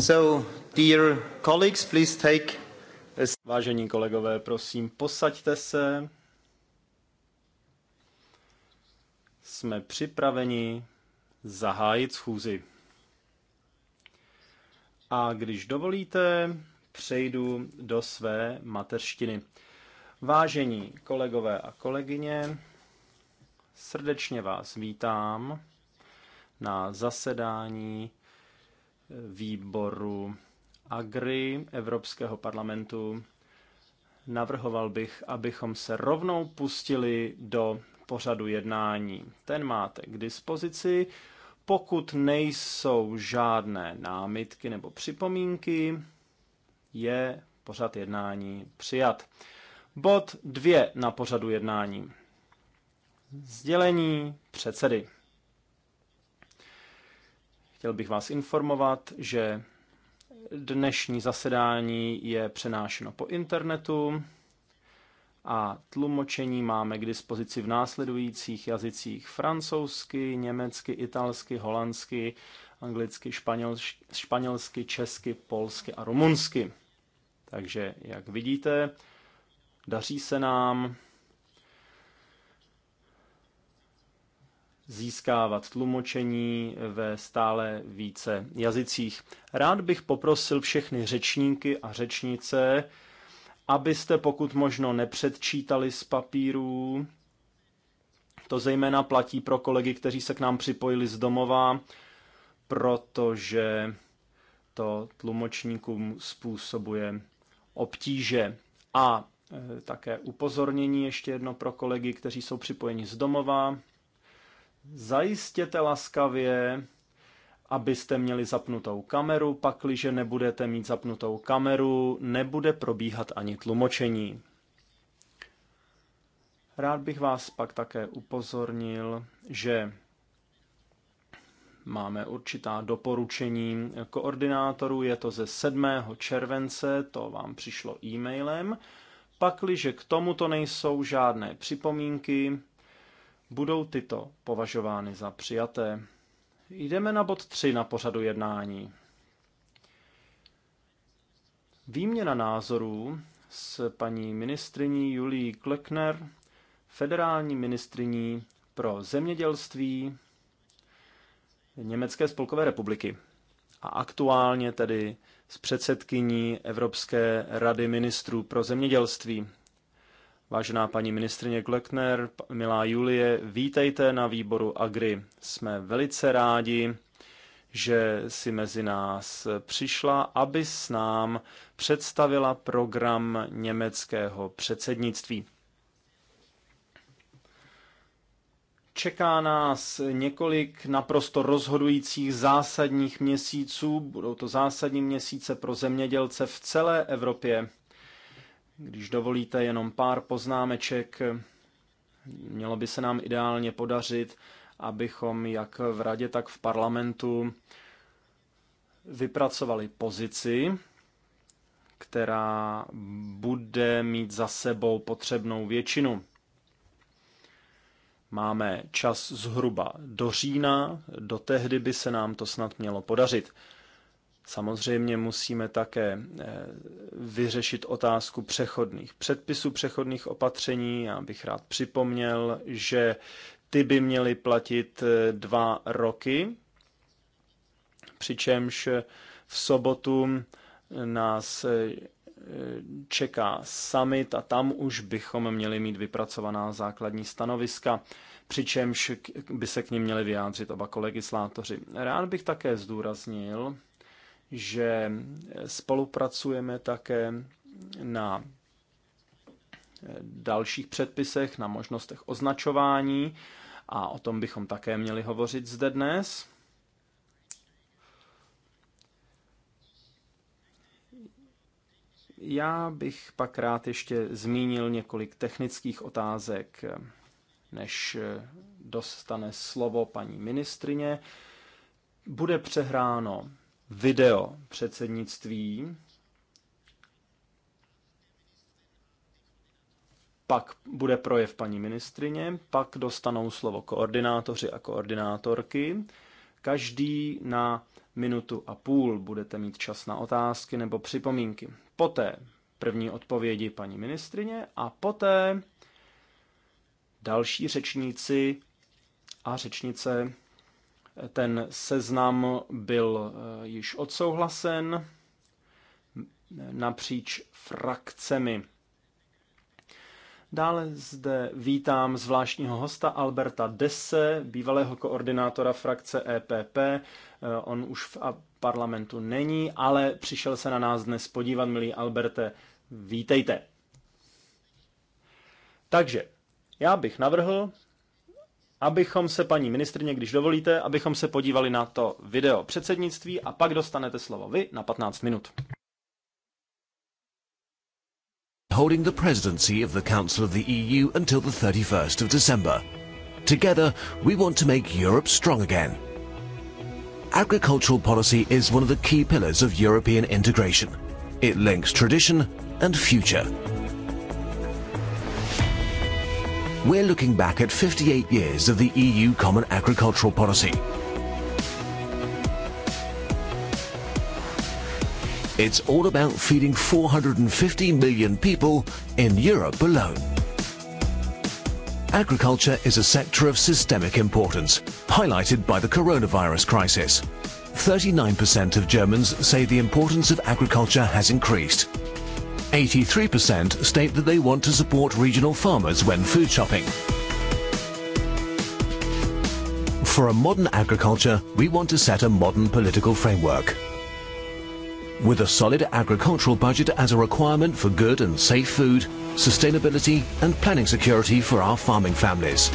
So, dear colleagues, please take a... Vážení kolegové, prosím, posaďte se. Jsme připraveni zahájit schůzi. A když dovolíte, přejdu do své mateřštiny. Vážení kolegové a kolegyně, srdečně vás vítám na zasedání výboru Agri Evropského parlamentu navrhoval bych, abychom se rovnou pustili do pořadu jednání. Ten máte k dispozici. Pokud nejsou žádné námitky nebo připomínky, je pořad jednání přijat. Bod 2 na pořadu jednání. Sdělení předsedy. Chtěl bych vás informovat, že dnešní zasedání je přenášeno po internetu a tlumočení máme k dispozici v následujících jazycích francouzsky, německy, italsky, holandsky, anglicky, španělsky, španělsky česky, polsky a rumunsky. Takže, jak vidíte, daří se nám získávat tlumočení ve stále více jazycích. Rád bych poprosil všechny řečníky a řečnice, abyste pokud možno nepředčítali z papíru. to zejména platí pro kolegy, kteří se k nám připojili z domova, protože to tlumočníkům způsobuje obtíže. A e, také upozornění ještě jedno pro kolegy, kteří jsou připojeni z domova. Zajistěte laskavě, abyste měli zapnutou kameru, pakliže nebudete mít zapnutou kameru, nebude probíhat ani tlumočení. Rád bych vás pak také upozornil, že máme určitá doporučení koordinátorů, je to ze 7. července, to vám přišlo e-mailem. Pakliže k tomuto nejsou žádné připomínky, budou tyto považovány za přijaté. Jdeme na bod 3 na pořadu jednání. Výměna názorů s paní ministriní Julí Klekner, federální ministriní pro zemědělství Německé spolkové republiky a aktuálně tedy s předsedkyní Evropské rady ministrů pro zemědělství. Vážená paní ministrině Glekner, milá Julie, vítejte na výboru Agri. Jsme velice rádi, že si mezi nás přišla, aby s nám představila program německého předsednictví. Čeká nás několik naprosto rozhodujících zásadních měsíců. Budou to zásadní měsíce pro zemědělce v celé Evropě když dovolíte jenom pár poznámeček, mělo by se nám ideálně podařit, abychom jak v radě, tak v parlamentu vypracovali pozici, která bude mít za sebou potřebnou většinu. Máme čas zhruba do října, do tehdy by se nám to snad mělo podařit. Samozřejmě musíme také eh, vyřešit otázku přechodných předpisů, přechodných opatření. Já bych rád připomněl, že ty by měly platit eh, dva roky, přičemž v sobotu nás eh, čeká summit a tam už bychom měli mít vypracovaná základní stanoviska, přičemž by se k ním měli vyjádřit oba kolegislátoři. Rád bych také zdůraznil, že spolupracujeme také na dalších předpisech, na možnostech označování a o tom bychom také měli hovořit zde dnes. Já bych pak rád ještě zmínil několik technických otázek, než dostane slovo paní ministrině. Bude přehráno video předsednictví, pak bude projev paní ministrině, pak dostanou slovo koordinátoři a koordinátorky. Každý na minutu a půl budete mít čas na otázky nebo připomínky. Poté první odpovědi paní ministrině a poté další řečníci a řečnice ten seznam byl eh, již odsouhlasen napříč frakcemi. Dále zde vítám zvláštního hosta Alberta Desse, bývalého koordinátora frakce EPP. Eh, on už v parlamentu není, ale přišel se na nás dnes podívat, milý Alberte. Vítejte. Takže, já bych navrhl, abychom se, paní ministrně, když dovolíte, abychom se podívali na to video předsednictví a pak dostanete slovo vy na 15 minut. Holding the presidency of the Council of the EU until the 31st of December. Together, we want to make Europe strong again. Agricultural policy is one of the key pillars of European integration. It links tradition and future we're looking back at 58 years of the EU Common Agricultural Policy. It's all about feeding 450 million people in Europe alone. Agriculture is a sector of systemic importance, highlighted by the coronavirus crisis. 39% of Germans say the importance of agriculture has increased, 83% state that they want to support regional farmers when food shopping. For a modern agriculture, we want to set a modern political framework. With a solid agricultural budget as a requirement for good and safe food, sustainability and planning security for our farming families.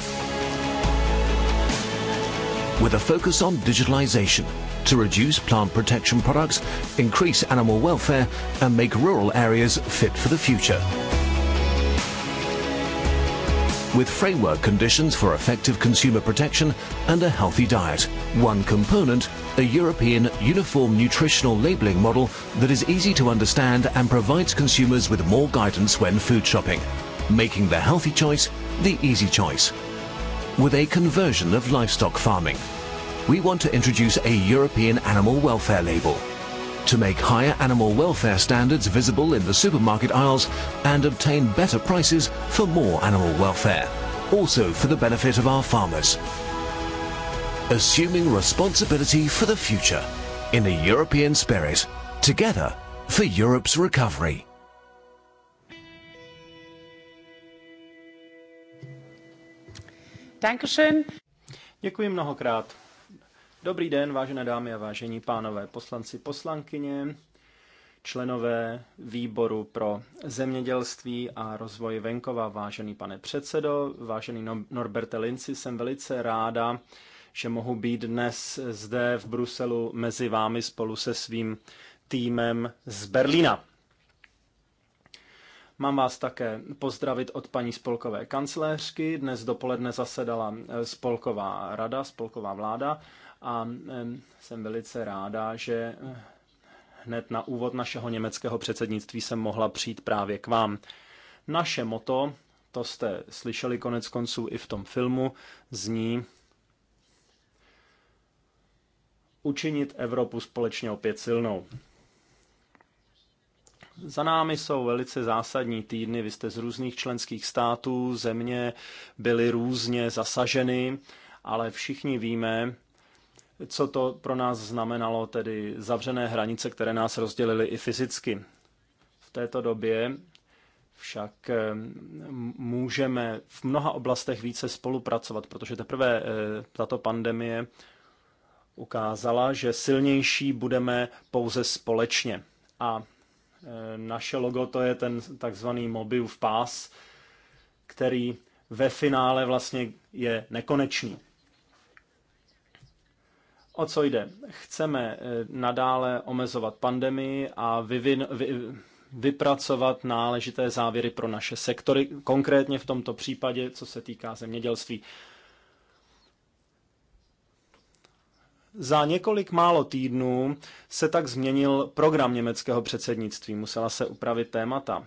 With a focus on digitalization, to reduce plant protection products, increase animal welfare, and make rural areas fit for the future. With framework conditions for effective consumer protection and a healthy diet, one component, a European uniform nutritional labelling model that is easy to understand and provides consumers with more guidance when food shopping, making the healthy choice the easy choice. With a conversion of livestock farming we want to introduce a European animal welfare label to make higher animal welfare standards visible in the supermarket aisles and obtain better prices for more animal welfare, also for the benefit of our farmers. Assuming responsibility for the future in a European spirit, together for Europe's recovery. Dankeschön. Děkuji mnohokrát. Dobrý den, vážené dámy a vážení pánové, poslanci, poslankyně, členové výboru pro zemědělství a rozvoj venkova, vážený pane předsedo, vážený Norberte Linci, jsem velice ráda, že mohu být dnes zde v Bruselu mezi vámi spolu se svým týmem z Berlína. Mám vás také pozdravit od paní spolkové kancléřky. Dnes dopoledne zasedala spolková rada, spolková vláda a jsem velice ráda, že eh, hned na úvod našeho německého předsednictví jsem mohla přijít právě k vám. Naše moto, to jste slyšeli konec konců i v tom filmu, zní učinit Evropu společně opět silnou. Za námi jsou velice zásadní týdny. Vy jste z různých členských států, země byly různě zasaženy, ale všichni víme, co to pro nás znamenalo, tedy zavřené hranice, které nás rozdělily i fyzicky. V této době však eh, můžeme v mnoha oblastech více spolupracovat, protože teprve eh, tato pandemie ukázala, že silnější budeme pouze společně. A eh, naše logo to je ten takzvaný v pás, který ve finále vlastně je nekonečný. O co jde? Chceme eh, nadále omezovat pandemii a vyvin, vy, vypracovat náležité závěry pro naše sektory, konkrétně v tomto případě, co se týká zemědělství. Za několik málo týdnů se tak změnil program německého předsednictví, musela se upravit témata.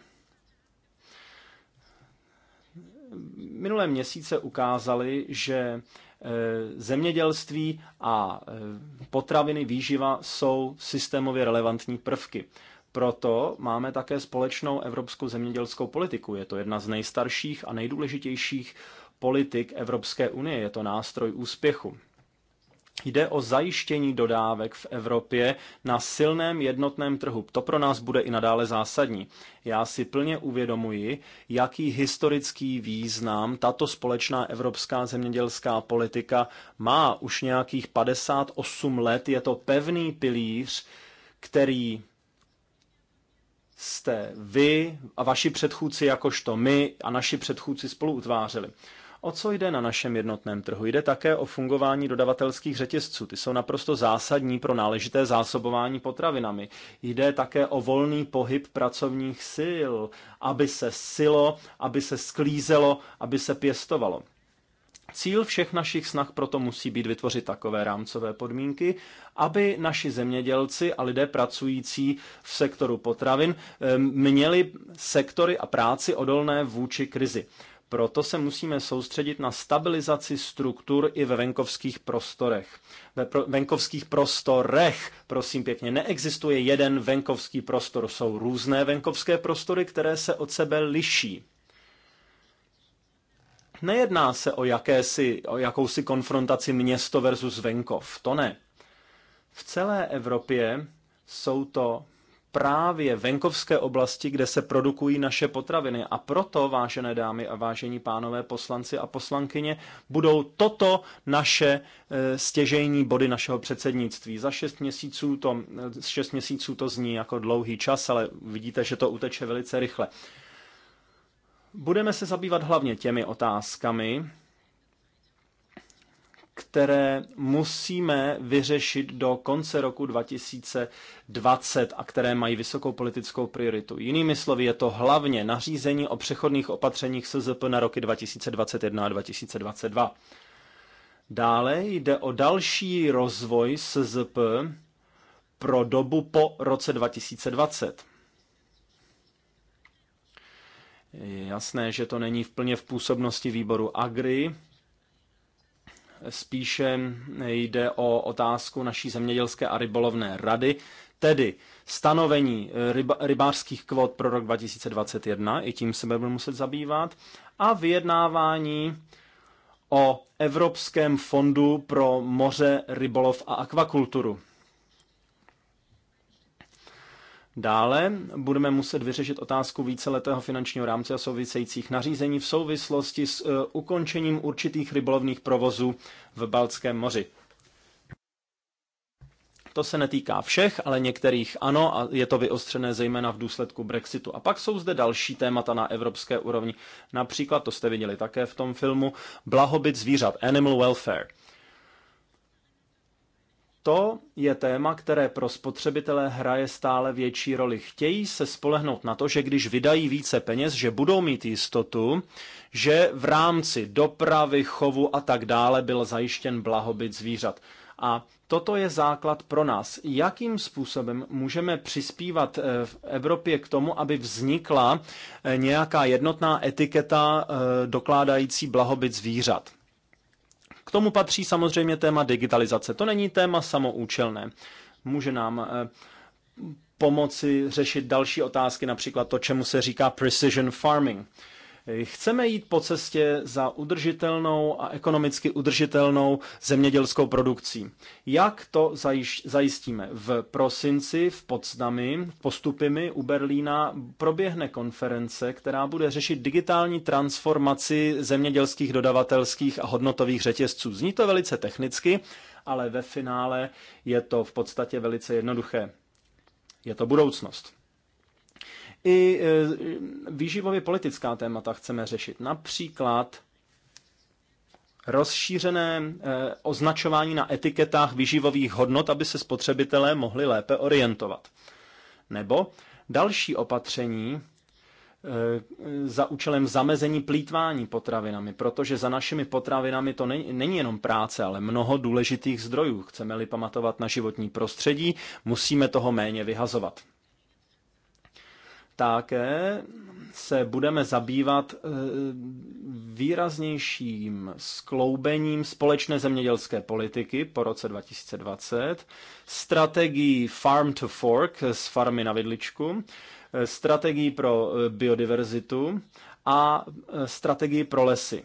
Minulé měsíce ukázali, že Eh, zemědělství a eh, potraviny, výživa jsou systémově relevantní prvky. Proto máme také společnou evropskou zemědělskou politiku. Je to jedna z nejstarších a nejdůležitějších politik Evropské unie. Je to nástroj úspěchu. Jde o zajištění dodávek v Evropě na silném jednotném trhu. To pro nás bude i nadále zásadní. Já si plně uvědomuji, jaký historický význam tato společná evropská zemědělská politika má. Už nějakých 58 let je to pevný pilíř, který jste vy a vaši předchůdci jakožto my a naši předchůdci spolu utvářeli. O co jde na našem jednotném trhu? Jde také o fungování dodavatelských řetězců. Ty jsou naprosto zásadní pro náležité zásobování potravinami. Jde také o volný pohyb pracovních sil, aby se silo, aby se sklízelo, aby se pěstovalo. Cíl všech našich snah proto musí být vytvořit takové rámcové podmínky, aby naši zemědělci a lidé pracující v sektoru potravin eh, měli sektory a práci odolné vůči krizi. Proto se musíme soustředit na stabilizaci struktur i ve venkovských prostorech. Ve pro, venkovských prostorech, prosím pěkně, neexistuje jeden venkovský prostor. Jsou různé venkovské prostory, které se od sebe liší. Nejedná se o, jakési, o jakousi konfrontaci město versus venkov, to ne. V celé Evropě jsou to právě venkovské oblasti, kde se produkují naše potraviny. A proto, vážené dámy a vážení pánové poslanci a poslankyně, budou toto naše eh, stěžejní body našeho předsednictví. Za šest měsíců to, eh, šest měsíců to zní jako dlouhý čas, ale vidíte, že to uteče velice rychle. Budeme se zabývat hlavně těmi otázkami, které musíme vyřešit do konce roku 2020 a které mají vysokou politickou prioritu. Jinými slovy je to hlavně nařízení o přechodných opatřeních SZP na roky 2021 a 2022. Dále jde o další rozvoj SZP pro dobu po roce 2020. Je jasné, že to není v plně v působnosti výboru Agri, Spíše jde o otázku naší zemědělské a rybolovné rady, tedy stanovení ryba, rybářských kvot pro rok 2021, i tím se budeme muset zabývat, a vyjednávání o Evropském fondu pro moře, rybolov a akvakulturu. Dále budeme muset vyřešit otázku víceletého finančního rámce a souvisejících nařízení v souvislosti s eh, ukončením určitých rybolovných provozů v Baltském moři. To se netýká všech, ale některých ano a je to vyostřené zejména v důsledku Brexitu. A pak jsou zde další témata na evropské úrovni. Například, to jste viděli také v tom filmu, blahobyt zvířat, animal welfare – to je téma, které pro spotřebitele hraje stále větší roli. Chtějí se spolehnout na to, že když vydají více peněz, že budou mít jistotu, že v rámci dopravy, chovu a tak dále byl zajištěn blahobyt zvířat. A toto je základ pro nás. Jakým způsobem můžeme přispívat eh, v Evropě k tomu, aby vznikla eh, nějaká jednotná etiketa eh, dokládající blahobyt zvířat? K tomu patří samozřejmě téma digitalizace. To není téma samoučelné. Může nám eh, pomoci řešit další otázky, například to, čemu se říká precision farming. Chceme jít po cestě za udržitelnou a ekonomicky udržitelnou zemědělskou produkcí. Jak to zajistíme? V prosinci v Potsdami, postupymi u Berlína, proběhne konference, která bude řešit digitální transformaci zemědělských, dodavatelských a hodnotových řetězců. Zní to velice technicky, ale ve finále je to v podstatě velice jednoduché. Je to budoucnost i e, výživově politická témata chceme řešit. Například rozšířené e, označování na etiketách výživových hodnot, aby se spotřebitelé mohli lépe orientovat. Nebo další opatření e, za účelem zamezení plítvání potravinami, protože za našimi potravinami to není jenom práce, ale mnoho důležitých zdrojů. Chceme-li pamatovat na životní prostředí, musíme toho méně vyhazovat. Také se budeme zabývat eh, výraznějším skloubením společné zemědělské politiky po roce 2020, strategií Farm to Fork z farmy na vidličku, eh, strategií pro eh, biodiverzitu a strategii pro lesy.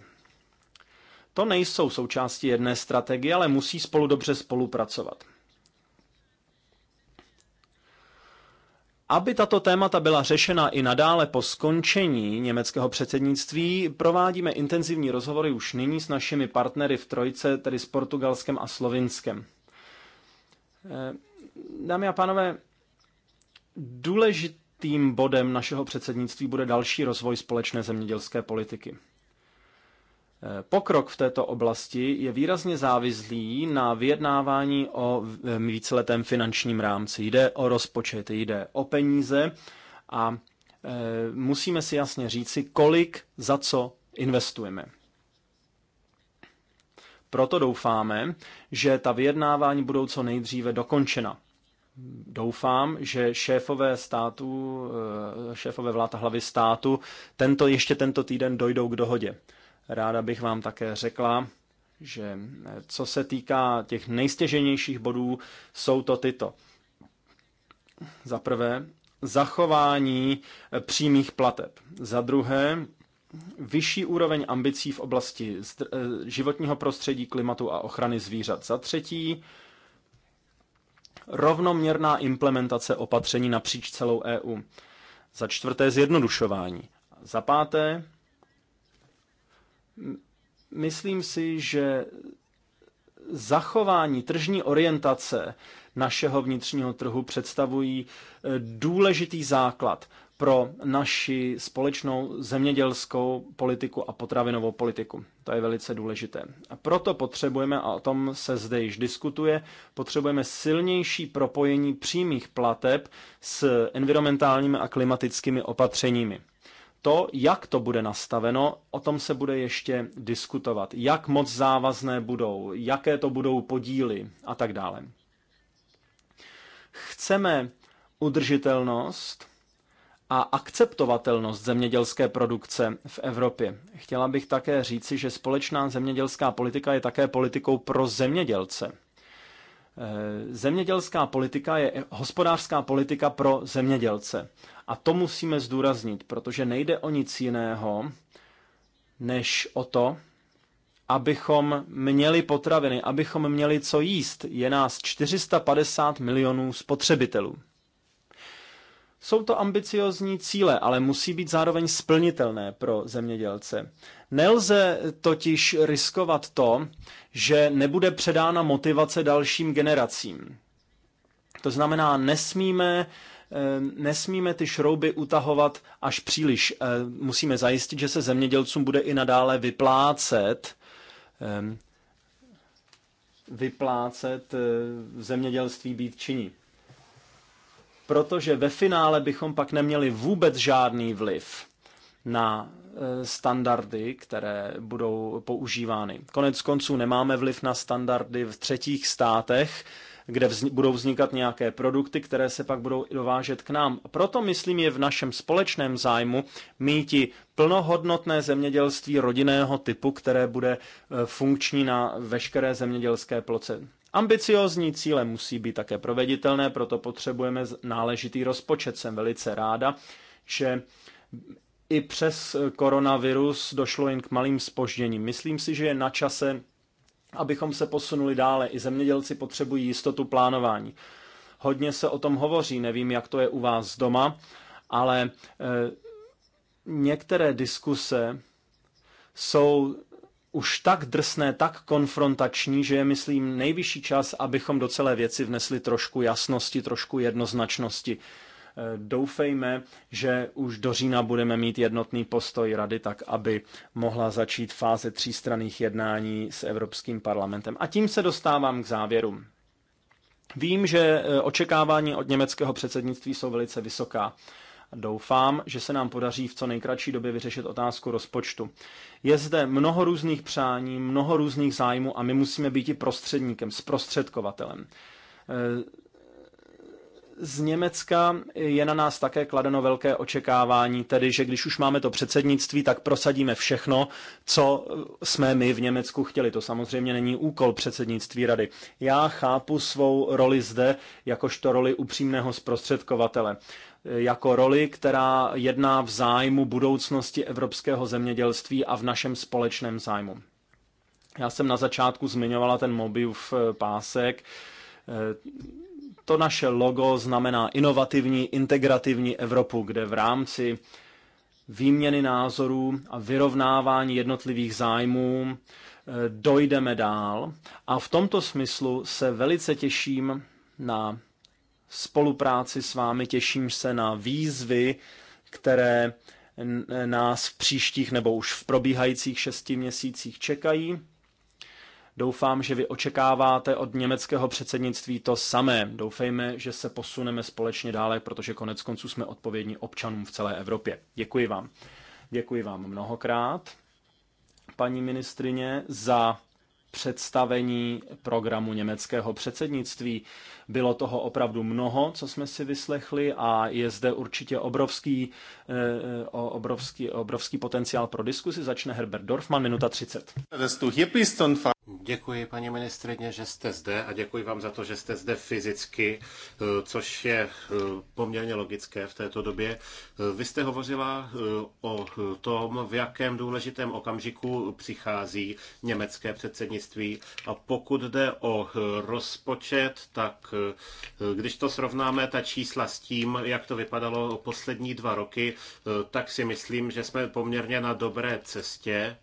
To nejsou součásti jedné strategie, ale musí spolu dobře spolupracovat. Aby tato témata byla řešena i nadále po skončení německého předsednictví, provádíme intenzivní rozhovory už nyní s našimi partnery v Trojce, tedy s Portugalskem a Slovinskem. Eh, dámy a pánové, důležitým bodem našeho předsednictví bude další rozvoj společné zemědělské politiky. Pokrok v této oblasti je výrazně závislý na vyjednávání o víceletém finančním rámci. Jde o rozpočet, jde o peníze a e, musíme si jasně říci, kolik za co investujeme. Proto doufáme, že ta vyjednávání budou co nejdříve dokončena. Doufám, že šéfové státu, e, šéfové vláta hlavy státu tento, ještě tento týden dojdou k dohodě. Ráda bych vám také řekla, že eh, co se týká těch nejstěženějších bodů, jsou to tyto. Za prvé, zachování eh, přímých plateb. Za druhé, vyšší úroveň ambicí v oblasti eh, životního prostředí, klimatu a ochrany zvířat. Za třetí, rovnoměrná implementace opatření napříč celou EU. Za čtvrté, zjednodušování. Za páté, myslím si, že zachování tržní orientace našeho vnitřního trhu představují eh, důležitý základ pro naši společnou zemědělskou politiku a potravinovou politiku. To je velice důležité. A proto potřebujeme, a o tom se zde již diskutuje, potřebujeme silnější propojení přímých plateb s environmentálními a klimatickými opatřeními. To, jak to bude nastaveno, o tom se bude ještě diskutovat. Jak moc závazné budou, jaké to budou podíly a tak dále. Chceme udržitelnost a akceptovatelnost zemědělské produkce v Evropě. Chtěla bych také říci, že společná zemědělská politika je také politikou pro zemědělce. Eh, zemědělská politika je eh, hospodářská politika pro zemědělce. A to musíme zdůraznit, protože nejde o nic jiného, než o to, abychom měli potraviny, abychom měli co jíst. Je nás 450 milionů spotřebitelů. Jsou to ambiciozní cíle, ale musí být zároveň splnitelné pro zemědělce. Nelze totiž riskovat to, že nebude předána motivace dalším generacím. To znamená, nesmíme Ehm, nesmíme ty šrouby utahovat až příliš. Ehm, musíme zajistit, že se zemědělcům bude i nadále vyplácet ehm, vyplácet eh, v zemědělství být činí. Protože ve finále bychom pak neměli vůbec žádný vliv na eh, standardy, které budou používány. Konec konců nemáme vliv na standardy v třetích státech, kde vzni- budou vznikat nějaké produkty, které se pak budou dovážet k nám. Proto, myslím, je v našem společném zájmu míti plnohodnotné zemědělství rodinného typu, které bude eh, funkční na veškeré zemědělské ploce. Ambiciózní cíle musí být také proveditelné, proto potřebujeme náležitý rozpočet. Jsem velice ráda, že i přes eh, koronavirus došlo jen k malým spožděním. Myslím si, že je na čase abychom se posunuli dále. I zemědělci potřebují jistotu plánování. Hodně se o tom hovoří, nevím, jak to je u vás doma, ale e, některé diskuse jsou už tak drsné, tak konfrontační, že je, myslím, nejvyšší čas, abychom do celé věci vnesli trošku jasnosti, trošku jednoznačnosti. Eh, doufejme, že už do října budeme mít jednotný postoj rady tak, aby mohla začít fáze třístranných jednání s Evropským parlamentem. A tím se dostávám k závěru. Vím, že eh, očekávání od německého předsednictví jsou velice vysoká. Doufám, že se nám podaří v co nejkratší době vyřešit otázku rozpočtu. Je zde mnoho různých přání, mnoho různých zájmů a my musíme být i prostředníkem, zprostředkovatelem. Eh, z Německa je na nás také kladeno velké očekávání, tedy že když už máme to předsednictví, tak prosadíme všechno, co jsme my v Německu chtěli. To samozřejmě není úkol předsednictví rady. Já chápu svou roli zde jakožto roli upřímného zprostředkovatele jako roli, která jedná v zájmu budoucnosti evropského zemědělství a v našem společném zájmu. Já jsem na začátku zmiňovala ten Mobiův eh, pásek. Eh, to naše logo znamená inovativní, integrativní Evropu, kde v rámci výměny názorů a vyrovnávání jednotlivých zájmů eh, dojdeme dál. A v tomto smyslu se velice těším na spolupráci s vámi, těším se na výzvy, které nás v příštích nebo už v probíhajících šesti měsících čekají. Doufám, že vy očekáváte od německého předsednictví to samé. Doufejme, že se posuneme společně dále, protože konec konců jsme odpovědní občanům v celé Evropě. Děkuji vám. Děkuji vám mnohokrát, paní ministrině, za představení programu německého předsednictví. Bylo toho opravdu mnoho, co jsme si vyslechli a je zde určitě obrovský, eh, obrovský, obrovský potenciál pro diskusi. Začne Herbert Dorfman, minuta 30. Děkuji, paní ministrině, že jste zde a děkuji vám za to, že jste zde fyzicky, eh, což je eh, poměrně logické v této době. Eh, vy jste hovořila o tom, v jakém důležitém okamžiku přichází německé předsednictví a pokud jde o rozpočet, tak když to srovnáme ta čísla s tím, jak to vypadalo poslední dva roky, tak si myslím, že jsme poměrně na dobré cestě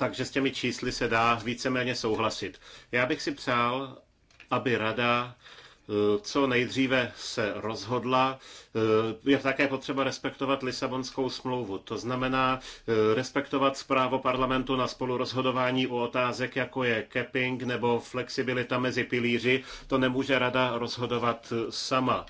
takže s těmi čísly se dá víceméně souhlasit. Já bych si přál, aby rada eh, co nejdříve se rozhodla Eh, je také potřeba respektovat Lisabonskou smlouvu. To znamená eh, respektovat právo parlamentu na spolurozhodování u otázek, jako je capping nebo flexibilita mezi pilíři. To nemůže rada rozhodovat eh, sama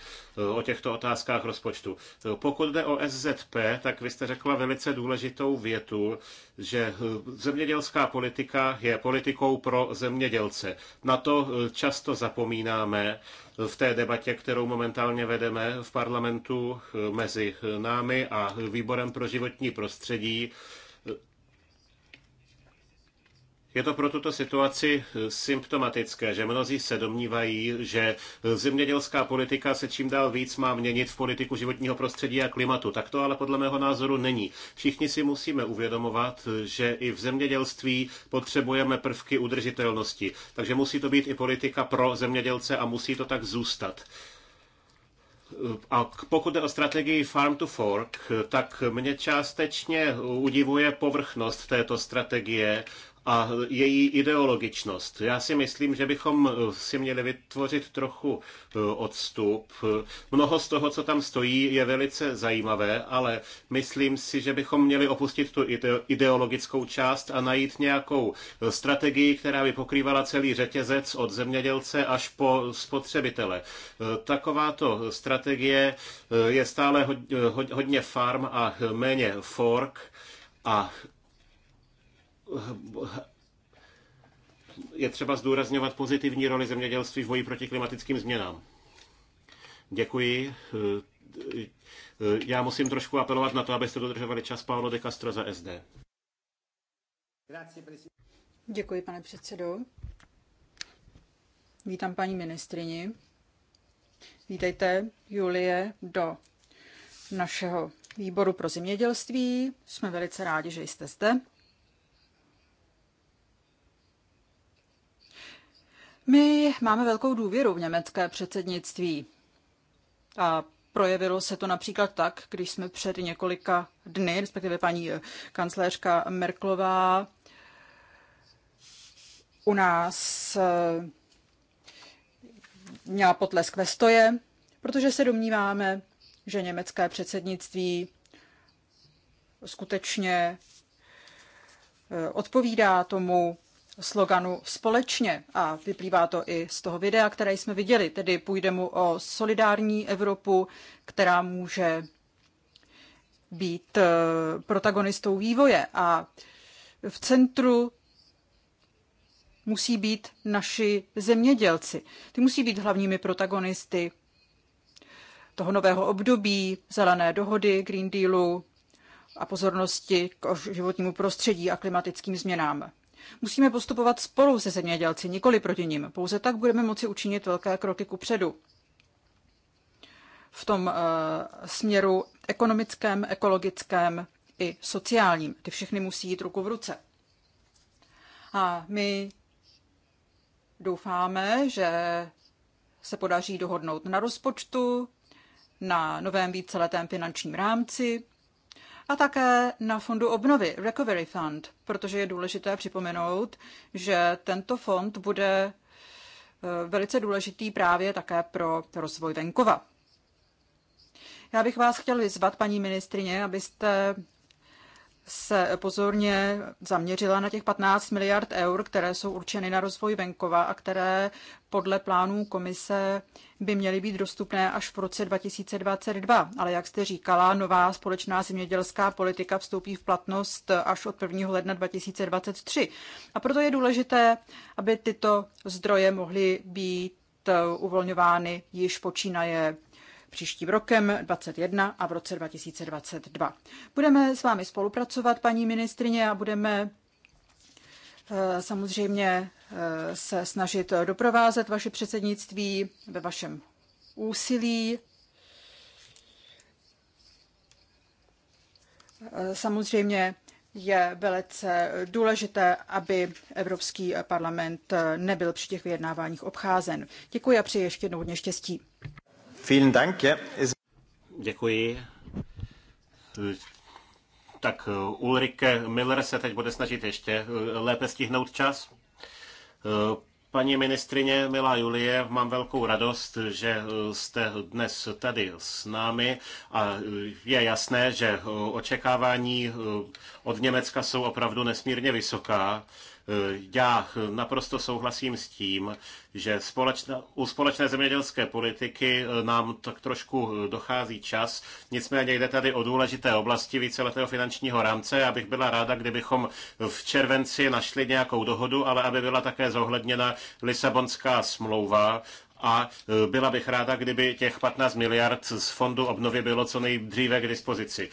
o těchto otázkách rozpočtu. Pokud jde o SZP, tak vy jste řekla velice důležitou větu, že zemědělská politika je politikou pro zemědělce. Na to často zapomínáme v té debatě, kterou momentálně vedeme v parlamentu mezi námi a výborem pro životní prostředí, je to pro tuto situaci eh, symptomatické, že mnozí se domnívají, že eh, zemědělská politika se čím dál víc má měnit v politiku životního prostředí a klimatu. Tak to ale podle mého názoru není. Všichni si musíme uvědomovat, eh, že i v zemědělství potřebujeme prvky udržitelnosti. Takže musí to být i politika pro zemědělce a musí to tak zůstat. A pokud jde o strategii Farm to Fork, tak mě částečně udivuje povrchnost této strategie a její ideologičnost. Já si myslím, že bychom eh, si měli vytvořit trochu eh, odstup. Mnoho z toho, co tam stojí, je velice zajímavé, ale myslím si, že bychom měli opustit tu ideologickou část a najít nějakou eh, strategii, která by pokrývala celý řetězec od zemědělce až po spotřebitele. Takováto strategie je stále hodně farm a méně fork a je třeba zdůrazňovat pozitivní roli zemědělství v boji proti klimatickým změnám. Děkuji. Já musím trošku apelovat na to, abyste dodržovali čas Paolo de Castro za SD. Děkuji, pane předsedo. Vítám paní ministrini. Vítejte, Julie, do našeho výboru pro zemědělství. Jsme velice rádi, že jste zde. My máme velkou důvěru v německé předsednictví a projevilo se to například tak, když jsme před několika dny, respektive paní eh, kancléřka Merklová u nás eh, měla potlesk ve stoje, protože se domníváme, že německé předsednictví skutečně eh, odpovídá tomu, sloganu společně a vyplývá to i z toho videa, které jsme viděli. Tedy půjde mu o solidární Evropu, která může být eh, protagonistou vývoje a v centru musí být naši zemědělci. Ty musí být hlavními protagonisty toho nového období, zelené dohody, Green Dealu a pozornosti k životnímu prostředí a klimatickým změnám. Musíme postupovat spolu se zemědělci, nikoli proti nim. Pouze tak budeme moci učinit velké kroky ku předu v tom eh, směru ekonomickém, ekologickém i sociálním. Ty všechny musí jít ruku v ruce. A my doufáme, že se podaří dohodnout na rozpočtu, na novém víceletém finančním rámci, a také na fondu obnovy Recovery Fund, protože je důležité připomenout, že tento fond bude eh, velice důležitý právě také pro rozvoj venkova. Já bych vás chtěl vyzvat, paní ministrině, abyste se pozorně zaměřila na těch 15 miliard eur, které jsou určeny na rozvoj venkova a které podle plánů komise by měly být dostupné až v roce 2022. Ale jak jste říkala, nová společná zemědělská politika vstoupí v platnost až od 1. ledna 2023. A proto je důležité, aby tyto zdroje mohly být uvolňovány již počínaje příštím rokem 2021 a v roce 2022. Budeme s vámi spolupracovat, paní ministrině, a budeme eh, samozřejmě eh, se snažit doprovázet vaše předsednictví ve vašem úsilí. Eh, samozřejmě je velice důležité, aby Evropský parlament nebyl při těch vyjednáváních obcházen. Děkuji a přeji ještě jednou hodně štěstí. Děkuji. Tak eh, Ulrike Miller se teď bude snažit ještě eh, lépe stihnout čas. Eh, paní ministrině, milá Julie, mám velkou radost, že jste dnes tady s námi a je jasné, že očekávání od Německa jsou opravdu nesmírně vysoká. Já naprosto souhlasím s tím, že společná, u společné zemědělské politiky eh, nám tak trošku eh, dochází čas. Nicméně jde tady o důležité oblasti víceletého finančního rámce. bych byla ráda, kdybychom v červenci našli nějakou dohodu, ale aby byla také zohledněna Lisabonská smlouva a eh, byla bych ráda, kdyby těch 15 miliard z fondu obnovy bylo co nejdříve k dispozici.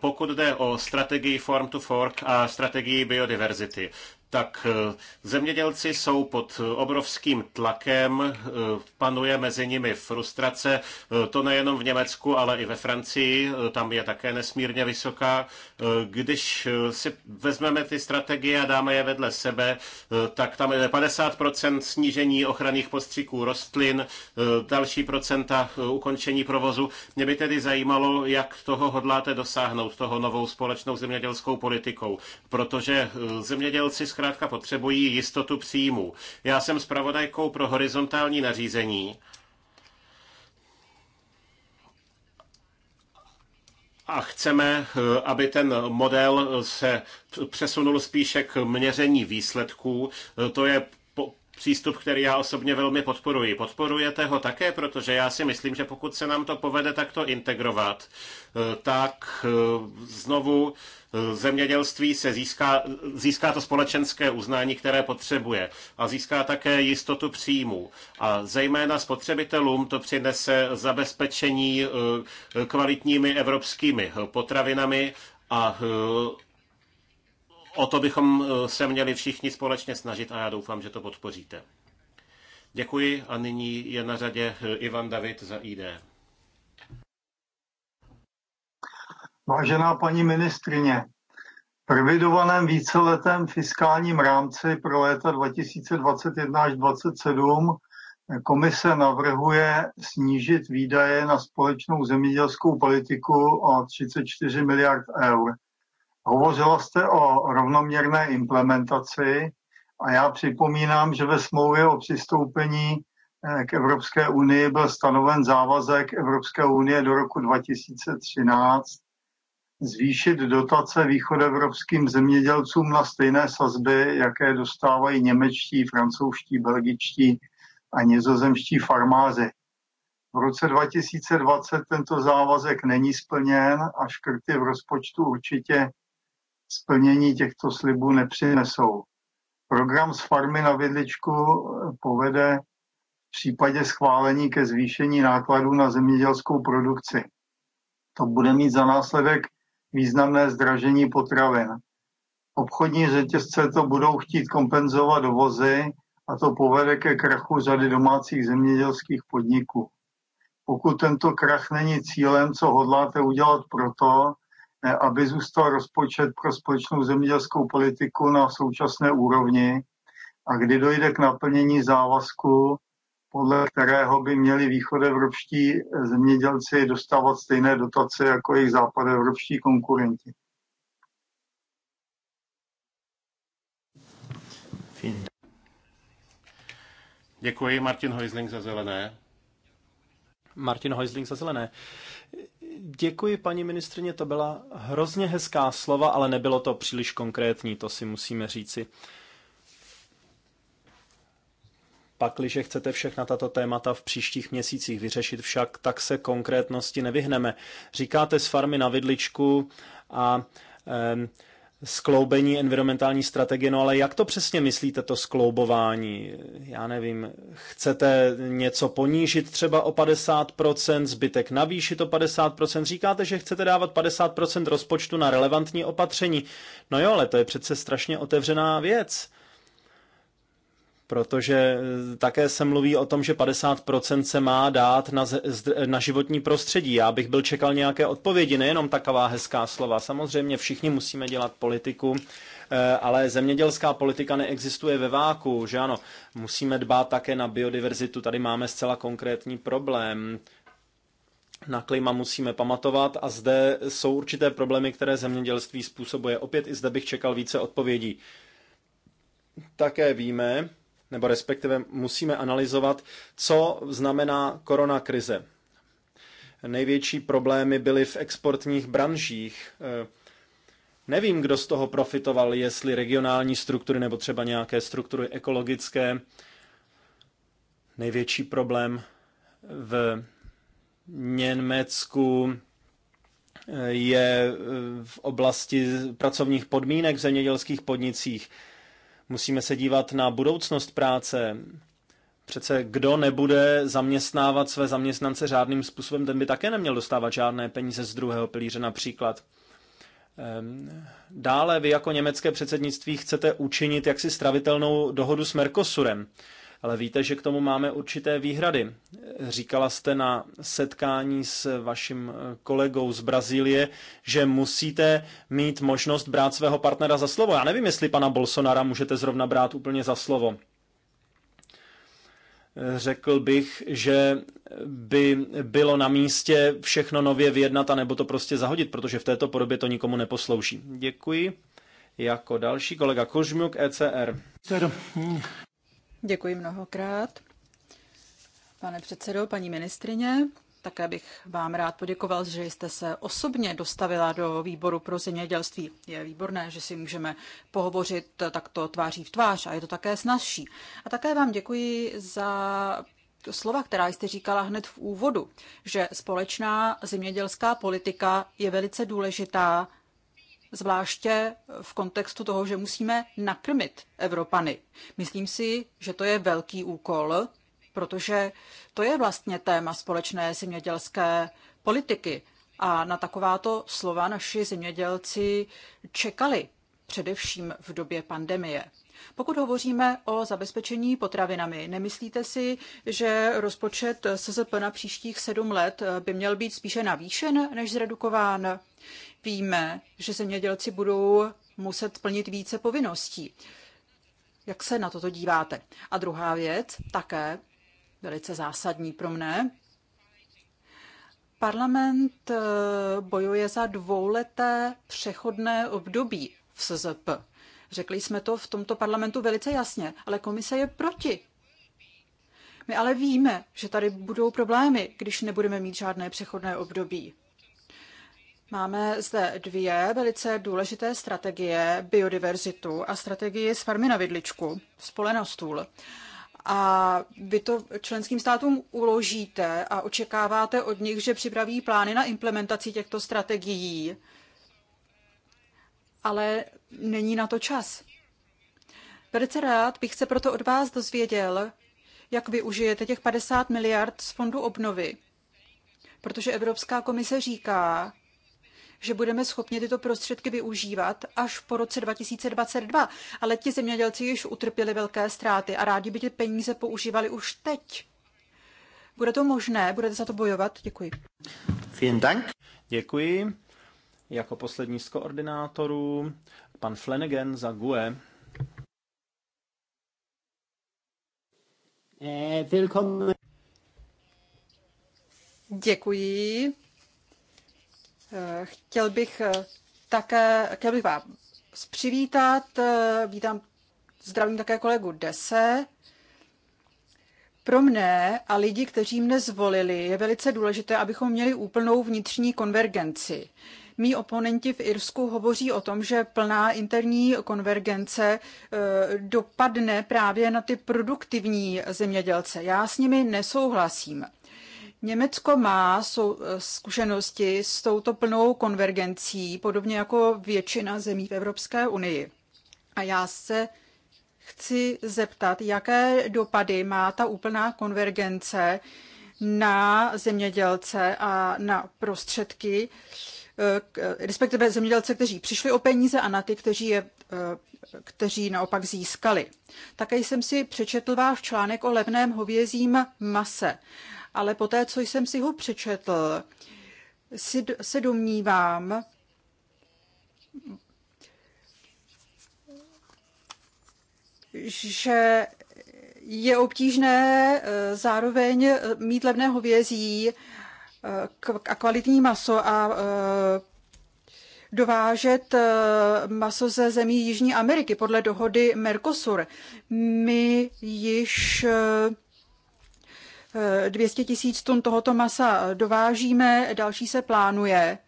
Pokud jde o strategii Farm to Fork a strategii biodiverzity, tak eh, zemědělci jsou pod obrovským tlakem, eh, panuje mezi nimi frustrace, eh, to nejenom v Německu, ale i ve Francii, tam je také nesmírně vysoká. Když si vezmeme ty strategie a dáme je vedle sebe, tak tam je 50% snížení ochranných postříků rostlin, další procenta ukončení provozu. Mě by tedy zajímalo, jak toho hodláte dosáhnout, toho novou společnou zemědělskou politikou, protože zemědělci zkrátka potřebují jistotu příjmů. Já jsem zpravodajkou pro horizontální nařízení. a chceme, eh, aby ten model se přesunul spíše k měření výsledků. Eh, to je přístup, který já osobně velmi podporuji. Podporujete ho také, protože já si myslím, že pokud se nám to povede takto integrovat, eh, tak eh, znovu eh, zemědělství se získá, získá to společenské uznání, které potřebuje a získá také jistotu příjmů. A zejména spotřebitelům to přinese zabezpečení kvalitními evropskými potravinami a o to bychom eh, se měli všichni společně snažit a já doufám, že to podpoříte. Děkuji a nyní je na řadě eh, Ivan David za ID. Vážená paní ministrině, v revidovaném víceletém fiskálním rámci pro léta 2021 až 2027 komise navrhuje snížit výdaje na společnou zemědělskou politiku o 34 miliard eur. Hovořila jste o rovnoměrné implementaci a já připomínám, že ve smlouvě o přistoupení eh, k Evropské unii byl stanoven závazek Evropské unie do roku 2013 zvýšit dotace východevropským zemědělcům na stejné sazby, jaké dostávají němečtí, francouzští, belgičtí a nizozemští farmáři. V roce 2020 tento závazek není splněn a škrty v rozpočtu určitě splnění těchto slibů nepřinesou. Program z farmy na vidličku eh, povede v případě schválení ke zvýšení nákladů na zemědělskou produkci. To bude mít za následek významné zdražení potravin. Obchodní řetězce to budou chtít kompenzovat dovozy a to povede ke krachu řady domácích zemědělských podniků. Pokud tento krach není cílem, co hodláte udělat proto, E, aby zůstal rozpočet pro společnou zemědělskou politiku na současné úrovni a kdy dojde k naplnění závazku, podle kterého by měli východevropští zemědělci dostávat stejné dotace jako jejich západevropští konkurenti. Děkuji, Martin Hojzling za zelené. Martin Hojzling za zelené. Děkuji, paní ministrině, to byla hrozně hezká slova, ale nebylo to příliš konkrétní, to si musíme říci. Pakliže chcete všechna tato témata v příštích měsících vyřešit však, tak se konkrétnosti nevyhneme. Říkáte z farmy na vidličku a eh, skloubení environmentální strategie, no ale jak to přesně myslíte, to skloubování? Já nevím, chcete něco ponížit třeba o 50%, zbytek navýšit o 50%, říkáte, že chcete dávat 50% rozpočtu na relevantní opatření. No jo, ale to je přece strašně otevřená věc protože e, také se mluví o tom, že 50% se má dát na, na životní prostředí. Já bych byl čekal nějaké odpovědi, nejenom taková hezká slova. Samozřejmě všichni musíme dělat politiku, e, ale zemědělská politika neexistuje ve váku, že ano. Musíme dbát také na biodiverzitu, tady máme zcela konkrétní problém. Na klima musíme pamatovat a zde jsou určité problémy, které zemědělství způsobuje. Opět i zde bych čekal více odpovědí. Také víme, nebo respektive musíme analyzovat, co znamená korona krize. Největší problémy byly v exportních branžích. Nevím, kdo z toho profitoval, jestli regionální struktury nebo třeba nějaké struktury ekologické. Největší problém v Německu je v oblasti pracovních podmínek v zemědělských podnicích. Musíme se dívat na budoucnost práce. Přece kdo nebude zaměstnávat své zaměstnance řádným způsobem, ten by také neměl dostávat žádné peníze z druhého pilíře například. Ehm, dále vy jako německé předsednictví chcete učinit jaksi stravitelnou dohodu s Mercosurem. Ale víte, že k tomu máme určité výhrady. Říkala jste na setkání s vaším eh, kolegou z Brazílie, že musíte mít možnost brát svého partnera za slovo. Já nevím, jestli pana Bolsonara můžete zrovna brát úplně za slovo eh, řekl bych, že by bylo na místě všechno nově vyjednat a nebo to prostě zahodit, protože v této podobě to nikomu neposlouží. Děkuji. Jako další kolega Kožmuk, ECR. Děkuji mnohokrát. Pane předsedo, paní ministrině, také bych vám rád poděkoval, že jste se osobně dostavila do výboru pro zemědělství. Je výborné, že si můžeme pohovořit takto tváří v tvář a je to také snažší. A také vám děkuji za slova, která jste říkala hned v úvodu, že společná zemědělská politika je velice důležitá zvláště v kontextu toho, že musíme nakrmit Evropany. Myslím si, že to je velký úkol, protože to je vlastně téma společné zemědělské politiky. A na takováto slova naši zemědělci čekali, především v době pandemie. Pokud hovoříme o zabezpečení potravinami, nemyslíte si, že rozpočet SZP na příštích sedm let eh, by měl být spíše navýšen než zredukován? Víme, že zemědělci budou muset plnit více povinností. Jak se na toto díváte? A druhá věc, také velice zásadní pro mne, Parlament eh, bojuje za dvouleté přechodné období v SZP. Řekli jsme to v tomto parlamentu velice jasně, ale komise je proti. My ale víme, že tady budou problémy, když nebudeme mít žádné přechodné období. Máme zde dvě velice důležité strategie, biodiverzitu a strategii z farmy na vidličku, spole na stůl. A vy to členským státům uložíte a očekáváte od nich, že připraví plány na implementaci těchto strategií ale není na to čas. Velice rád bych se proto od vás dozvěděl, jak využijete těch 50 miliard z fondu obnovy. Protože Evropská komise říká, že budeme schopni tyto prostředky využívat až po roce 2022. Ale ti zemědělci již utrpěli velké ztráty a rádi by ty peníze používali už teď. Bude to možné? Budete za to bojovat? Děkuji. Vielen Dank. Děkuji. Jako poslední z koordinátorů pan Flanagan za GUE. Eh, Děkuji. Eh, chtěl bych eh, také, chtěl bych vám přivítat. Vítám, zdravím také kolegu Dese. Pro mne a lidi, kteří mne zvolili, je velice důležité, abychom měli úplnou vnitřní konvergenci. Mí oponenti v Irsku hovoří o tom, že plná interní konvergence e, dopadne právě na ty produktivní zemědělce. Já s nimi nesouhlasím. Německo má e, zkušenosti s touto plnou konvergencí, podobně jako většina zemí v Evropské unii. A já se chci zeptat, jaké dopady má ta úplná konvergence na zemědělce a na prostředky, respektive zemědělce, kteří přišli o peníze a na ty, kteří je eh, kteří naopak získali. Také jsem si přečetl váš článek o levném hovězím mase, ale poté, co jsem si ho přečetl, si, se domnívám, že je obtížné eh, zároveň eh, mít levné hovězí a kvalitní maso a e, dovážet e, maso ze zemí Jižní Ameriky podle dohody Mercosur. My již 200 e, tisíc tun tohoto masa dovážíme, další se plánuje.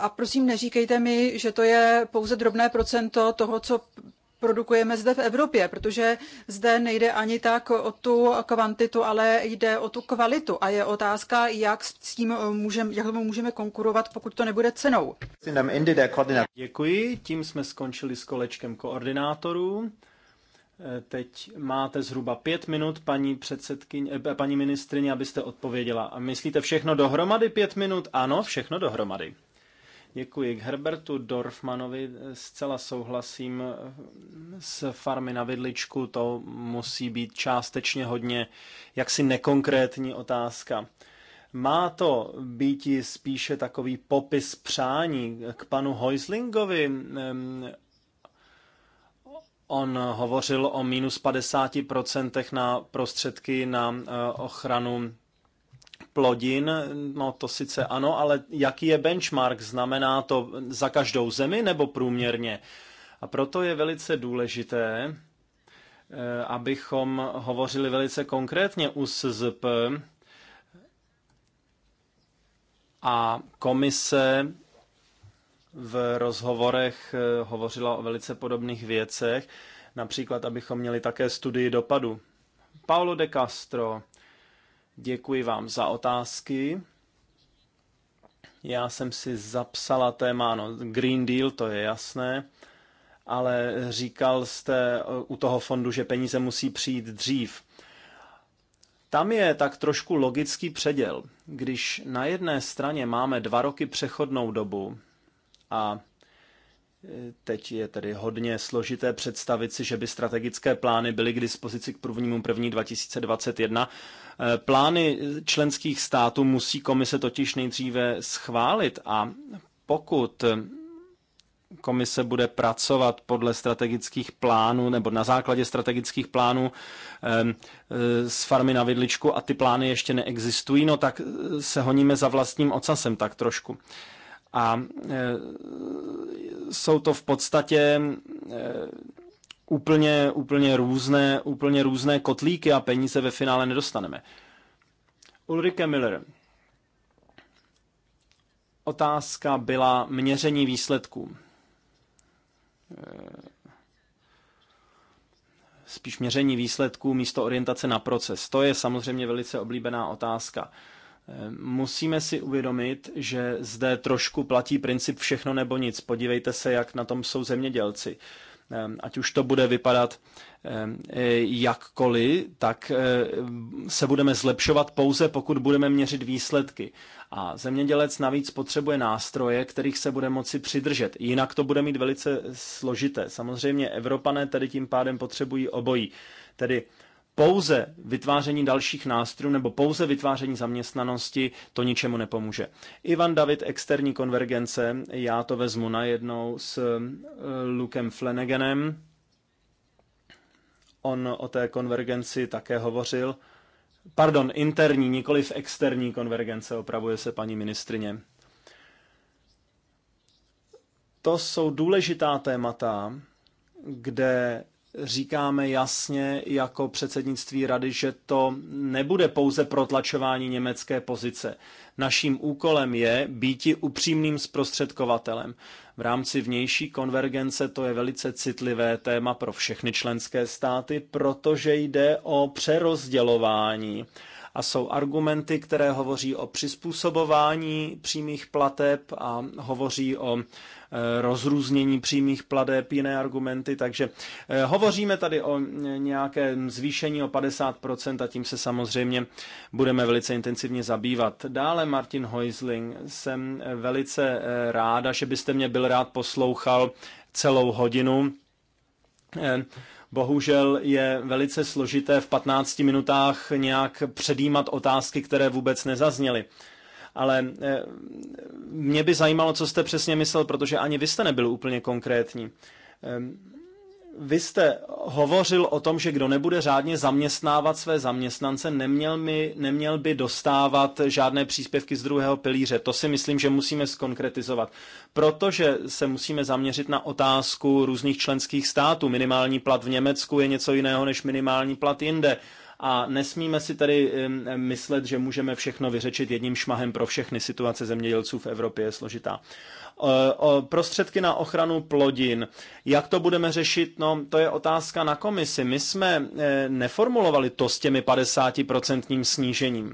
A prosím, neříkejte mi, že to je pouze drobné procento toho, co produkujeme zde v Evropě, protože zde nejde ani tak o tu kvantitu, ale jde o tu kvalitu. A je otázka, jak s tím můžeme, jak tomu můžeme konkurovat, pokud to nebude cenou. Děkuji, tím jsme skončili s kolečkem koordinátorů. Eh, teď máte zhruba pět minut, paní, předsedkyně, eh, paní ministrině, abyste odpověděla. A myslíte všechno dohromady pět minut? Ano, všechno dohromady. Děkuji. K Herbertu Dorfmanovi zcela souhlasím s farmy na vidličku. To musí být částečně hodně jaksi nekonkrétní otázka. Má to být spíše takový popis přání k panu Heuslingovi. Ehm, on hovořil o minus 50% na prostředky na eh, ochranu plodin, no to sice ano, ale jaký je benchmark? Znamená to za každou zemi nebo průměrně? A proto je velice důležité, eh, abychom hovořili velice konkrétně u SZP a komise v rozhovorech eh, hovořila o velice podobných věcech, například abychom měli také studii dopadu. Paulo de Castro Děkuji vám za otázky. Já jsem si zapsala téma, no, Green Deal, to je jasné, ale říkal jste eh, u toho fondu, že peníze musí přijít dřív. Tam je tak trošku logický předěl. Když na jedné straně máme dva roky přechodnou dobu a eh, Teď je tedy hodně složité představit si, že by strategické plány byly k dispozici k prvnímu první 2021, Eh, plány členských států musí komise totiž nejdříve schválit a pokud komise bude pracovat podle strategických plánů nebo na základě strategických plánů z eh, farmy na vidličku a ty plány ještě neexistují, no tak eh, se honíme za vlastním ocasem tak trošku. A jsou to v podstatě úplně, úplně, různé, úplně různé kotlíky a peníze ve finále nedostaneme. Ulrike Miller. Otázka byla měření výsledků. Eh, spíš měření výsledků místo orientace na proces. To je samozřejmě velice oblíbená otázka. Eh, musíme si uvědomit, že zde trošku platí princip všechno nebo nic. Podívejte se, jak na tom jsou zemědělci ať už to bude vypadat e, jakkoliv, tak e, se budeme zlepšovat pouze, pokud budeme měřit výsledky. A zemědělec navíc potřebuje nástroje, kterých se bude moci přidržet. Jinak to bude mít velice složité. Samozřejmě Evropané tedy tím pádem potřebují obojí. Tedy pouze vytváření dalších nástrojů nebo pouze vytváření zaměstnanosti to ničemu nepomůže. Ivan David, externí konvergence, já to vezmu na jednou s eh, Lukem Flanaganem. On o té konvergenci také hovořil. Pardon, interní, nikoli v externí konvergence, opravuje se paní ministrině. To jsou důležitá témata, kde říkáme jasně jako předsednictví rady, že to nebude pouze protlačování německé pozice. Naším úkolem je býti upřímným zprostředkovatelem. V rámci vnější konvergence to je velice citlivé téma pro všechny členské státy, protože jde o přerozdělování a jsou argumenty, které hovoří o přizpůsobování přímých plateb a hovoří o eh, rozrůznění přímých plateb, jiné argumenty, takže eh, hovoříme tady o nějakém zvýšení o 50% a tím se samozřejmě budeme velice intenzivně zabývat. Dále Martin Heusling, jsem velice eh, ráda, že byste mě byl rád poslouchal celou hodinu. Bohužel je velice složité v 15 minutách nějak předjímat otázky, které vůbec nezazněly. Ale eh, mě by zajímalo, co jste přesně myslel, protože ani vy jste nebyl úplně konkrétní. Ehm, vy jste hovořil o tom, že kdo nebude řádně zaměstnávat své zaměstnance, neměl, mi, neměl by dostávat žádné příspěvky z druhého pilíře. To si myslím, že musíme skonkretizovat, protože se musíme zaměřit na otázku různých členských států. Minimální plat v Německu je něco jiného než minimální plat jinde. A nesmíme si tady myslet, že můžeme všechno vyřešit jedním šmahem pro všechny. Situace zemědělců v Evropě je složitá prostředky na ochranu plodin. Jak to budeme řešit? No, to je otázka na komisi. My jsme e, neformulovali to s těmi 50% snížením.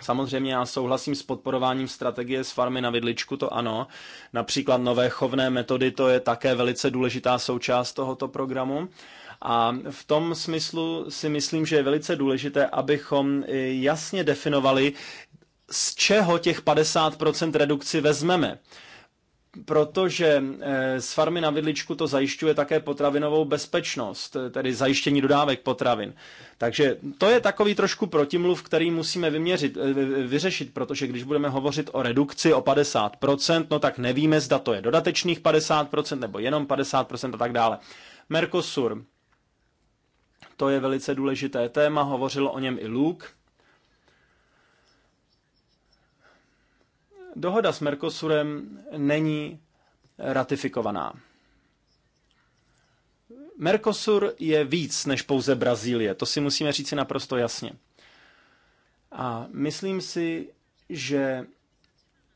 Samozřejmě já souhlasím s podporováním strategie z farmy na vidličku, to ano. Například nové chovné metody, to je také velice důležitá součást tohoto programu. A v tom smyslu si myslím, že je velice důležité, abychom e, jasně definovali, z čeho těch 50% redukci vezmeme protože eh, z farmy na vidličku to zajišťuje také potravinovou bezpečnost, eh, tedy zajištění dodávek potravin. Takže to je takový trošku protimluv, který musíme vyměřit, eh, vyřešit, protože když budeme hovořit o redukci o 50%, no tak nevíme, zda to je dodatečných 50% nebo jenom 50% a tak dále. Mercosur, to je velice důležité téma, hovořil o něm i Luke. Dohoda s Mercosurem není ratifikovaná. Mercosur je víc než pouze Brazílie, to si musíme říci naprosto jasně. A myslím si, že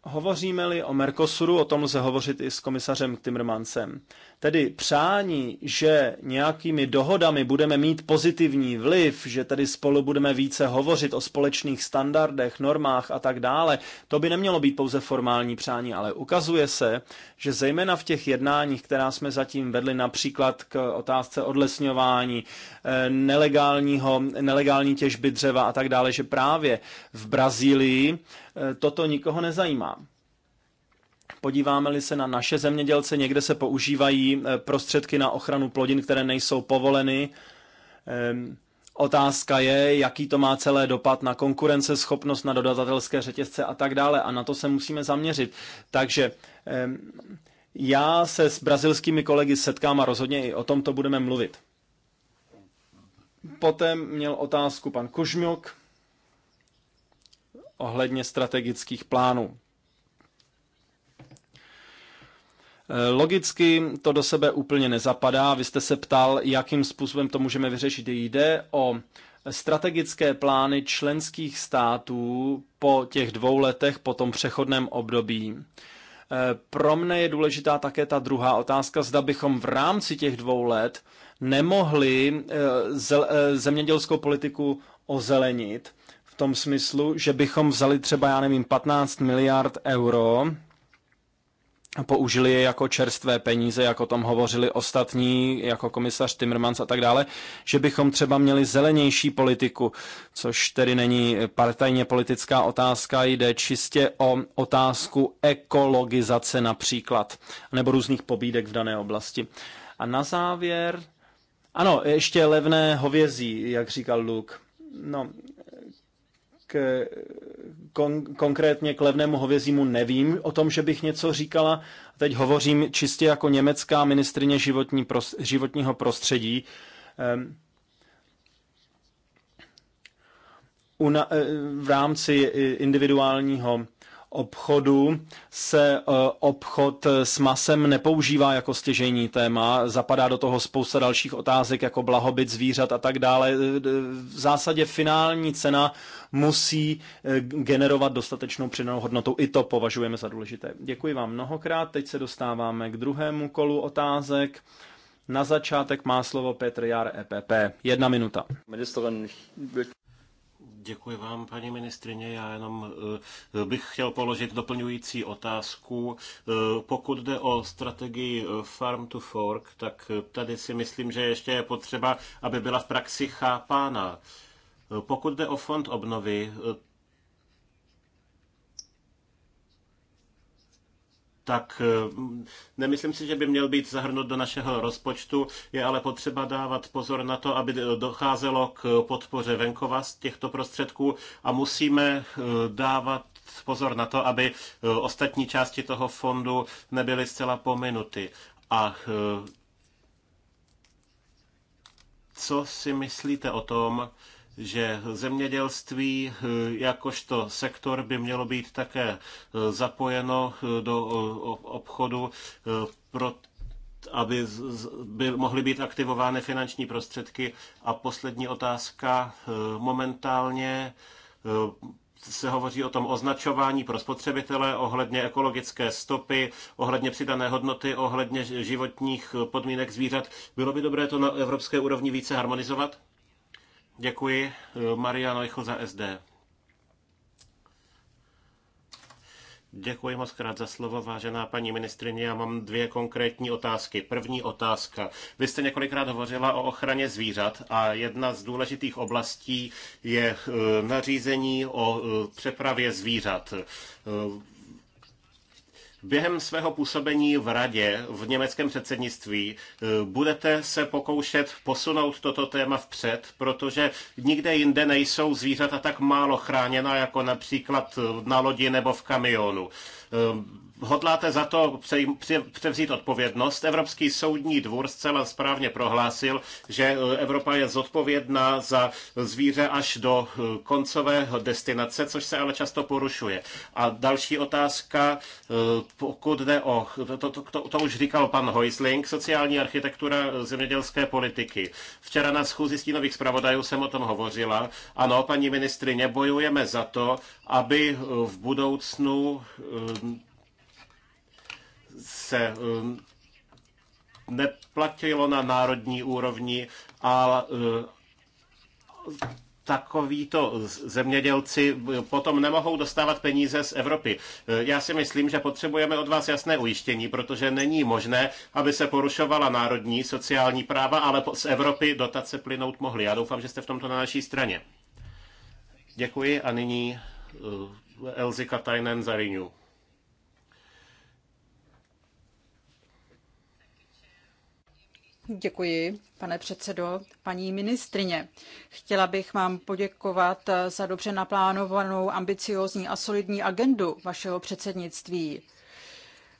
hovoříme-li o Mercosuru, o tom lze hovořit i s komisařem Timmermansem. Tedy přání, že nějakými dohodami budeme mít pozitivní vliv, že tady spolu budeme více hovořit o společných standardech, normách a tak dále, to by nemělo být pouze formální přání, ale ukazuje se, že zejména v těch jednáních, která jsme zatím vedli například k otázce odlesňování, eh, nelegálního, nelegální těžby dřeva a tak dále, že právě v Brazílii eh, toto nikoho nezajímá. Podíváme-li se na naše zemědělce, někde se používají eh, prostředky na ochranu plodin, které nejsou povoleny. Ehm, otázka je, jaký to má celé dopad na konkurenceschopnost, na dodatelské řetězce a tak dále. A na to se musíme zaměřit. Takže ehm, já se s brazilskými kolegy setkám a rozhodně i o tom to budeme mluvit. Potom měl otázku pan Kužmiuk ohledně strategických plánů. Eh, logicky to do sebe úplně nezapadá. Vy jste se ptal, jakým způsobem to můžeme vyřešit. Jde o strategické plány členských států po těch dvou letech, po tom přechodném období. Eh, pro mne je důležitá také ta druhá otázka, zda bychom v rámci těch dvou let nemohli eh, zemědělskou politiku ozelenit v tom smyslu, že bychom vzali třeba, já nevím, 15 miliard euro použili je jako čerstvé peníze, jako o tom hovořili ostatní, jako komisař Timmermans a tak dále, že bychom třeba měli zelenější politiku, což tedy není partajně politická otázka, jde čistě o otázku ekologizace například, nebo různých pobídek v dané oblasti. A na závěr, ano, ještě levné hovězí, jak říkal Luke. No, k, kon, konkrétně k levnému hovězímu nevím o tom, že bych něco říkala. Teď hovořím čistě jako německá ministrině životní pros, životního prostředí. Um, v rámci individuálního obchodu se e, obchod s masem nepoužívá jako stěžení téma, zapadá do toho spousta dalších otázek jako blahobyt zvířat a tak dále. E, v zásadě finální cena musí e, generovat dostatečnou přidanou hodnotu. I to považujeme za důležité. Děkuji vám mnohokrát. Teď se dostáváme k druhému kolu otázek. Na začátek má slovo Petr Jar, EPP. Jedna minuta. Děkuji vám, paní ministrině. Já jenom eh, bych chtěl položit doplňující otázku. Eh, pokud jde o strategii eh, Farm to Fork, tak tady si myslím, že ještě je potřeba, aby byla v praxi chápána. Pokud jde o fond obnovy, tak eh, nemyslím si, že by měl být zahrnut do našeho rozpočtu. Je ale potřeba dávat pozor na to, aby docházelo k podpoře venkova z těchto prostředků a musíme eh, dávat pozor na to, aby eh, ostatní části toho fondu nebyly zcela pominuty. A co si myslíte o tom, že zemědělství eh, jakožto sektor by mělo být také eh, zapojeno eh, do obchodu, pro, aby by mohly být aktivovány finanční prostředky. A poslední otázka. Momentálně se hovoří o tom označování pro spotřebitele ohledně ekologické stopy, ohledně přidané hodnoty, ohledně životních podmínek zvířat. Bylo by dobré to na evropské úrovni více harmonizovat? Děkuji. Eh, Marian Lecho za SD. Děkuji moc krát za slovo, vážená paní ministrině. Já mám dvě konkrétní otázky. První otázka. Vy jste několikrát hovořila o ochraně zvířat a jedna z důležitých oblastí je eh, nařízení o eh, přepravě zvířat. Během svého působení v radě v německém předsednictví eh, budete se pokoušet posunout toto téma vpřed, protože nikde jinde nejsou zvířata tak málo chráněna, jako například eh, na lodi nebo v kamionu. Eh, hodláte za to převzít odpovědnost. Evropský soudní dvůr zcela správně prohlásil, že e, Evropa je zodpovědná za zvíře až do e, koncového destinace, což se ale často porušuje. A další otázka, e, pokud jde o, to, to, to, to už říkal pan Heusling, sociální architektura zemědělské politiky. Včera na schůzi stínových zpravodajů jsem o tom hovořila. Ano, paní ministrině, bojujeme za to, aby v budoucnu se um, neplatilo na národní úrovni, a uh, takovýto zemědělci potom nemohou dostávat peníze z Evropy. Já si myslím, že potřebujeme od vás jasné ujištění, protože není možné, aby se porušovala národní sociální práva, ale z Evropy dotace plynout mohly. Já doufám, že jste v tomto na naší straně. Děkuji a nyní uh, Elzika Tajnen za Renew. Děkuji, pane předsedo. Paní ministrině, chtěla bych vám poděkovat za dobře naplánovanou, ambiciózní a solidní agendu vašeho předsednictví.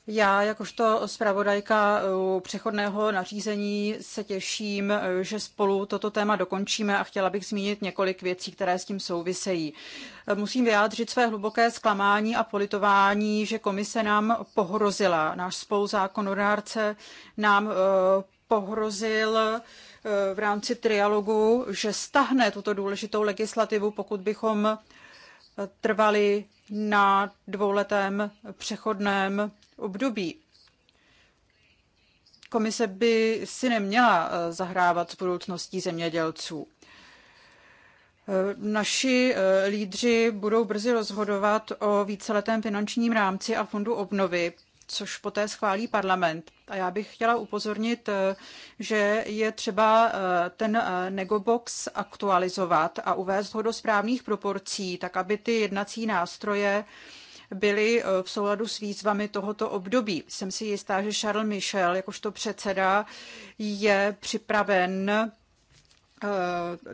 Já jakožto zpravodajka přechodného nařízení se těším, že spolu toto téma dokončíme a chtěla bych zmínit několik věcí, které s tím souvisejí. Musím vyjádřit své hluboké zklamání a politování, že komise nám pohrozila, náš spoluzákonodárce nám eh, pohrozil eh, v rámci trialogu, že stahne tuto důležitou legislativu, pokud bychom eh, trvali na dvouletém přechodném období. Komise by si neměla eh, zahrávat s budoucností zemědělců. Naši lídři budou brzy rozhodovat o víceletém finančním rámci a fondu obnovy což poté schválí parlament. A já bych chtěla upozornit, eh, že je třeba eh, ten eh, negobox aktualizovat a uvést ho do správných proporcí, tak aby ty jednací nástroje byly v souladu s výzvami tohoto období. Jsem si jistá, že Charles Michel, jakožto předseda, je připraven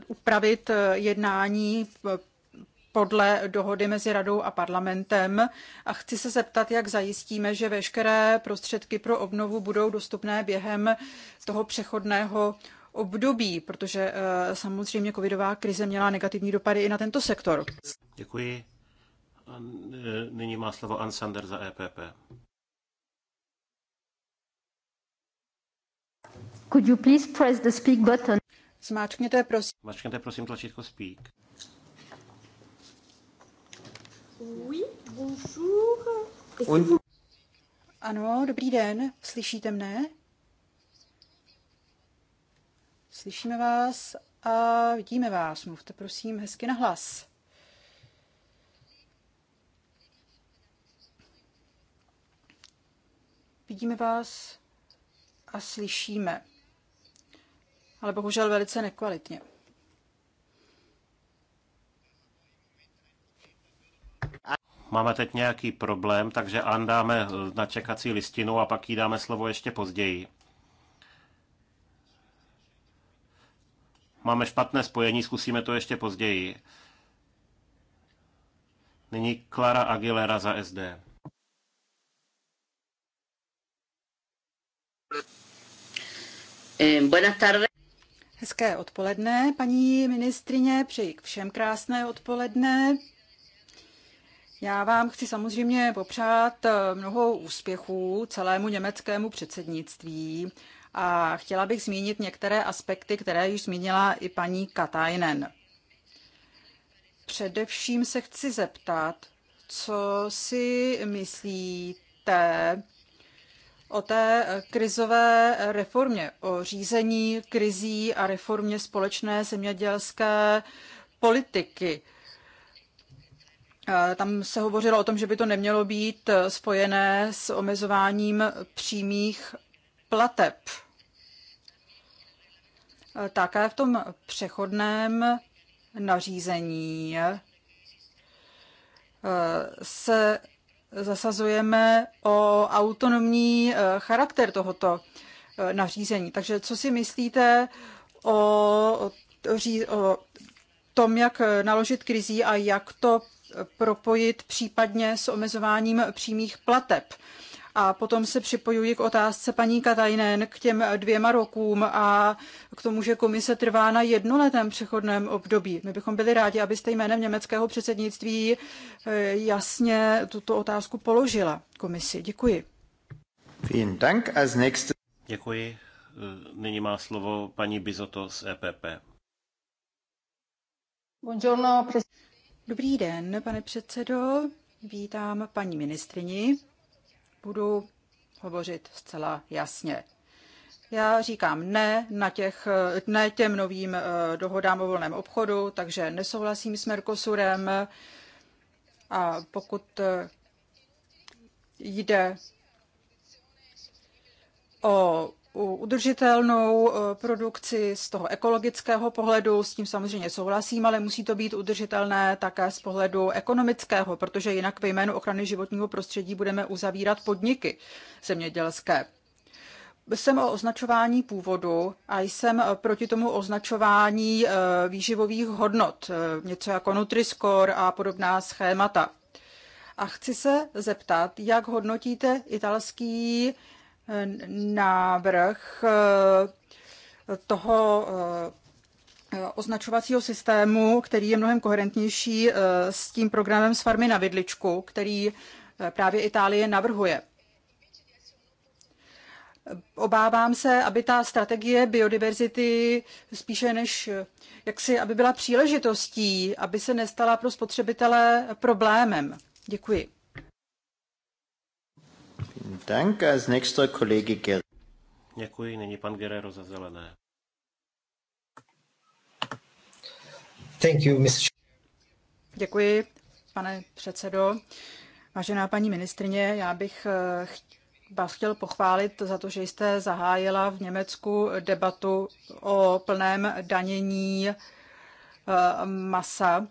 upravit jednání podle dohody mezi radou a parlamentem. A chci se zeptat, jak zajistíme, že veškeré prostředky pro obnovu budou dostupné během toho přechodného období, protože eh, samozřejmě covidová krize měla negativní dopady i na tento sektor. Děkuji. A eh, nyní má slovo Ansander za EPP. Could you please press the speak button? Zmáčkněte prosím. Zmáčkněte prosím tlačítko speak. Oui, bonjour. Ano, dobrý den, slyšíte mne? Slyšíme vás a vidíme vás. Mluvte prosím hezky na hlas. Vidíme vás a slyšíme, ale bohužel velice nekvalitně. máme teď nějaký problém, takže An dáme eh, na čekací listinu a pak jí dáme slovo ještě později. Máme špatné spojení, zkusíme to ještě později. Nyní Klara Aguilera za SD. Eh, tardes. Hezké odpoledne, paní ministrině, přeji k všem krásné odpoledne. Já vám chci samozřejmě popřát eh, mnoho úspěchů celému německému předsednictví a chtěla bych zmínit některé aspekty, které již zmínila i paní Katajnen. Především se chci zeptat, co si myslíte o té eh, krizové reformě, o řízení krizí a reformě společné zemědělské politiky. Eh, tam se hovořilo o tom, že by to nemělo být eh, spojené s omezováním přímých plateb. Eh, také v tom přechodném nařízení se zasazujeme o autonomní charakter tohoto nařízení. Takže co si myslíte o, o, o tom, jak naložit krizí a jak to propojit případně s omezováním přímých plateb. A potom se připojuji k otázce paní Katajnen k těm dvěma rokům a k tomu, že komise trvá na jednoletém přechodném období. My bychom byli rádi, abyste jménem německého předsednictví eh, jasně tuto otázku položila komisi. Děkuji. Děkuji. Eh, nyní má slovo paní Bizoto z EPP. Buongiorno, Dobrý den, pane předsedo. Vítám paní ministrini. Budu hovořit zcela jasně. Já říkám ne, na těch, ne těm novým eh, dohodám o volném obchodu, takže nesouhlasím s Mercosurem. A pokud eh, jde o udržitelnou eh, produkci z toho ekologického pohledu, s tím samozřejmě souhlasím, ale musí to být udržitelné také z pohledu ekonomického, protože jinak ve jménu ochrany životního prostředí budeme uzavírat podniky zemědělské. Jsem o označování původu a jsem eh, proti tomu označování eh, výživových hodnot, něco jako Nutriscore a podobná schémata. A chci se zeptat, jak hodnotíte italský návrh eh, toho eh, označovacího systému, který je mnohem koherentnější eh, s tím programem s farmy na vidličku, který právě Itálie navrhuje. Obávám se, aby ta strategie biodiverzity spíše než jaksi, aby byla příležitostí, aby se nestala pro spotřebitele problémem. Děkuji. Dank als nächster Kollege Ger Děkuji, nyní pan Guerrero za zelené. Thank you, Mr. Děkuji, pane předsedo. Vážená paní ministrině, já bych eh, vás chtěl pochválit za to, že jste zahájila v Německu debatu o plném danění eh, masa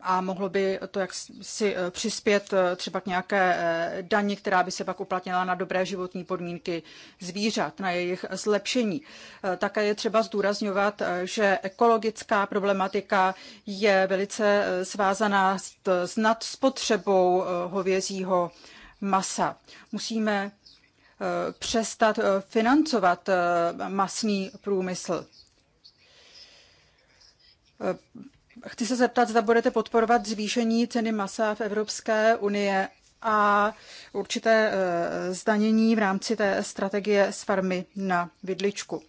a mohlo by to jak si eh, přispět eh, třeba k nějaké eh, dani, která by se pak uplatnila na dobré životní podmínky zvířat, na jejich zlepšení. Také je třeba zdůrazňovat, že ekologická problematika je velice svázaná s nadspotřebou hovězího masa. Musíme přestat financovat masný průmysl Chci se zeptat, zda budete podporovat zvýšení ceny masa v Evropské unie a určité e, zdanění v rámci té strategie s farmy na vidličku.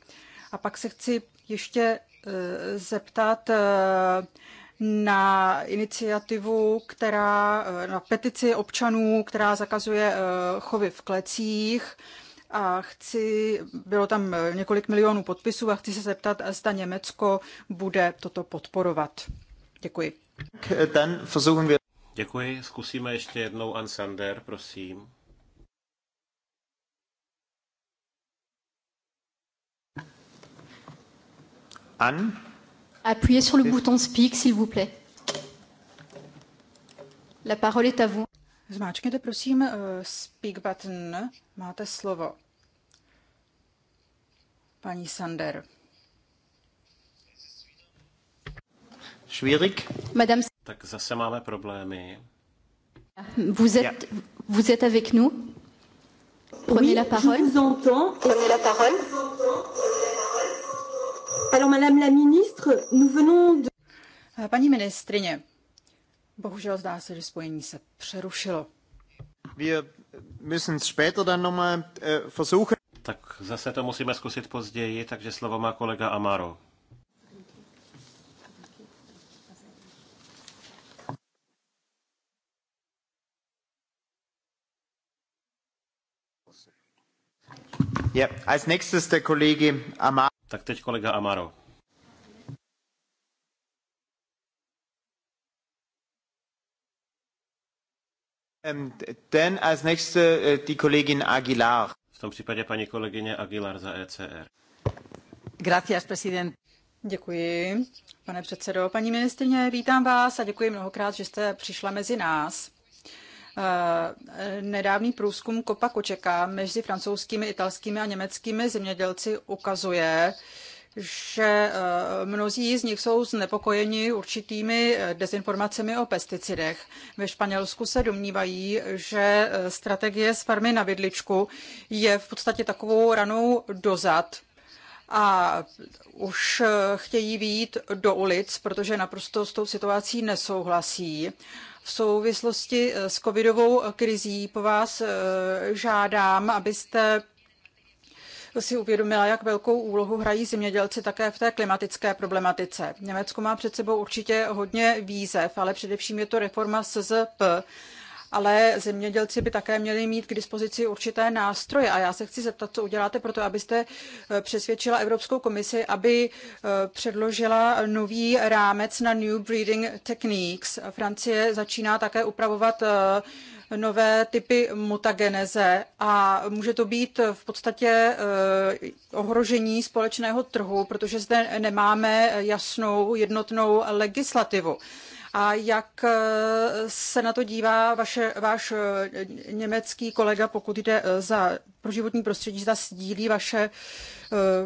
A pak se chci ještě e, zeptat e, na iniciativu, která, na petici občanů, která zakazuje chovy v klecích a chci, bylo tam několik milionů podpisů a chci se zeptat, zda Německo bude toto podporovat. Děkuji. Děkuji, zkusíme ještě jednou Ansander, prosím. Anne Appuyez sur le bouton speak, s'il vous plaît. La parole est à vous. Zmáčkněte prosím eh, speak button, máte slovo. Paní Sander. Schwierig. Madame... Tak zase máme problémy. Vous êtes, yeah. vous êtes avec nous? Prenez oui, la parole. Je vous entends. Prenez la parole. Alors, Madame la Ministre, nous venons de... Eh, paní ministrině, Bohužel zdá se, že spojení se přerušilo. Wir müssen später dann nochmal äh, versuchen. Tak zase to musíme zkusit později, takže slovo má kolega Amaro. Yeah. Als nächstes der Kollege Amaro. Tak teď kolega Amaro. Ähm, äh, v tom případě paní kolegyně Aguilar za ECR. Děkuji, pane předsedo. Paní ministrině, vítám vás a děkuji mnohokrát, že jste přišla mezi nás. Eh, nedávný průzkum Kopa Kočeka mezi francouzskými, italskými a německými zemědělci ukazuje, že eh, mnozí z nich jsou znepokojeni určitými eh, dezinformacemi o pesticidech. Ve Španělsku se domnívají, že eh, strategie z farmy na vidličku je v podstatě takovou ranou dozad a už chtějí výjít do ulic, protože naprosto s tou situací nesouhlasí. V souvislosti s covidovou krizí po vás žádám, abyste si uvědomila, jak velkou úlohu hrají zemědělci také v té klimatické problematice. Německo má před sebou určitě hodně výzev, ale především je to reforma SZP ale zemědělci by také měli mít k dispozici určité nástroje. A já se chci zeptat, co uděláte pro to, abyste e, přesvědčila Evropskou komisi, aby e, předložila nový rámec na New Breeding Techniques. Francie začíná také upravovat e, nové typy mutageneze a může to být v podstatě ohrožení společného trhu, protože zde nemáme jasnou jednotnou legislativu a jak eh, se na to dívá vaše, váš eh, německý kolega, pokud jde eh, za, pro životní prostředí, zda sdílí vaše...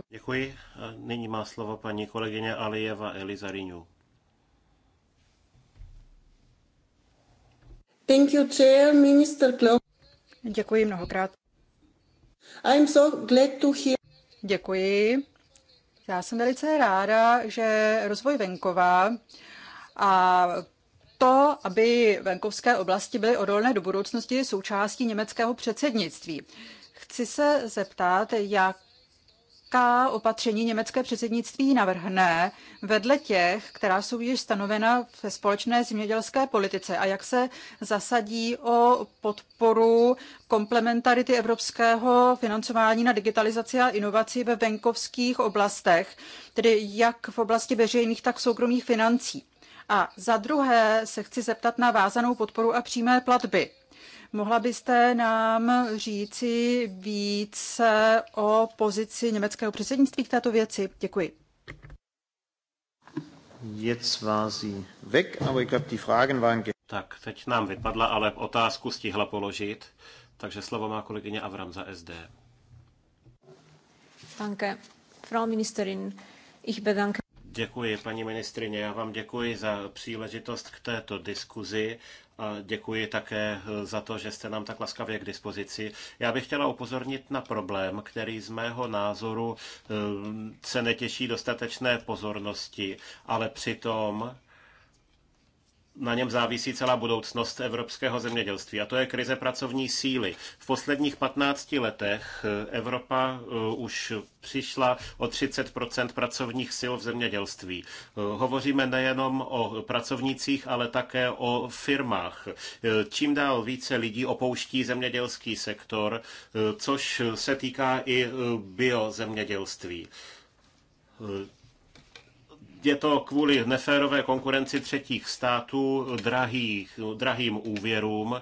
Děkuji. Nyní má slovo paní kolegyně Alijeva Elizariňu. Thank you, Chair, Minister Klo. Děkuji mnohokrát. I'm so glad to hear... Děkuji. Já jsem velice ráda, že rozvoj venkova a to, aby venkovské oblasti byly odolné do budoucnosti, je součástí německého předsednictví. Chci se zeptat, jak jaká opatření německé předsednictví navrhne vedle těch, která jsou již stanovena ve společné zemědělské politice a jak se zasadí o podporu komplementarity evropského financování na digitalizaci a inovaci ve venkovských oblastech, tedy jak v oblasti veřejných, tak soukromých financí. A za druhé se chci zeptat na vázanou podporu a přímé platby. Mohla byste nám říci více o pozici německého předsednictví k této věci? Děkuji. Tak, teď nám vypadla, ale otázku stihla položit. Takže slovo má kolegyně Avram za SD. Danke. Frau Ministerin, ich bedanke... Děkuji, paní ministrině. Já vám děkuji za příležitost k této diskuzi a děkuji také eh, za to, že jste nám tak laskavě k dispozici. Já bych chtěla upozornit na problém, který z mého názoru eh, se netěší dostatečné pozornosti, ale přitom na něm závisí celá budoucnost evropského zemědělství a to je krize pracovní síly. V posledních 15 letech eh, Evropa eh, už přišla o 30 pracovních sil v zemědělství. Eh, hovoříme nejenom o pracovnících, ale také o firmách. Čím dál více lidí opouští zemědělský sektor, což se týká i biozemědělství je to kvůli neférové konkurenci třetích států, drahých, drahým úvěrům, eh,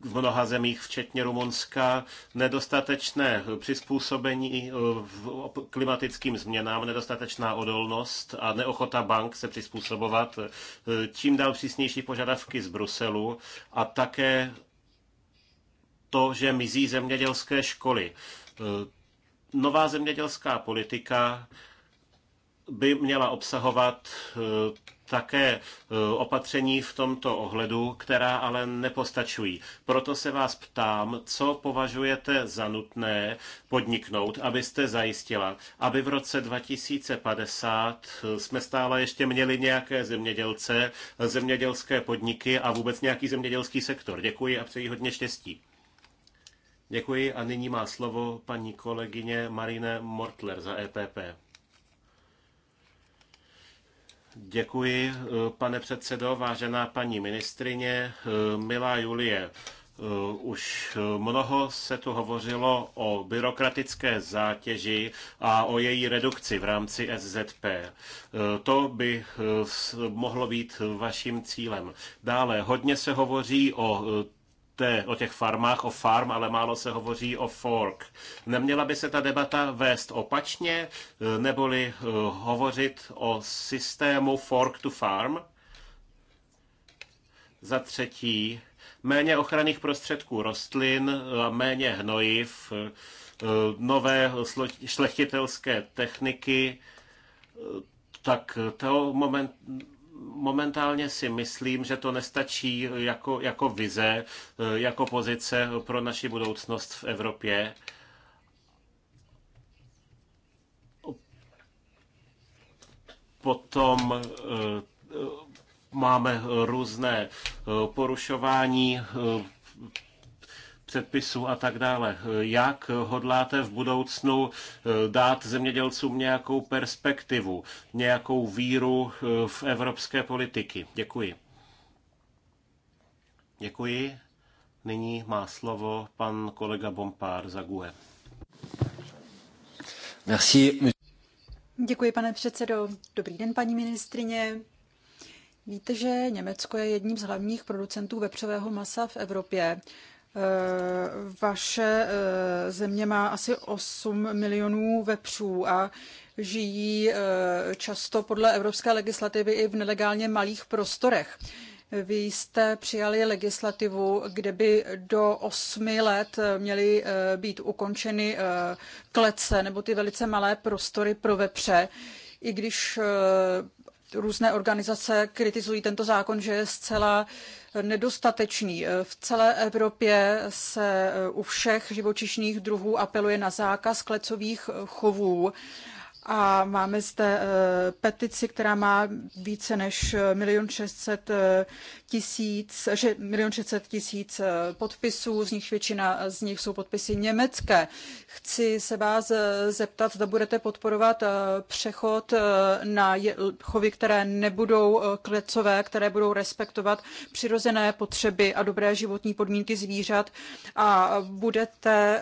v mnoha zemích, včetně Rumunska, nedostatečné přizpůsobení eh, klimatickým změnám, nedostatečná odolnost a neochota bank se přizpůsobovat, eh, čím dál přísnější požadavky z Bruselu a také to, že mizí zemědělské školy. Nová zemědělská politika by měla obsahovat eh, také eh, opatření v tomto ohledu, která ale nepostačují. Proto se vás ptám, co považujete za nutné podniknout, abyste zajistila, aby v roce 2050 eh, jsme stále ještě měli nějaké zemědělce, zemědělské podniky a vůbec nějaký zemědělský sektor. Děkuji a přeji hodně štěstí. Děkuji a nyní má slovo paní kolegyně Marine Mortler za EPP. Děkuji, eh, pane předsedo, vážená paní ministrině, eh, milá Julie. Eh, už mnoho se tu hovořilo o byrokratické zátěži a o její redukci v rámci SZP. To by mohlo být vaším cílem. Dále hodně se hovoří o té, o těch farmách, o farm, ale málo se hovoří o fork. Neměla by se ta debata vést opačně, eh, neboli eh, hovořit o systému fork to farm? Za třetí, méně ochranných prostředků rostlin, eh, méně hnojiv, nové šlechtitelské techniky, tak to moment, momentálně si myslím, že to nestačí jako, jako vize, eh, jako pozice pro naši budoucnost v Evropě. Potom eh, eh, máme různé porušování předpisů a tak dále. Jak hodláte v budoucnu eh, dát zemědělcům nějakou perspektivu, nějakou víru eh, v evropské politiky? Děkuji. Děkuji. Nyní má slovo pan kolega Bompár za GUE. Merci. Děkuji, pane předsedo. Dobrý den, paní ministrině. Víte, že Německo je jedním z hlavních producentů vepřového masa v Evropě. Eh, vaše eh, země má asi 8 milionů vepřů a žijí eh, často podle evropské legislativy i v nelegálně malých prostorech. Vy jste přijali legislativu, kde by do osmi let měly být ukončeny klece nebo ty velice malé prostory pro vepře, i když různé organizace kritizují tento zákon, že je zcela nedostatečný. V celé Evropě se u všech živočišných druhů apeluje na zákaz klecových chovů a máme zde eh, petici, která má více než eh, milion 600 eh, tisíc, milion 600 tisíc podpisů, z nich většina z nich jsou podpisy německé. Chci se vás zeptat, zda budete podporovat přechod na chovy, které nebudou klecové, které budou respektovat přirozené potřeby a dobré životní podmínky zvířat a budete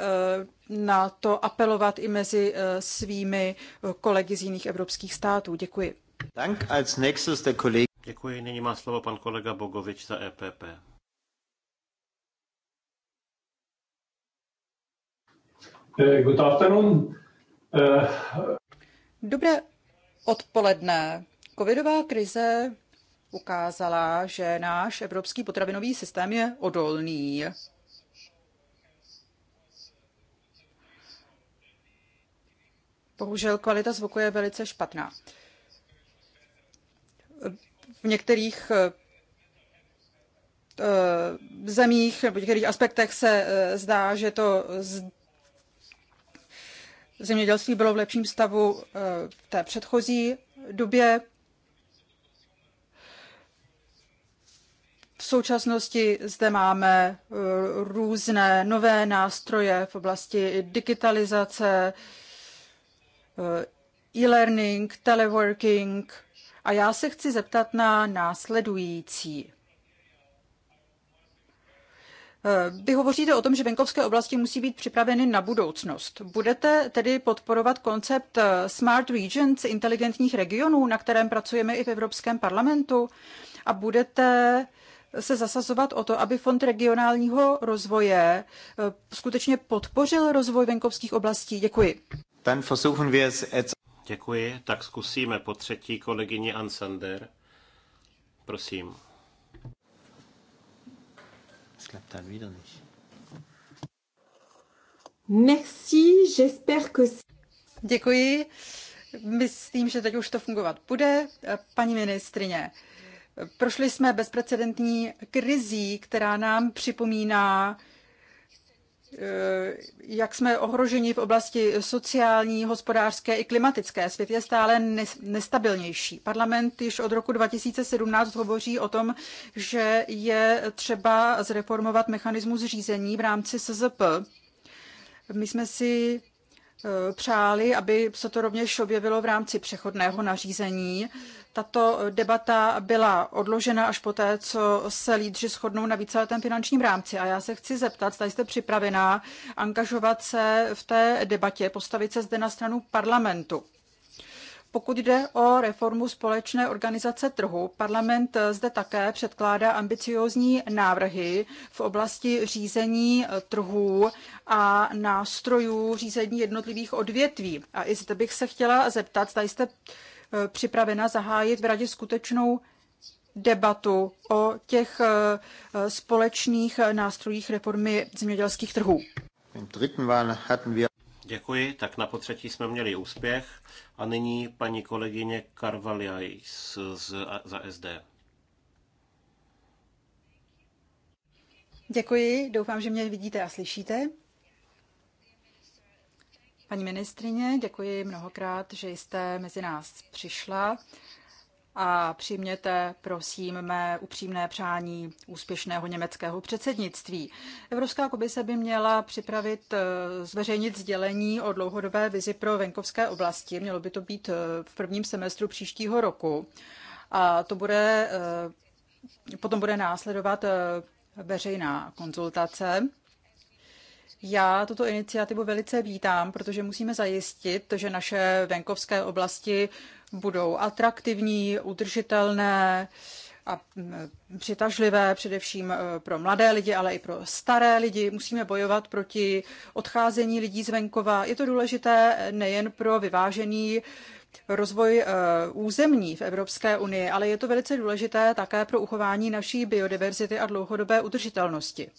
na to apelovat i mezi eh, svými eh, kolegy z jiných evropských států. Děkuji. Dank als nächstes der Kollege. Děkuji. Nyní má slovo pan kolega Bogovič za EPP. Eh, good afternoon. Dobré odpoledne. Covidová krize ukázala, že náš evropský potravinový systém je odolný Bohužel kvalita zvuku je velice špatná. V některých eh, eh, zemích nebo některých aspektech se eh, zdá, že to z... zemědělství bylo v lepším stavu v té předchozí době. V současnosti zde máme různé nové nástroje v oblasti digitalizace, Eh, e-learning, teleworking. A já se chci zeptat na následující. Eh, vy hovoříte o tom, že venkovské oblasti musí být připraveny na budoucnost. Budete tedy podporovat koncept eh, Smart Regions, inteligentních regionů, na kterém pracujeme i v Evropském parlamentu? A budete se zasazovat o to, aby Fond regionálního rozvoje skutečně podpořil rozvoj venkovských oblastí? Děkuji. Dann versuchen wir es Děkuji, tak zkusíme po třetí kolegyni Ansander. Prosím. Es klappt dann wieder nicht. Merci, j'espère que... Děkuji. Myslím, že teď už to fungovat bude. Paní ministrině, prošli jsme bezprecedentní krizí, která nám připomíná, Eh, jak jsme ohroženi v oblasti sociální, hospodářské i klimatické. Svět je stále nestabilnější. Parlament již od roku 2017 hovoří o tom, že je třeba zreformovat mechanismus řízení v rámci SZP. My jsme si Eh, přáli, aby se to rovněž objevilo v rámci přechodného nařízení. Tato debata byla odložena až poté, co se lídři shodnou na víceletém finančním rámci. A já se chci zeptat, zda jste připravená angažovat se v té debatě, postavit se zde na stranu parlamentu. Pokud jde o reformu společné organizace trhu, parlament zde také předkládá ambiciózní návrhy v oblasti řízení trhů a nástrojů řízení jednotlivých odvětví. A i zde bych se chtěla zeptat, zda jste eh, připravena zahájit v radě skutečnou debatu o těch eh, společných nástrojích reformy zemědělských trhů. Děkuji, tak na potřetí jsme měli úspěch. A nyní paní kolegyně z za SD. Děkuji, doufám, že mě vidíte a slyšíte. Paní ministrině, děkuji mnohokrát, že jste mezi nás přišla a přiměte, prosím, mé upřímné přání úspěšného německého předsednictví. Evropská komise by měla připravit, eh, zveřejnit sdělení o dlouhodobé vizi pro venkovské oblasti. Mělo by to být eh, v prvním semestru příštího roku. A to bude, eh, potom bude následovat veřejná konzultace já tuto iniciativu velice vítám, protože musíme zajistit, že naše venkovské oblasti budou atraktivní, udržitelné a mm, přitažlivé především eh, pro mladé lidi, ale i pro staré lidi. Musíme bojovat proti odcházení lidí z venkova. Je to důležité nejen pro vyvážený rozvoj eh, územní v Evropské unii, ale je to velice důležité také pro uchování naší biodiverzity a dlouhodobé udržitelnosti.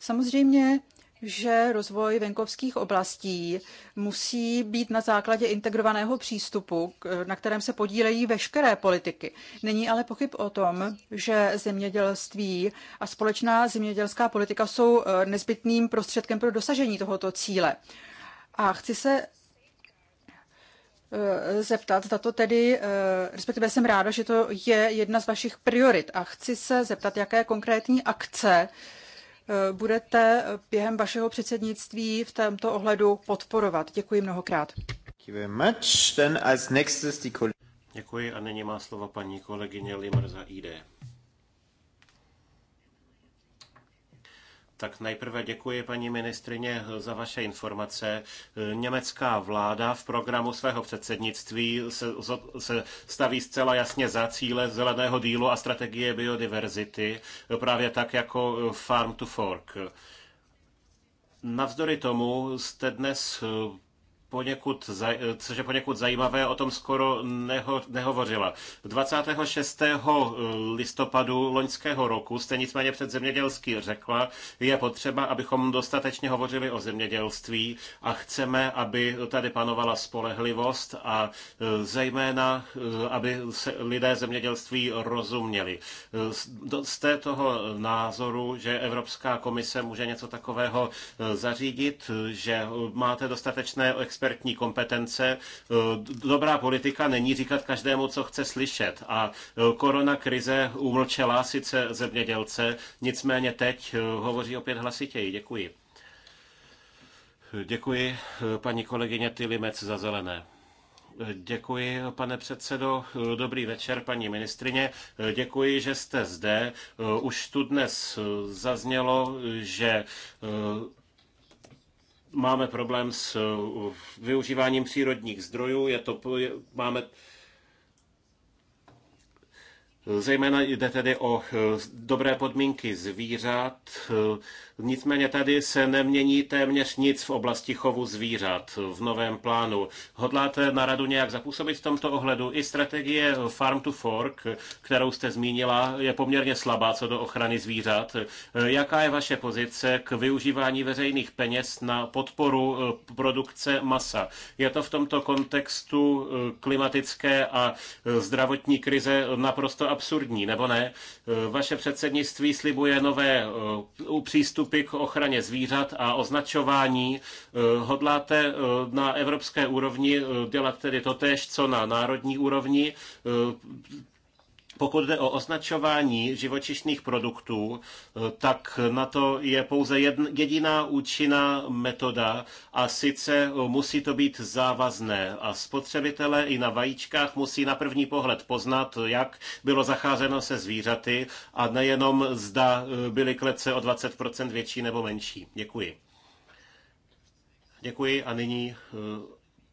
Samozřejmě že rozvoj venkovských oblastí musí být na základě integrovaného přístupu, na kterém se podílejí veškeré politiky. Není ale pochyb o tom, že zemědělství a společná zemědělská politika jsou e, nezbytným prostředkem pro dosažení tohoto cíle. A chci se e, zeptat, zda to tedy, e, respektive jsem ráda, že to je jedna z vašich priorit a chci se zeptat, jaké konkrétní akce Eh, budete během vašeho předsednictví v tomto ohledu podporovat. Děkuji mnohokrát. Děkuji a nyní má slovo paní kolegyně Limer za ID. Tak nejprve děkuji paní ministrině za vaše informace. Německá vláda v programu svého předsednictví se, se staví zcela jasně za cíle zeleného dílu a strategie biodiverzity, právě tak jako Farm to Fork. Navzdory tomu jste dnes poněkud, což je poněkud zajímavé, o tom skoro neho, nehovořila. 26. listopadu loňského roku jste nicméně před zemědělský řekla, je potřeba, abychom dostatečně hovořili o zemědělství a chceme, aby tady panovala spolehlivost a e, zejména, e, aby se lidé zemědělství rozuměli. E, jste toho názoru, že Evropská komise může něco takového zařídit, že máte dostatečné expertní expertní kompetence. E, dobrá politika není říkat každému, co chce slyšet. A e, korona krize umlčela sice zemědělce, nicméně teď e, hovoří opět hlasitěji. Děkuji. Děkuji paní kolegyně Tylimec za zelené. Děkuji, pane předsedo. Dobrý večer, paní ministrině. Děkuji, že jste zde. Už tu dnes zaznělo, že máme problém s eh, využíváním přírodních zdrojů, je to, máme Zejména jde tedy o eh, dobré podmínky zvířat, eh, Nicméně tady se nemění téměř nic v oblasti chovu zvířat v novém plánu. Hodláte na radu nějak zapůsobit v tomto ohledu? I strategie Farm to Fork, kterou jste zmínila, je poměrně slabá co do ochrany zvířat. Jaká je vaše pozice k využívání veřejných peněz na podporu eh, produkce masa? Je to v tomto kontextu eh, klimatické a eh, zdravotní krize naprosto absurdní, nebo ne? Vaše předsednictví slibuje nové přístupy přístupy k ochraně zvířat a označování. Eh, hodláte eh, na evropské úrovni eh, dělat tedy totéž, co na národní úrovni? Pokud jde o označování živočišných produktů, eh, tak na to je pouze jediná účinná metoda a sice eh, musí to být závazné a spotřebitelé i na vajíčkách musí na první pohled poznat, jak bylo zacházeno se zvířaty a nejenom zda eh, byly klece o 20% větší nebo menší. Děkuji. Děkuji a nyní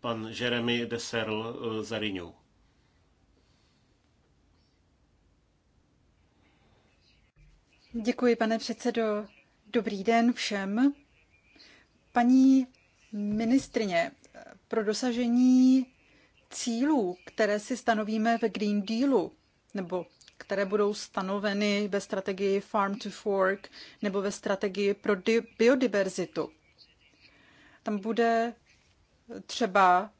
pan Jeremy Deserl za Děkuji, pane předsedo. Dobrý den všem. Paní ministrině, pro dosažení cílů, které si stanovíme ve Green Dealu, nebo které budou stanoveny ve strategii Farm to Fork nebo ve strategii pro biodiverzitu. Tam bude třeba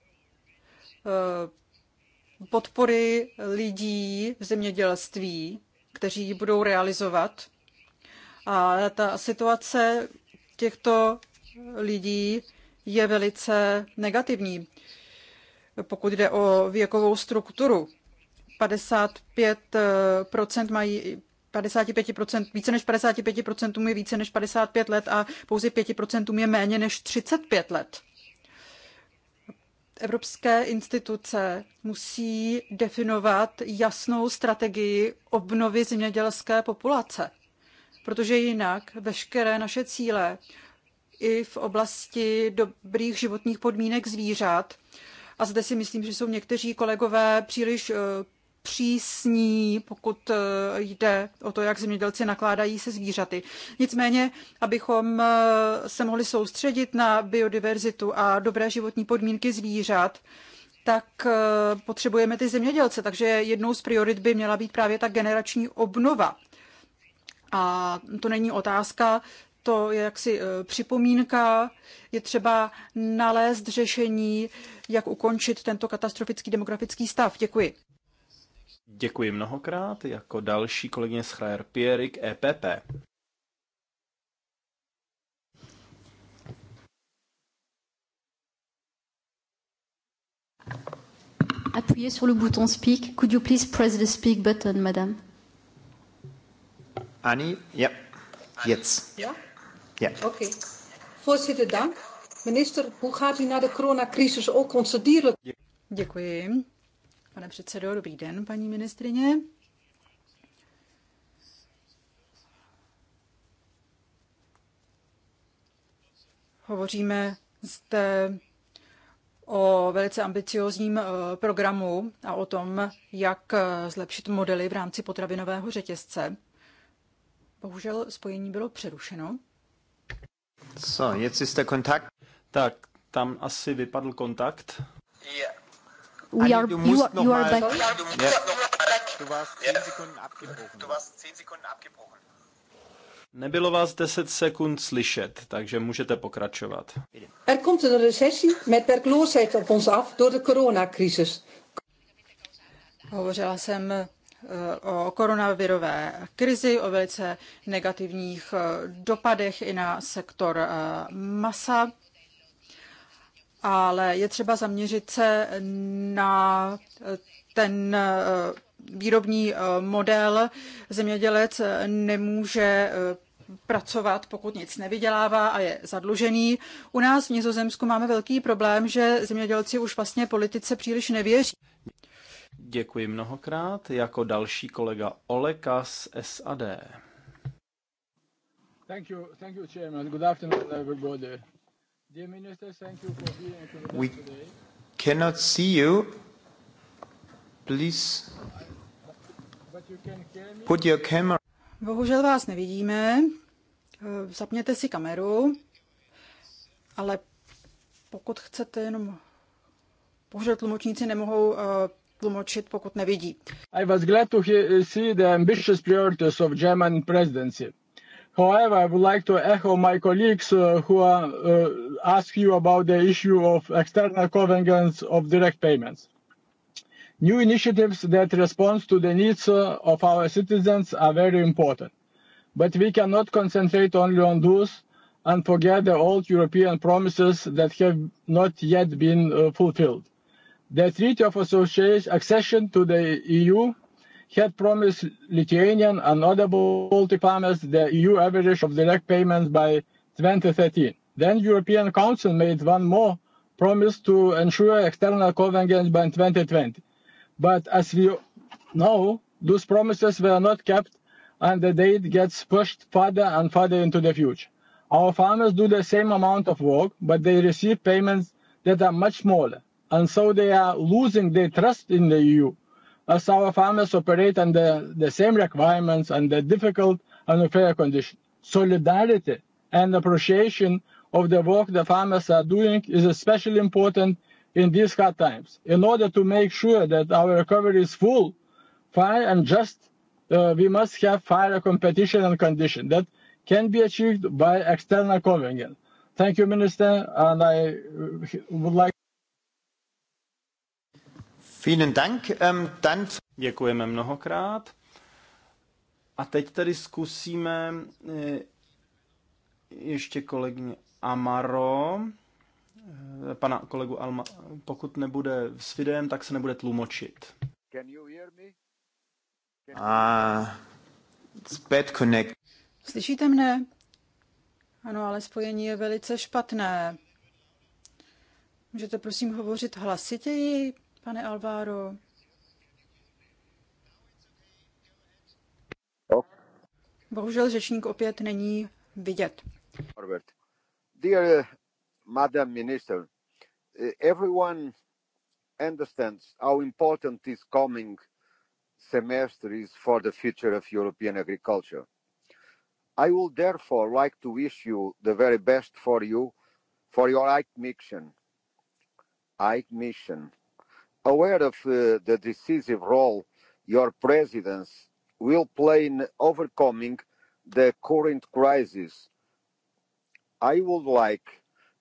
eh, podpory lidí v zemědělství, kteří ji budou realizovat. A ta situace těchto lidí je velice negativní, pokud jde o věkovou strukturu. 55% mají 55%, více než 55% je více než 55 let a pouze 5% je méně než 35 let. Evropské instituce musí definovat jasnou strategii obnovy zemědělské populace protože jinak veškeré naše cíle i v oblasti dobrých životních podmínek zvířat, a zde si myslím, že jsou někteří kolegové příliš eh, přísní, pokud eh, jde o to, jak zemědělci nakládají se zvířaty. Nicméně, abychom eh, se mohli soustředit na biodiverzitu a dobré životní podmínky zvířat, tak potřebujeme ty zemědělce. Takže jednou z priorit by měla být právě ta generační obnova a to není otázka, to je jaksi e, připomínka, je třeba nalézt řešení, jak ukončit tento katastrofický demografický stav. Děkuji. Děkuji mnohokrát. Jako další kolegyně z Chrajer Pierik EPP. Appuyez sur le bouton speak. Could you please press the speak button, madame? Anni, ja, jetzt. Ja? Ja. Okay. Voorzitter, dank. Minister, hoe gaat u naar de coronacrisis ook onze dieren? Děkuji. Pane předsedo, dobrý den, paní ministrině. Hovoříme zde o velice ambiciozním eh, programu a o tom, jak eh, zlepšit modely v rámci potravinového řetězce. Bohužel spojení bylo přerušeno. Co? jetzt ist der Kontakt. Tak, tam asi vypadl kontakt. Yeah. We are, you are, you are back. Nebylo vás 10 sekund slyšet, takže můžete pokračovat. Er komt een recessie met werkloosheid op ons af door de coronacrisis. Hovořila jsem o koronavirové krizi, o velice negativních eh, dopadech i na sektor eh, masa, ale je třeba zaměřit se na ten eh, výrobní model. Zemědělec nemůže pracovat, pokud nic nevydělává a je zadlužený. U nás v Nizozemsku máme velký problém, že zemědělci už vlastně politice příliš nevěří. Děkuji mnohokrát. Jako další kolega Oleka z SAD. Thank you, thank you, Chairman. Good afternoon, everybody. Dear Minister, thank you for being here today. We cannot see you. Please put your camera. Bohužel vás nevidíme. Eh, zapněte si kameru, ale pokud chcete jenom bohužel tlumočníci nemohou eh, tlumočit, pokud nevidí. I was glad to see the ambitious priorities of German presidency. However, I would like to echo my colleagues uh, who uh, ask you about the issue of external covenants of direct payments. New initiatives that respond to the needs uh, of our citizens are very important, but we cannot concentrate only on those and forget the old European promises that have not yet been uh, fulfilled. The Treaty of association, Accession to the EU had promised Lithuanian and other Baltic farmers the EU average of direct payments by 2013. Then European Council made one more promise to ensure external convergence by 2020. But as we know, those promises were not kept and the date gets pushed further and further into the future. Our farmers do the same amount of work, but they receive payments that are much smaller and so they are losing their trust in the EU, as our farmers operate under the same requirements and the difficult and unfair conditions. Solidarity and appreciation of the work the farmers are doing is especially important in these hard times. In order to make sure that our recovery is full, fair and just, uh, we must have fair competition and condition that can be achieved by external convenience. Thank you, Minister, and I uh, would like Vielen Dank. Ähm, dann... Děkujeme mnohokrát. A teď tady zkusíme eh, ještě kolegyně Amaro, eh, pana kolegu Alma, pokud nebude s videem, tak se nebude tlumočit. Can you hear me? Can you... Ah, bad connect. Slyšíte mne? Ano, ale spojení je velice špatné. Můžete prosím hovořit hlasitěji? Pane Alváro. Bohužel řečník opět není vidět. Robert. Dear uh, Madam Minister, uh, everyone understands how important this coming semester is for the future of European agriculture. I would therefore like to wish you the very best for you, for your ICE mission. ICE mission aware of uh, the decisive role your presidency will play in overcoming the current crisis, I would like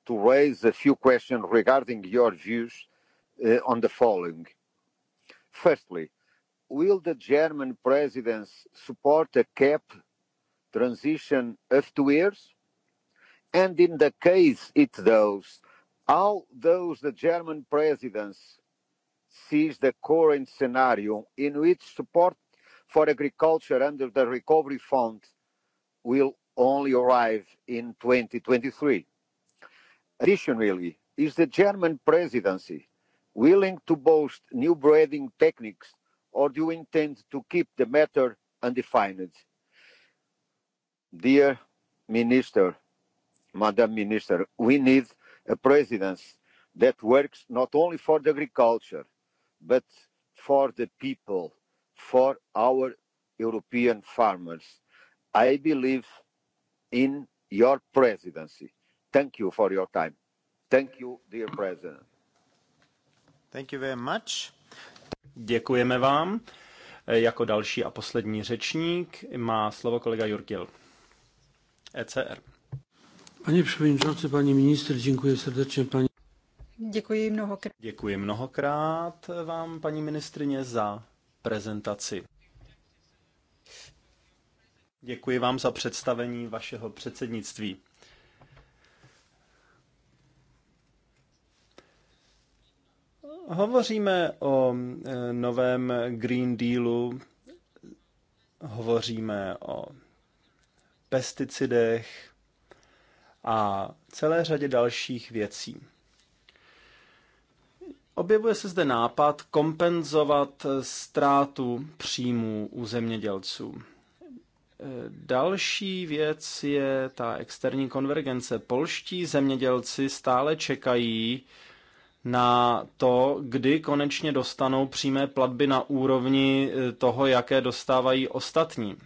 to raise a few questions regarding your views uh, on the following. Firstly, will the German presidency support a cap transition of two years? And in the case it does, how does the German presidency sees the current scenario in which support for agriculture under the recovery fund will only arrive in 2023. Additionally, is the German presidency willing to boast new breeding techniques, or do you intend to keep the matter undefined? Dear Minister, Madam Minister, we need a presidency that works not only for the agriculture, but for the people, for our European farmers. I believe in your presidency. Thank you for your time. Thank you, dear president. Thank you very much. Děkujeme vám. E, jako další a poslední řečník má slovo kolega Jurgil. ECR. Panie przewodniczący, pani minister, dziękuję serdecznie pani Děkuji mnohokrát. Děkuji mnohokrát vám, paní ministrině, za prezentaci. Děkuji vám za představení vašeho předsednictví. Hovoříme o e, novém Green Dealu, hovoříme o pesticidech a celé řadě dalších věcí. Objevuje se zde nápad kompenzovat ztrátu příjmů u zemědělců. Další věc je ta externí konvergence. Polští zemědělci stále čekají na to, kdy konečně dostanou přímé platby na úrovni toho, jaké dostávají ostatní.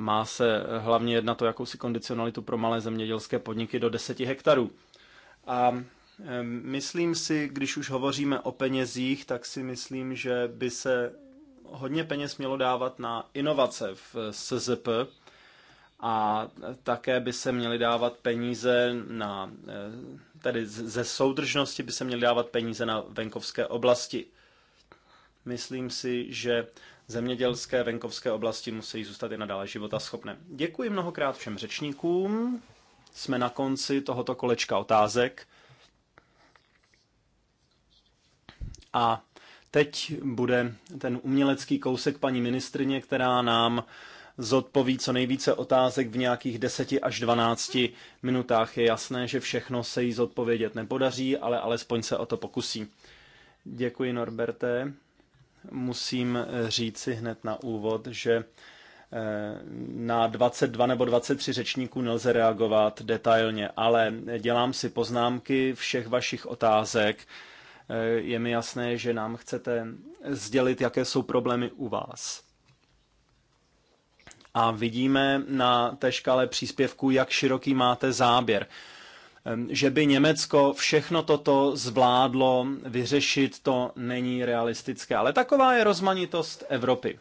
Má se hlavně jednat o jakousi kondicionalitu pro malé zemědělské podniky do 10 hektarů. A Myslím si, když už hovoříme o penězích, tak si myslím, že by se hodně peněz mělo dávat na inovace v SZP a také by se měly dávat peníze na, e, tedy ze soudržnosti by se měly dávat peníze na venkovské oblasti. Myslím si, že zemědělské venkovské oblasti musí zůstat i nadále života schopné. Děkuji mnohokrát všem řečníkům. Jsme na konci tohoto kolečka otázek. A teď bude ten umělecký kousek paní ministrině, která nám zodpoví co nejvíce otázek v nějakých 10 až 12 minutách. Je jasné, že všechno se jí zodpovědět nepodaří, ale alespoň se o to pokusí. Děkuji, Norberte. Musím říci hned na úvod, že eh, na 22 nebo 23 řečníků nelze reagovat detailně, ale dělám si poznámky všech vašich otázek Eh, je mi jasné, že nám chcete sdělit, jaké jsou problémy u vás. A vidíme na té škále příspěvků, jak široký máte záběr že by Německo všechno toto zvládlo vyřešit, to není realistické. Ale taková je rozmanitost Evropy.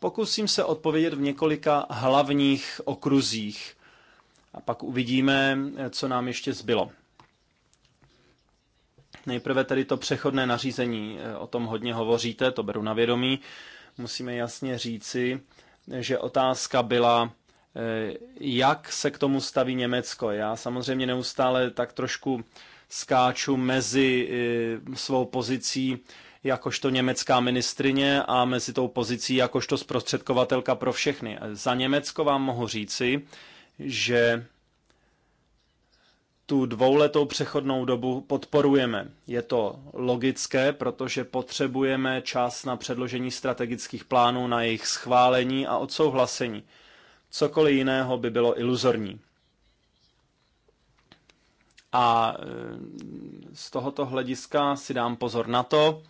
Pokusím se odpovědět v několika hlavních okruzích a pak uvidíme, co nám ještě zbylo. Nejprve tedy to přechodné nařízení, eh, o tom hodně hovoříte, to beru na vědomí. Musíme jasně říci, že otázka byla, eh, jak se k tomu staví Německo. Já samozřejmě neustále tak trošku skáču mezi eh, svou pozicí jakožto německá ministrině a mezi tou pozicí jakožto zprostředkovatelka pro všechny. Za Německo vám mohu říci, že tu dvouletou přechodnou dobu podporujeme. Je to logické, protože potřebujeme čas na předložení strategických plánů, na jejich schválení a odsouhlasení. Cokoliv jiného by bylo iluzorní. A e, z tohoto hlediska si dám pozor na to,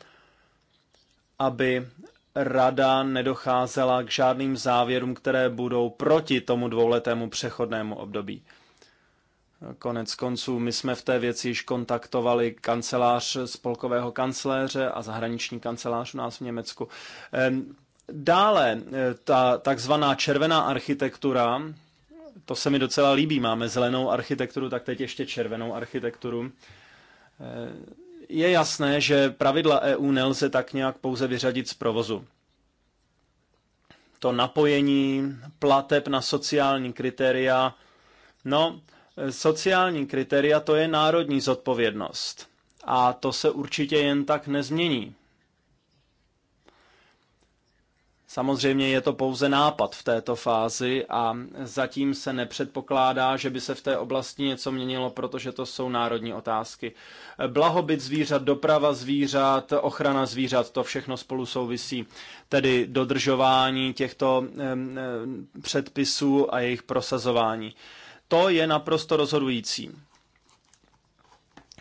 aby rada nedocházela k žádným závěrům, které budou proti tomu dvouletému přechodnému období. Konec konců, my jsme v té věci již kontaktovali kancelář spolkového kancléře a zahraniční kancelář u nás v Německu. Dále, eh, ta takzvaná červená architektura, to se mi docela líbí, máme zelenou architekturu, tak teď ještě červenou architekturu eh, je jasné, že pravidla EU nelze tak nějak pouze vyřadit z provozu. To napojení plateb na sociální kritéria, no, sociální kritéria to je národní zodpovědnost. A to se určitě jen tak nezmění. Samozřejmě je to pouze nápad v této fázi a zatím se nepředpokládá, že by se v té oblasti něco měnilo, protože to jsou národní otázky. Blahobyt zvířat, doprava zvířat, ochrana zvířat, to všechno spolu souvisí. Tedy dodržování těchto předpisů a jejich prosazování. To je naprosto rozhodující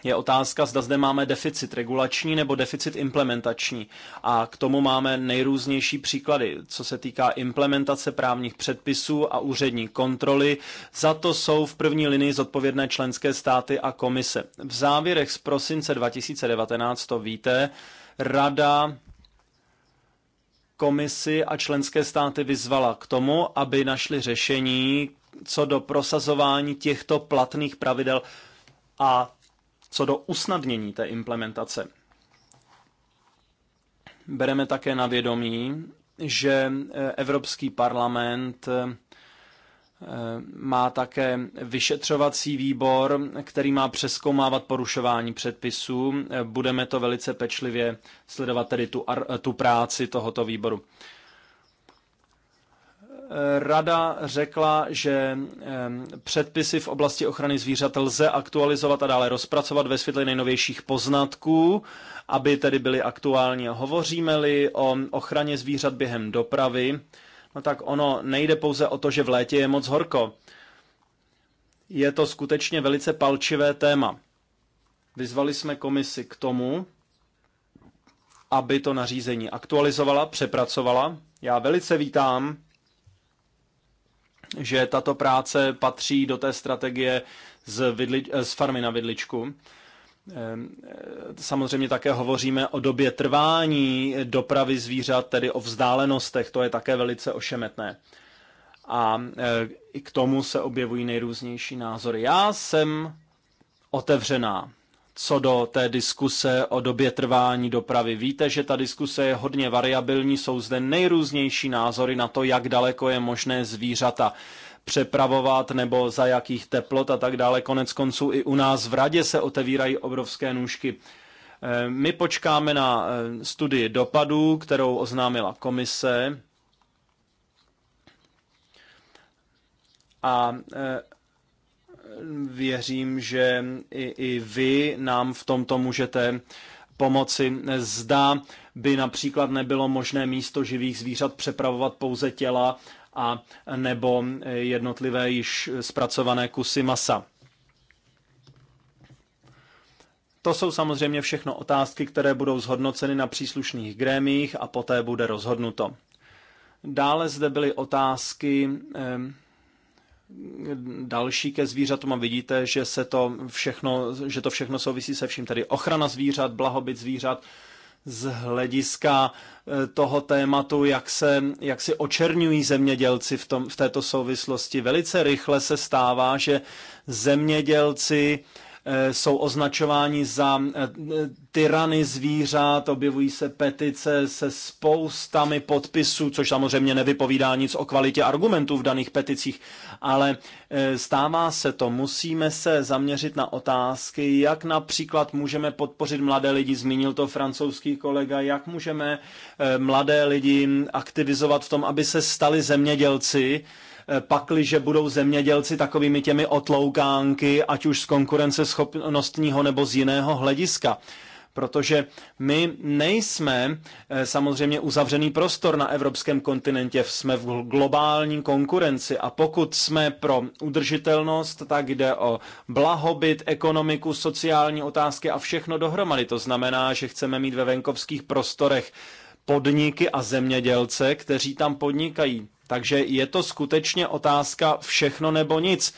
je otázka, zda zde máme deficit regulační nebo deficit implementační. A k tomu máme nejrůznější příklady, co se týká implementace právních předpisů a úřední kontroly. Za to jsou v první linii zodpovědné členské státy a komise. V závěrech z prosince 2019 to víte, Rada komisi a členské státy vyzvala k tomu, aby našli řešení co do prosazování těchto platných pravidel a co do usnadnění té implementace. Bereme také na vědomí, že e, Evropský parlament e, má také vyšetřovací výbor, který má přeskoumávat porušování předpisů. E, budeme to velice pečlivě sledovat, tedy tu, tu práci tohoto výboru. Rada řekla, že předpisy v oblasti ochrany zvířat lze aktualizovat a dále rozpracovat ve světle nejnovějších poznatků, aby tedy byly aktuální. Hovoříme-li o ochraně zvířat během dopravy, no tak ono nejde pouze o to, že v létě je moc horko. Je to skutečně velice palčivé téma. Vyzvali jsme komisi k tomu, aby to nařízení aktualizovala, přepracovala. Já velice vítám že tato práce patří do té strategie z, vidli, eh, z farmy na vidličku. Ehm, eh, samozřejmě také hovoříme o době trvání dopravy zvířat, tedy o vzdálenostech, to je také velice ošemetné. A eh, i k tomu se objevují nejrůznější názory. Já jsem otevřená co do té diskuse o době trvání dopravy. Víte, že ta diskuse je hodně variabilní, jsou zde nejrůznější názory na to, jak daleko je možné zvířata přepravovat nebo za jakých teplot a tak dále. Konec konců i u nás v radě se otevírají obrovské nůžky. Eh, my počkáme na eh, studii dopadů, kterou oznámila komise. A eh, věřím, že i, i vy nám v tomto můžete pomoci. Zda by například nebylo možné místo živých zvířat přepravovat pouze těla a nebo jednotlivé již zpracované kusy masa. To jsou samozřejmě všechno otázky, které budou zhodnoceny na příslušných grémích a poté bude rozhodnuto. Dále zde byly otázky eh, další ke zvířatům a vidíte, že, se to všechno, že to všechno souvisí se vším, tedy ochrana zvířat, blahobyt zvířat, z hlediska eh, toho tématu, jak, se, jak si očerňují zemědělci v, tom, v této souvislosti. Velice rychle se stává, že zemědělci Eh, jsou označováni za eh, tyrany zvířat, objevují se petice se spoustami podpisů, což samozřejmě nevypovídá nic o kvalitě argumentů v daných peticích, ale eh, stává se to. Musíme se zaměřit na otázky, jak například můžeme podpořit mladé lidi, zmínil to francouzský kolega, jak můžeme mladé lidi aktivizovat v tom, aby se stali zemědělci, Eh, pakliže budou zemědělci takovými těmi otloukánky, ať už z konkurenceschopnostního nebo z jiného hlediska protože my nejsme eh, samozřejmě uzavřený prostor na evropském kontinentě, jsme v globální konkurenci a pokud jsme pro udržitelnost, tak jde o blahobyt, ekonomiku, sociální otázky a všechno dohromady. To znamená, že chceme mít ve venkovských prostorech podniky a zemědělce, kteří tam podnikají. Takže je to skutečně otázka všechno nebo nic.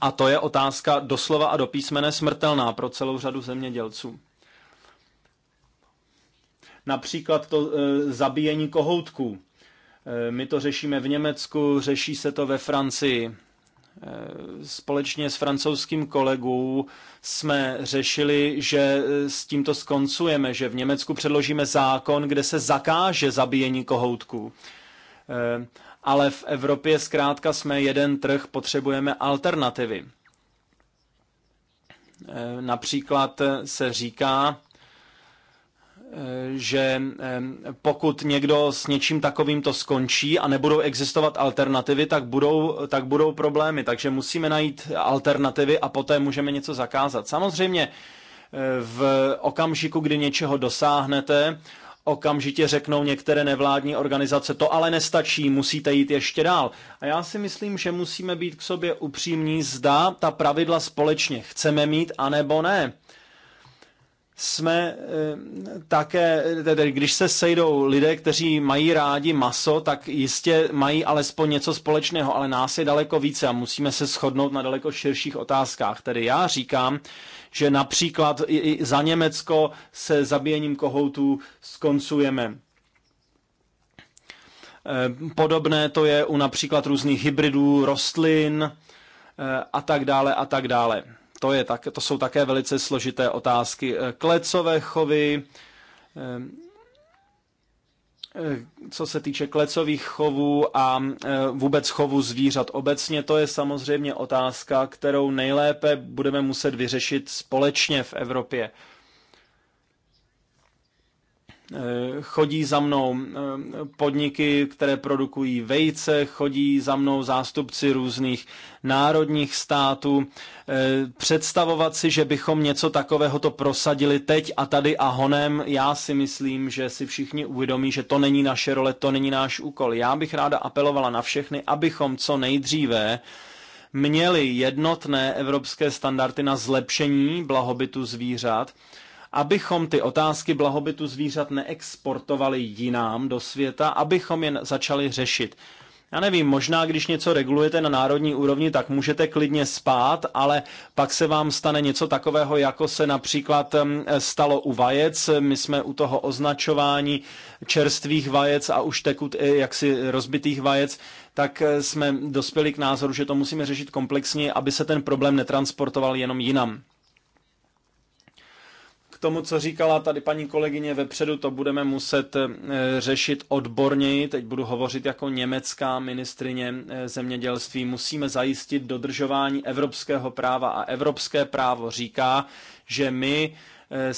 A to je otázka doslova a písmene smrtelná pro celou řadu zemědělců. Například to e, zabíjení kohoutků. E, my to řešíme v Německu, řeší se to ve Francii. E, společně s francouzským kolegou jsme řešili, že e, s tímto skoncujeme, že v Německu předložíme zákon, kde se zakáže zabíjení kohoutků. Eh, ale v Evropě zkrátka jsme jeden trh, potřebujeme alternativy. Eh, například se říká, eh, že pokud někdo s něčím takovým to skončí a nebudou existovat alternativy, tak budou, tak budou problémy. Takže musíme najít alternativy a poté můžeme něco zakázat. Samozřejmě v okamžiku, kdy něčeho dosáhnete, okamžitě řeknou některé nevládní organizace, to ale nestačí, musíte jít ještě dál. A já si myslím, že musíme být k sobě upřímní, zda ta pravidla společně chceme mít, anebo ne jsme eh, také, tedy když se sejdou lidé, kteří mají rádi maso, tak jistě mají alespoň něco společného, ale nás je daleko více a musíme se shodnout na daleko širších otázkách. Tedy já říkám, že například i za Německo se zabíjením kohoutů skoncujeme. Eh, podobné to je u například různých hybridů rostlin eh, a tak dále a tak dále. To, je tak, to jsou také velice složité otázky. Eh, klecové chovy, Eh, co se týče klecových chovů a eh, vůbec chovu zvířat obecně, to je samozřejmě otázka, kterou nejlépe budeme muset vyřešit společně v Evropě. Eh, chodí za mnou eh, podniky, které produkují vejce, chodí za mnou zástupci různých národních států. Eh, představovat si, že bychom něco takového to prosadili teď a tady a honem, já si myslím, že si všichni uvědomí, že to není naše role, to není náš úkol. Já bych ráda apelovala na všechny, abychom co nejdříve měli jednotné evropské standardy na zlepšení blahobytu zvířat, abychom ty otázky blahobytu zvířat neexportovali jinám do světa, abychom je začali řešit. Já nevím, možná když něco regulujete na národní úrovni, tak můžete klidně spát, ale pak se vám stane něco takového, jako se například stalo u vajec. My jsme u toho označování čerstvých vajec a už tekut eh, jaksi rozbitých vajec, tak eh, jsme dospěli k názoru, že to musíme řešit komplexně, aby se ten problém netransportoval jenom jinam tomu, co říkala tady paní kolegyně vepředu, to budeme muset eh, řešit odborněji. Teď budu hovořit jako německá ministrině eh, zemědělství. Musíme zajistit dodržování evropského práva a evropské právo říká, že my eh,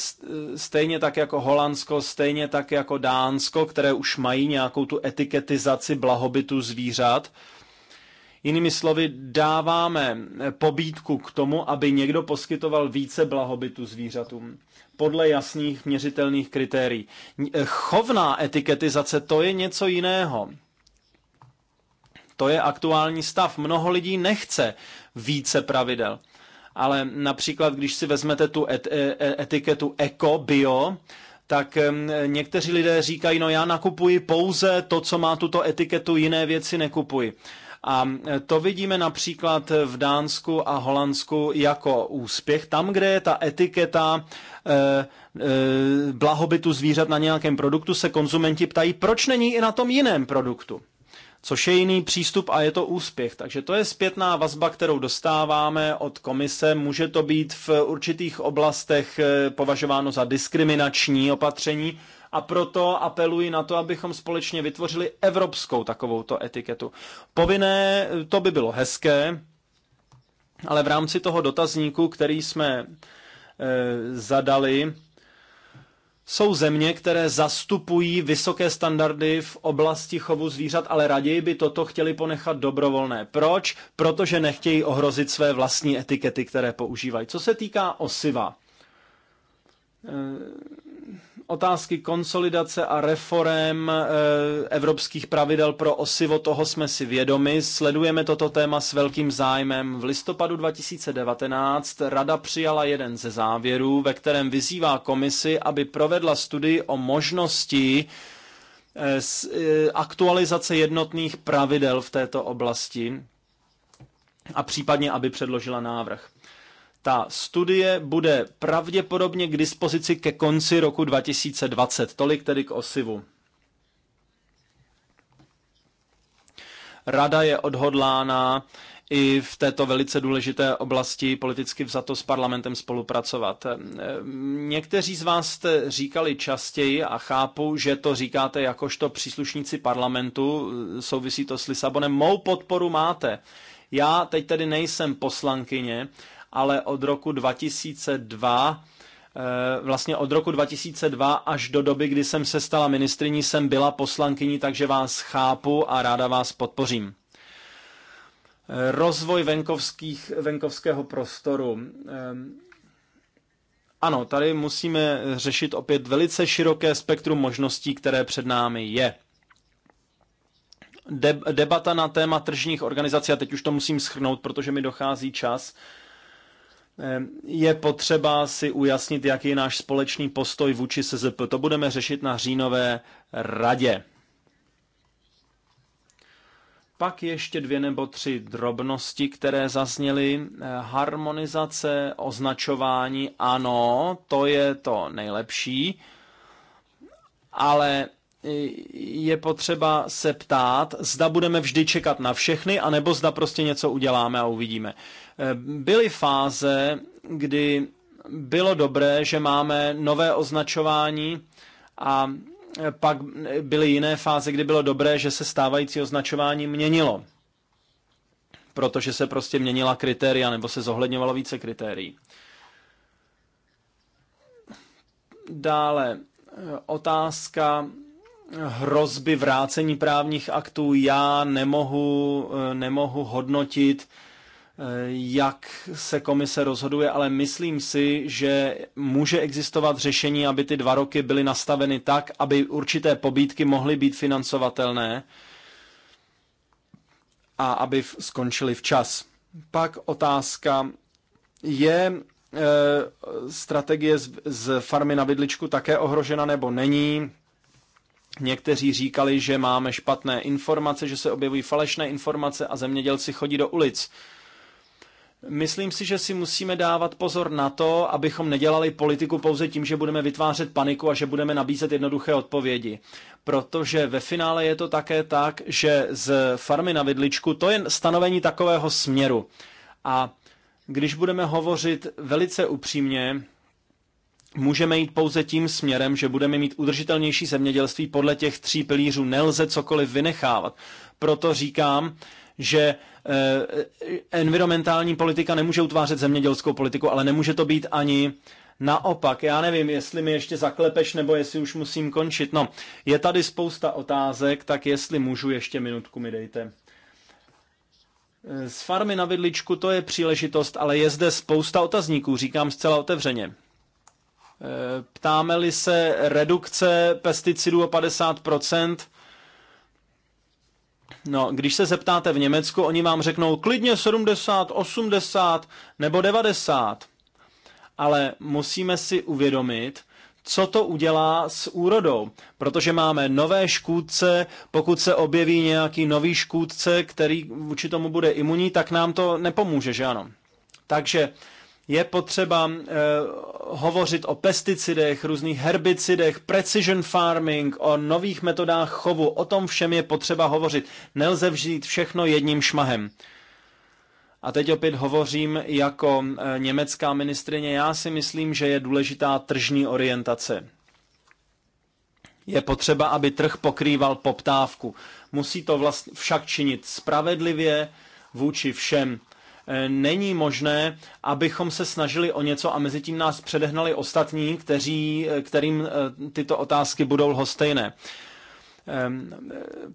stejně tak jako Holandsko, stejně tak jako Dánsko, které už mají nějakou tu etiketizaci blahobytu zvířat, Jinými slovy, dáváme pobídku k tomu, aby někdo poskytoval více blahobytu zvířatům podle jasných měřitelných kritérií. Eh, chovná etiketizace to je něco jiného. To je aktuální stav. Mnoho lidí nechce více pravidel. Ale například, když si vezmete tu et, e- e- etiketu eco, bio, tak někteří lidé říkají, no já nakupuji pouze to, co má tuto etiketu, jiné věci nekupuji. A e, to vidíme například v Dánsku a Holandsku jako úspěch. Tam, kde je ta etiketa e, e, blahobytu zvířat na nějakém produktu, se konzumenti ptají, proč není i na tom jiném produktu což je jiný přístup a je to úspěch. Takže to je zpětná vazba, kterou dostáváme od komise. Může to být v určitých oblastech považováno za diskriminační opatření, a proto apeluji na to, abychom společně vytvořili evropskou takovouto etiketu. Povinné, to by bylo hezké, ale v rámci toho dotazníku, který jsme e, zadali, jsou země, které zastupují vysoké standardy v oblasti chovu zvířat, ale raději by toto chtěli ponechat dobrovolné. Proč? Protože nechtějí ohrozit své vlastní etikety, které používají. Co se týká osiva, e, otázky konsolidace a reform eh, evropských pravidel pro osivo, toho jsme si vědomi. Sledujeme toto téma s velkým zájmem. V listopadu 2019 Rada přijala jeden ze závěrů, ve kterém vyzývá komisi, aby provedla studii o možnosti eh, eh, aktualizace jednotných pravidel v této oblasti a případně, aby předložila návrh. Ta studie bude pravděpodobně k dispozici ke konci roku 2020. Tolik tedy k osivu. Rada je odhodlána i v této velice důležité oblasti politicky vzato s parlamentem spolupracovat. Někteří z vás jste říkali častěji a chápu, že to říkáte jakožto příslušníci parlamentu, souvisí to s Lisabonem. Mou podporu máte. Já teď tedy nejsem poslankyně, ale od roku 2002 eh, vlastně od roku 2002 až do doby, kdy jsem se stala ministriní, jsem byla poslankyní, takže vás chápu a ráda vás podpořím. Eh, rozvoj venkovských, venkovského prostoru. Eh, ano, tady musíme řešit opět velice široké spektrum možností, které před námi je. De- debata na téma tržních organizací, a teď už to musím schrnout, protože mi dochází čas, Ehm, je potřeba si ujasnit, jaký je náš společný postoj vůči SZP. To budeme řešit na říjnové radě. Pak ještě dvě nebo tři drobnosti, které zazněly. Ehm, harmonizace, označování, ano, to je to nejlepší, ale e, je potřeba se ptát, zda budeme vždy čekat na všechny, anebo zda prostě něco uděláme a uvidíme. Byly fáze, kdy bylo dobré, že máme nové označování a pak byly jiné fáze, kdy bylo dobré, že se stávající označování měnilo, protože se prostě měnila kritéria nebo se zohledňovalo více kritérií. Dále otázka hrozby vrácení právních aktů. Já nemohu, nemohu hodnotit, jak se komise rozhoduje, ale myslím si, že může existovat řešení, aby ty dva roky byly nastaveny tak, aby určité pobídky mohly být financovatelné a aby skončily včas. Pak otázka, je e, strategie z, farmy na vidličku také ohrožena nebo není? Někteří říkali, že máme špatné informace, že se objevují falešné informace a zemědělci chodí do ulic. Myslím si, že si musíme dávat pozor na to, abychom nedělali politiku pouze tím, že budeme vytvářet paniku a že budeme nabízet jednoduché odpovědi. Protože ve finále je to také tak, že z farmy na vidličku to je stanovení takového směru. A když budeme hovořit velice upřímně, můžeme jít pouze tím směrem, že budeme mít udržitelnější zemědělství podle těch tří pilířů. Nelze cokoliv vynechávat. Proto říkám, že Eh, environmentální politika nemůže utvářet zemědělskou politiku, ale nemůže to být ani naopak. Já nevím, jestli mi ještě zaklepeš, nebo jestli už musím končit. No, je tady spousta otázek, tak jestli můžu, ještě minutku mi dejte. Eh, z farmy na vidličku to je příležitost, ale je zde spousta otazníků, říkám zcela otevřeně. Eh, ptáme-li se redukce pesticidů o 50 No, když se zeptáte v Německu, oni vám řeknou klidně 70, 80 nebo 90. Ale musíme si uvědomit, co to udělá s úrodou, protože máme nové škůdce, pokud se objeví nějaký nový škůdce, který vůči tomu bude imunní, tak nám to nepomůže, že ano. Takže je potřeba e, hovořit o pesticidech, různých herbicidech, precision farming, o nových metodách chovu. O tom všem je potřeba hovořit. Nelze vžít všechno jedním šmahem. A teď opět hovořím jako e, německá ministrině. Já si myslím, že je důležitá tržní orientace. Je potřeba, aby trh pokrýval poptávku. Musí to vlastně však činit spravedlivě vůči všem není možné, abychom se snažili o něco a mezi tím nás předehnali ostatní, kteří, kterým eh, tyto otázky budou lhostejné. Ehm,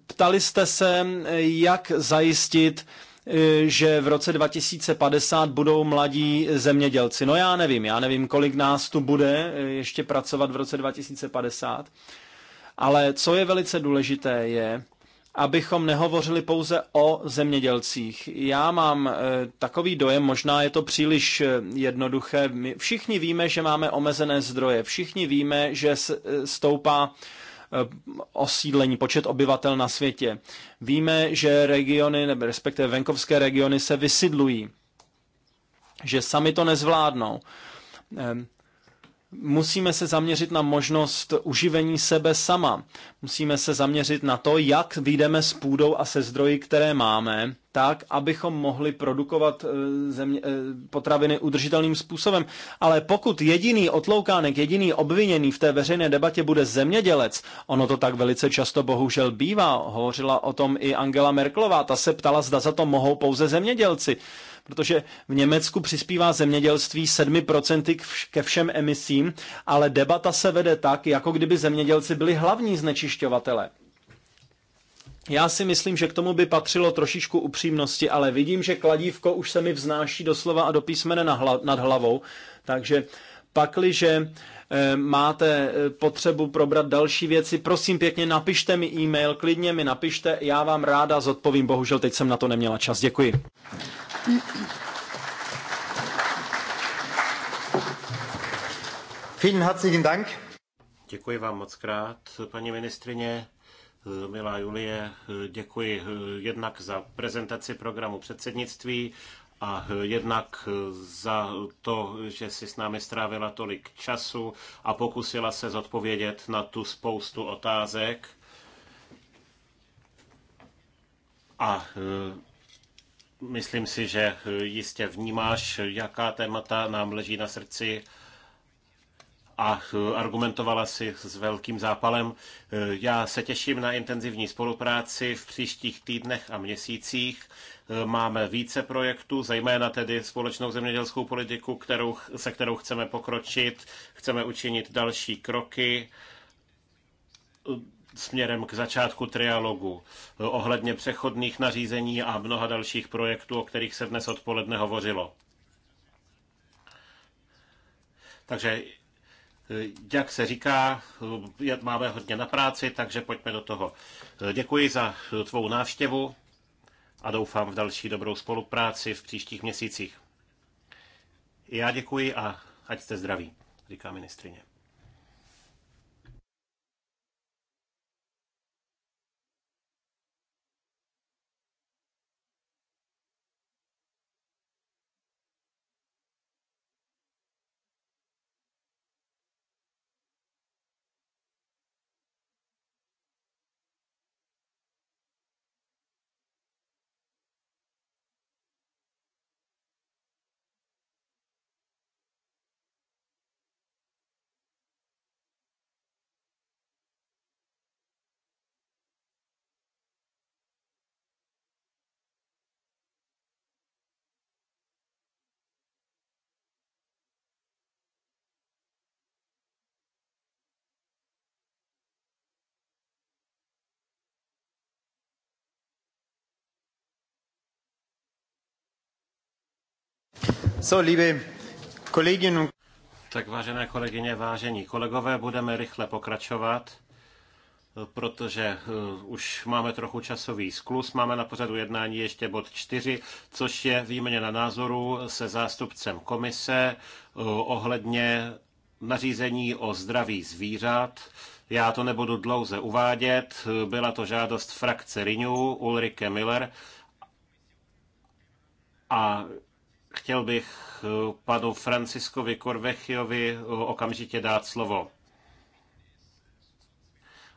ptali jste se, jak zajistit, eh, že v roce 2050 budou mladí zemědělci. No já nevím, já nevím, kolik nás tu bude eh, ještě pracovat v roce 2050. Ale co je velice důležité, je, abychom nehovořili pouze o zemědělcích. Já mám eh, takový dojem, možná je to příliš eh, jednoduché. My všichni víme, že máme omezené zdroje, všichni víme, že eh, stoupá osídlení, počet obyvatel na světě. Víme, že regiony, nebo respektive venkovské regiony se vysidlují, že sami to nezvládnou. Ehm, Musíme se zaměřit na možnost uživení sebe sama. Musíme se zaměřit na to, jak vyjdeme s půdou a se zdroji, které máme, tak, abychom mohli produkovat eh, země, eh, potraviny udržitelným způsobem. Ale pokud jediný otloukánek, jediný obviněný v té veřejné debatě bude zemědělec, ono to tak velice často bohužel bývá, hovořila o tom i Angela Merklová, ta se ptala, zda za to mohou pouze zemědělci protože v Německu přispívá zemědělství 7% ke všem emisím, ale debata se vede tak, jako kdyby zemědělci byli hlavní znečišťovatele. Já si myslím, že k tomu by patřilo trošičku upřímnosti, ale vidím, že kladívko už se mi vznáší doslova a do písmene nad hlavou, takže pakliže eh, máte eh, potřebu probrat další věci, prosím pěkně, napište mi e-mail, klidně mi napište, já vám ráda zodpovím. Bohužel teď jsem na to neměla čas. Děkuji. Vielen herzlichen Dank. Děkuji vám moc krát, paní ministrině. Milá Julie, děkuji eh, jednak za prezentaci programu předsednictví a eh, jednak eh, za to, že si s námi strávila tolik času a pokusila se zodpovědět na tu spoustu otázek. A Myslím si, že eh, jistě vnímáš, eh, jaká témata nám leží na srdci a eh, argumentovala si s velkým zápalem. Já se těším na intenzivní spolupráci v příštích týdnech a měsících. Máme více projektů, zejména tedy společnou zemědělskou politiku, kterou, se kterou chceme pokročit, chceme učinit další kroky směrem k začátku trialogu eh, ohledně přechodných nařízení a mnoha dalších projektů, o kterých se dnes odpoledne hovořilo. Takže eh, jak se říká, eh, máme hodně na práci, takže pojďme do toho. Děkuji za tvou návštěvu a doufám v další dobrou spolupráci v příštích měsících. Já děkuji a ať jste zdraví, říká ministrině. So, liebe Kolleginnen tak vážené kolegyně, vážení kolegové, budeme rychle pokračovat, protože eh, už máme trochu časový sklus. Máme na pořadu jednání ještě bod 4, což je výměna názoru se zástupcem komise eh, ohledně nařízení o zdraví zvířat. Já to nebudu dlouze uvádět. Byla to žádost frakce Renew Ulrike Miller a Chtěl bych eh, panu Franciskovi Korvechiovi eh, okamžitě dát slovo.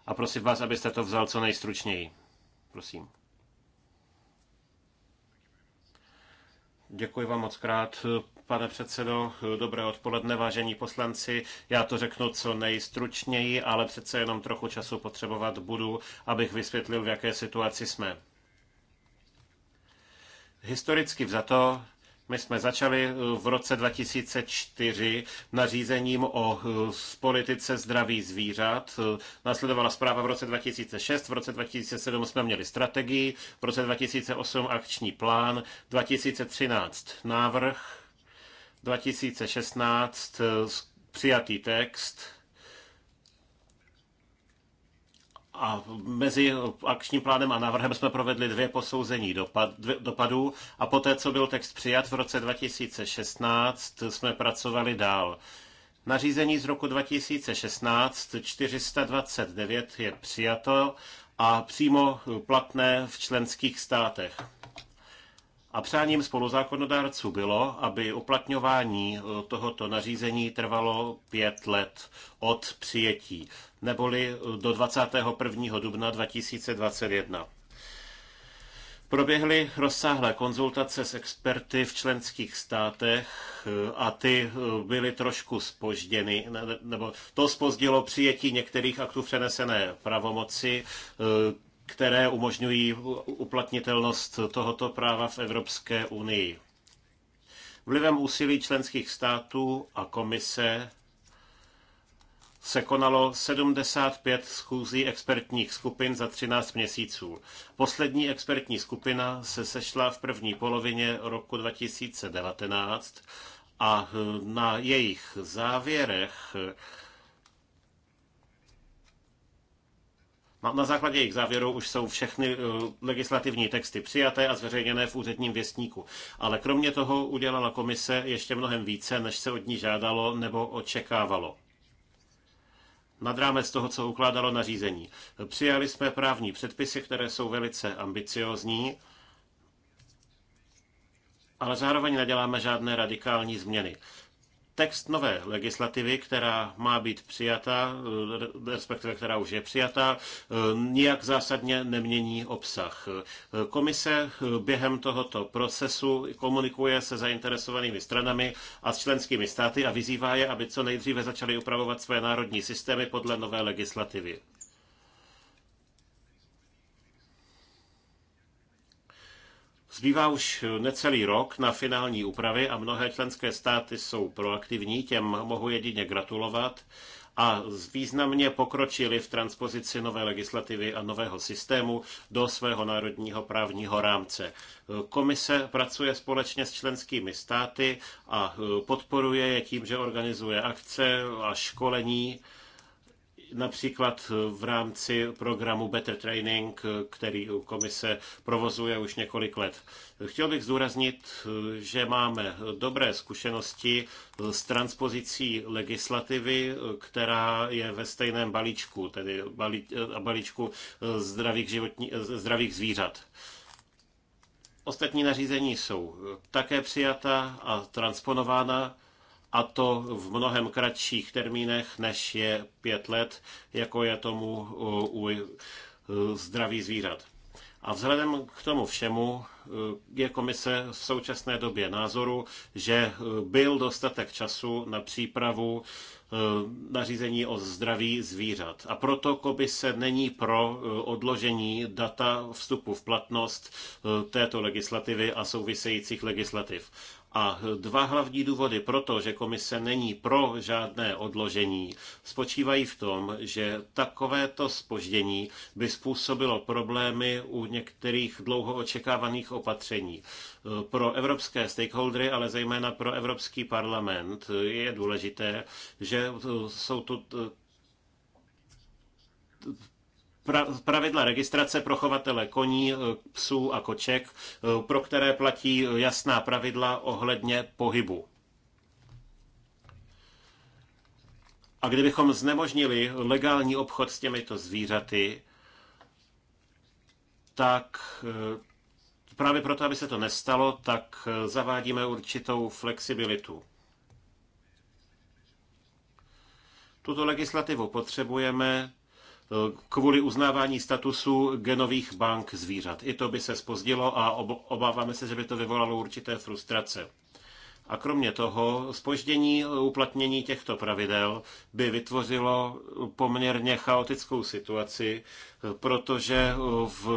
A prosím vás, abyste to vzal co nejstručněji. Prosím. Děkuji vám moc krát, eh, pane předsedo. Dobré odpoledne, vážení poslanci. Já to řeknu co nejstručněji, ale přece jenom trochu času potřebovat budu, abych vysvětlil, v jaké situaci jsme. Historicky vzato my jsme začali eh, v roce 2004 nařízením o eh, politice zdraví zvířat. Eh, Nasledovala zpráva v roce 2006, v roce 2007 jsme měli strategii, v roce 2008 akční plán, 2013 návrh, 2016 přijatý text, A mezi akčním plánem a návrhem jsme provedli dvě posouzení dopad, dvě, dopadů a poté, co byl text přijat v roce 2016, jsme pracovali dál. Nařízení z roku 2016 429 je přijato a přímo platné v členských státech. A přáním spoluzákonodárců bylo, aby uplatňování eh, tohoto nařízení trvalo pět let od přijetí, neboli eh, do 21. dubna 2021. Proběhly rozsáhlé konzultace s experty v členských státech eh, a ty byly trošku spožděny, nebo to spozdilo přijetí některých aktů přenesené pravomoci, které umožňují uplatnitelnost tohoto práva v Evropské unii. Vlivem úsilí členských států a komise se konalo 75 schůzí expertních skupin za 13 měsíců. Poslední expertní skupina se sešla v první polovině roku 2019 a na jejich závěrech Na základě jejich závěrů už jsou všechny eh, legislativní texty přijaté a zveřejněné v úředním věstníku. Ale kromě toho udělala komise ještě mnohem více, než se od ní žádalo nebo očekávalo nad rámec toho, co ukládalo nařízení. Přijali jsme právní předpisy, které jsou velice ambiciozní, ale zároveň neděláme žádné radikální změny. Text nové legislativy, která má být přijata, respektive která už je přijata, nijak zásadně nemění obsah. Komise během tohoto procesu komunikuje se zainteresovanými stranami a s členskými státy a vyzývá je, aby co nejdříve začaly upravovat své národní systémy podle nové legislativy. Zbývá už necelý rok na finální úpravy a mnohé členské státy jsou proaktivní, těm mohu jedině gratulovat a významně pokročili v transpozici nové legislativy a nového systému do svého národního právního rámce. Komise pracuje společně s členskými státy a e, podporuje je tím, že organizuje akce a školení například v rámci programu Better Training, který komise provozuje už několik let. Chtěl bych zdůraznit, že máme dobré zkušenosti s transpozicí legislativy, která je ve stejném balíčku, tedy balíčku zdravých, životní, zdravých zvířat. Ostatní nařízení jsou také přijata a transponována a to v mnohem kratších termínech, než je pět let, jako je tomu u zdraví zvířat. A vzhledem k tomu všemu eh, je komise v současné době názoru, že eh, byl dostatek času na přípravu eh, nařízení o zdraví zvířat. A proto komise není pro odložení data vstupu v platnost této legislativy a souvisejících legislativ. A dva hlavní důvody pro to, že komise není pro žádné odložení, spočívají v tom, že takovéto spoždění by způsobilo problémy u některých dlouho očekávaných opatření. Pro evropské stakeholdery, ale zejména pro Evropský parlament je důležité, že jsou tu pravidla registrace pro chovatele koní, e, psů a koček, e, pro které platí jasná pravidla ohledně pohybu. A kdybychom znemožnili legální obchod s těmito zvířaty, tak e, právě proto, aby se to nestalo, tak zavádíme určitou flexibilitu. Tuto legislativu potřebujeme, kvůli uznávání statusu genových bank zvířat. I to by se spozdilo a obáváme se, že by to vyvolalo určité frustrace. A kromě toho, spoždění uplatnění těchto pravidel by vytvořilo poměrně chaotickou situaci, protože v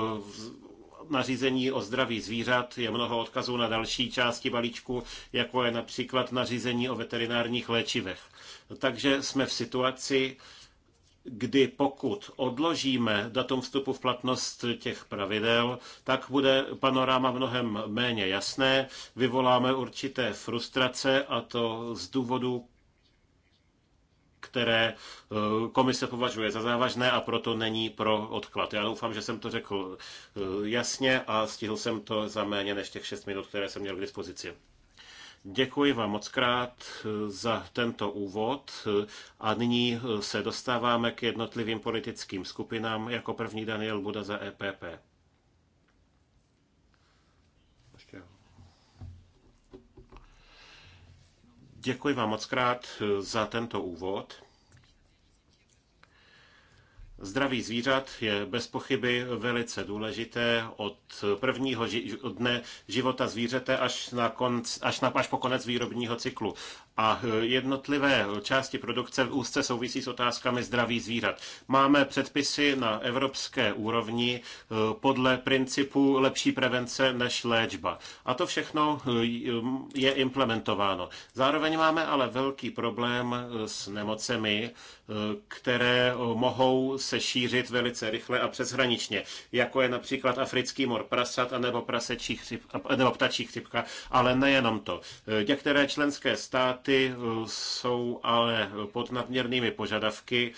nařízení o zdraví zvířat je mnoho odkazů na další části balíčku, jako je například nařízení o veterinárních léčivech. Takže jsme v situaci, kdy pokud odložíme datum vstupu v platnost těch pravidel, tak bude panoráma mnohem méně jasné, vyvoláme určité frustrace a to z důvodu, které e, komise považuje za závažné a proto není pro odklad. Já doufám, že jsem to řekl e, jasně a stihl jsem to za méně než těch 6 minut, které jsem měl k dispozici. Děkuji vám moc krát eh, za tento úvod a nyní eh, se dostáváme k jednotlivým politickým skupinám. Jako první Daniel Buda za EPP. Děkuji vám moc krát eh, za tento úvod. Zdraví zvířat je bez pochyby velice důležité od prvního ži- dne života zvířete až, na konc, až, na, až po konec výrobního cyklu a e, jednotlivé části produkce v úzce souvisí s otázkami zdraví zvířat. Máme předpisy na evropské úrovni e, podle principu lepší prevence než léčba. A to všechno e, je implementováno. Zároveň máme ale velký problém s nemocemi, které mohou se šířit velice rychle a přeshraničně, jako je například africký mor prasat anebo, prasečí chřip, nebo ptačí chřipka, ale nejenom to. Některé členské státy platy eh, jsou ale pod nadměrnými požadavky.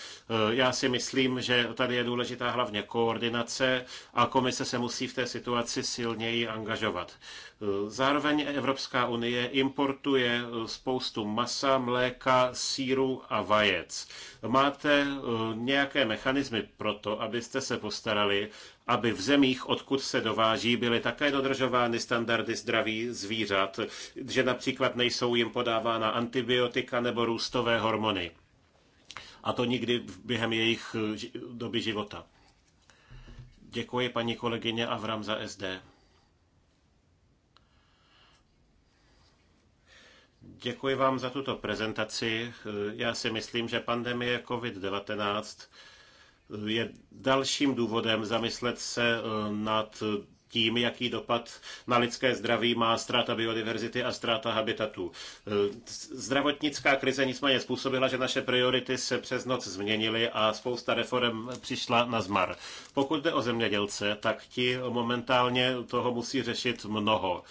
Eh, já si myslím, že tady je důležitá hlavně koordinace a komise se musí v té situaci silněji angažovat. Eh, zároveň Evropská unie importuje spoustu masa, mléka, síru a vajec. Máte nějaké mechanismy pro to, abyste se postarali, aby v zemích, odkud se dováží, byly také dodržovány standardy zdraví zvířat, že například nejsou jim podávána antibiotika nebo růstové hormony. A to nikdy během jejich doby života. Děkuji paní kolegyně Avram za SD. Děkuji vám za tuto prezentaci. Já si myslím, že pandemie COVID-19 je dalším důvodem zamyslet se eh, nad tím, jaký dopad na lidské zdraví má ztráta biodiverzity a ztráta habitatů. E, zdravotnická krize nicméně způsobila, že naše priority se přes noc změnily a spousta reform přišla na zmar. Pokud jde o zemědělce, tak ti momentálně toho musí řešit mnoho.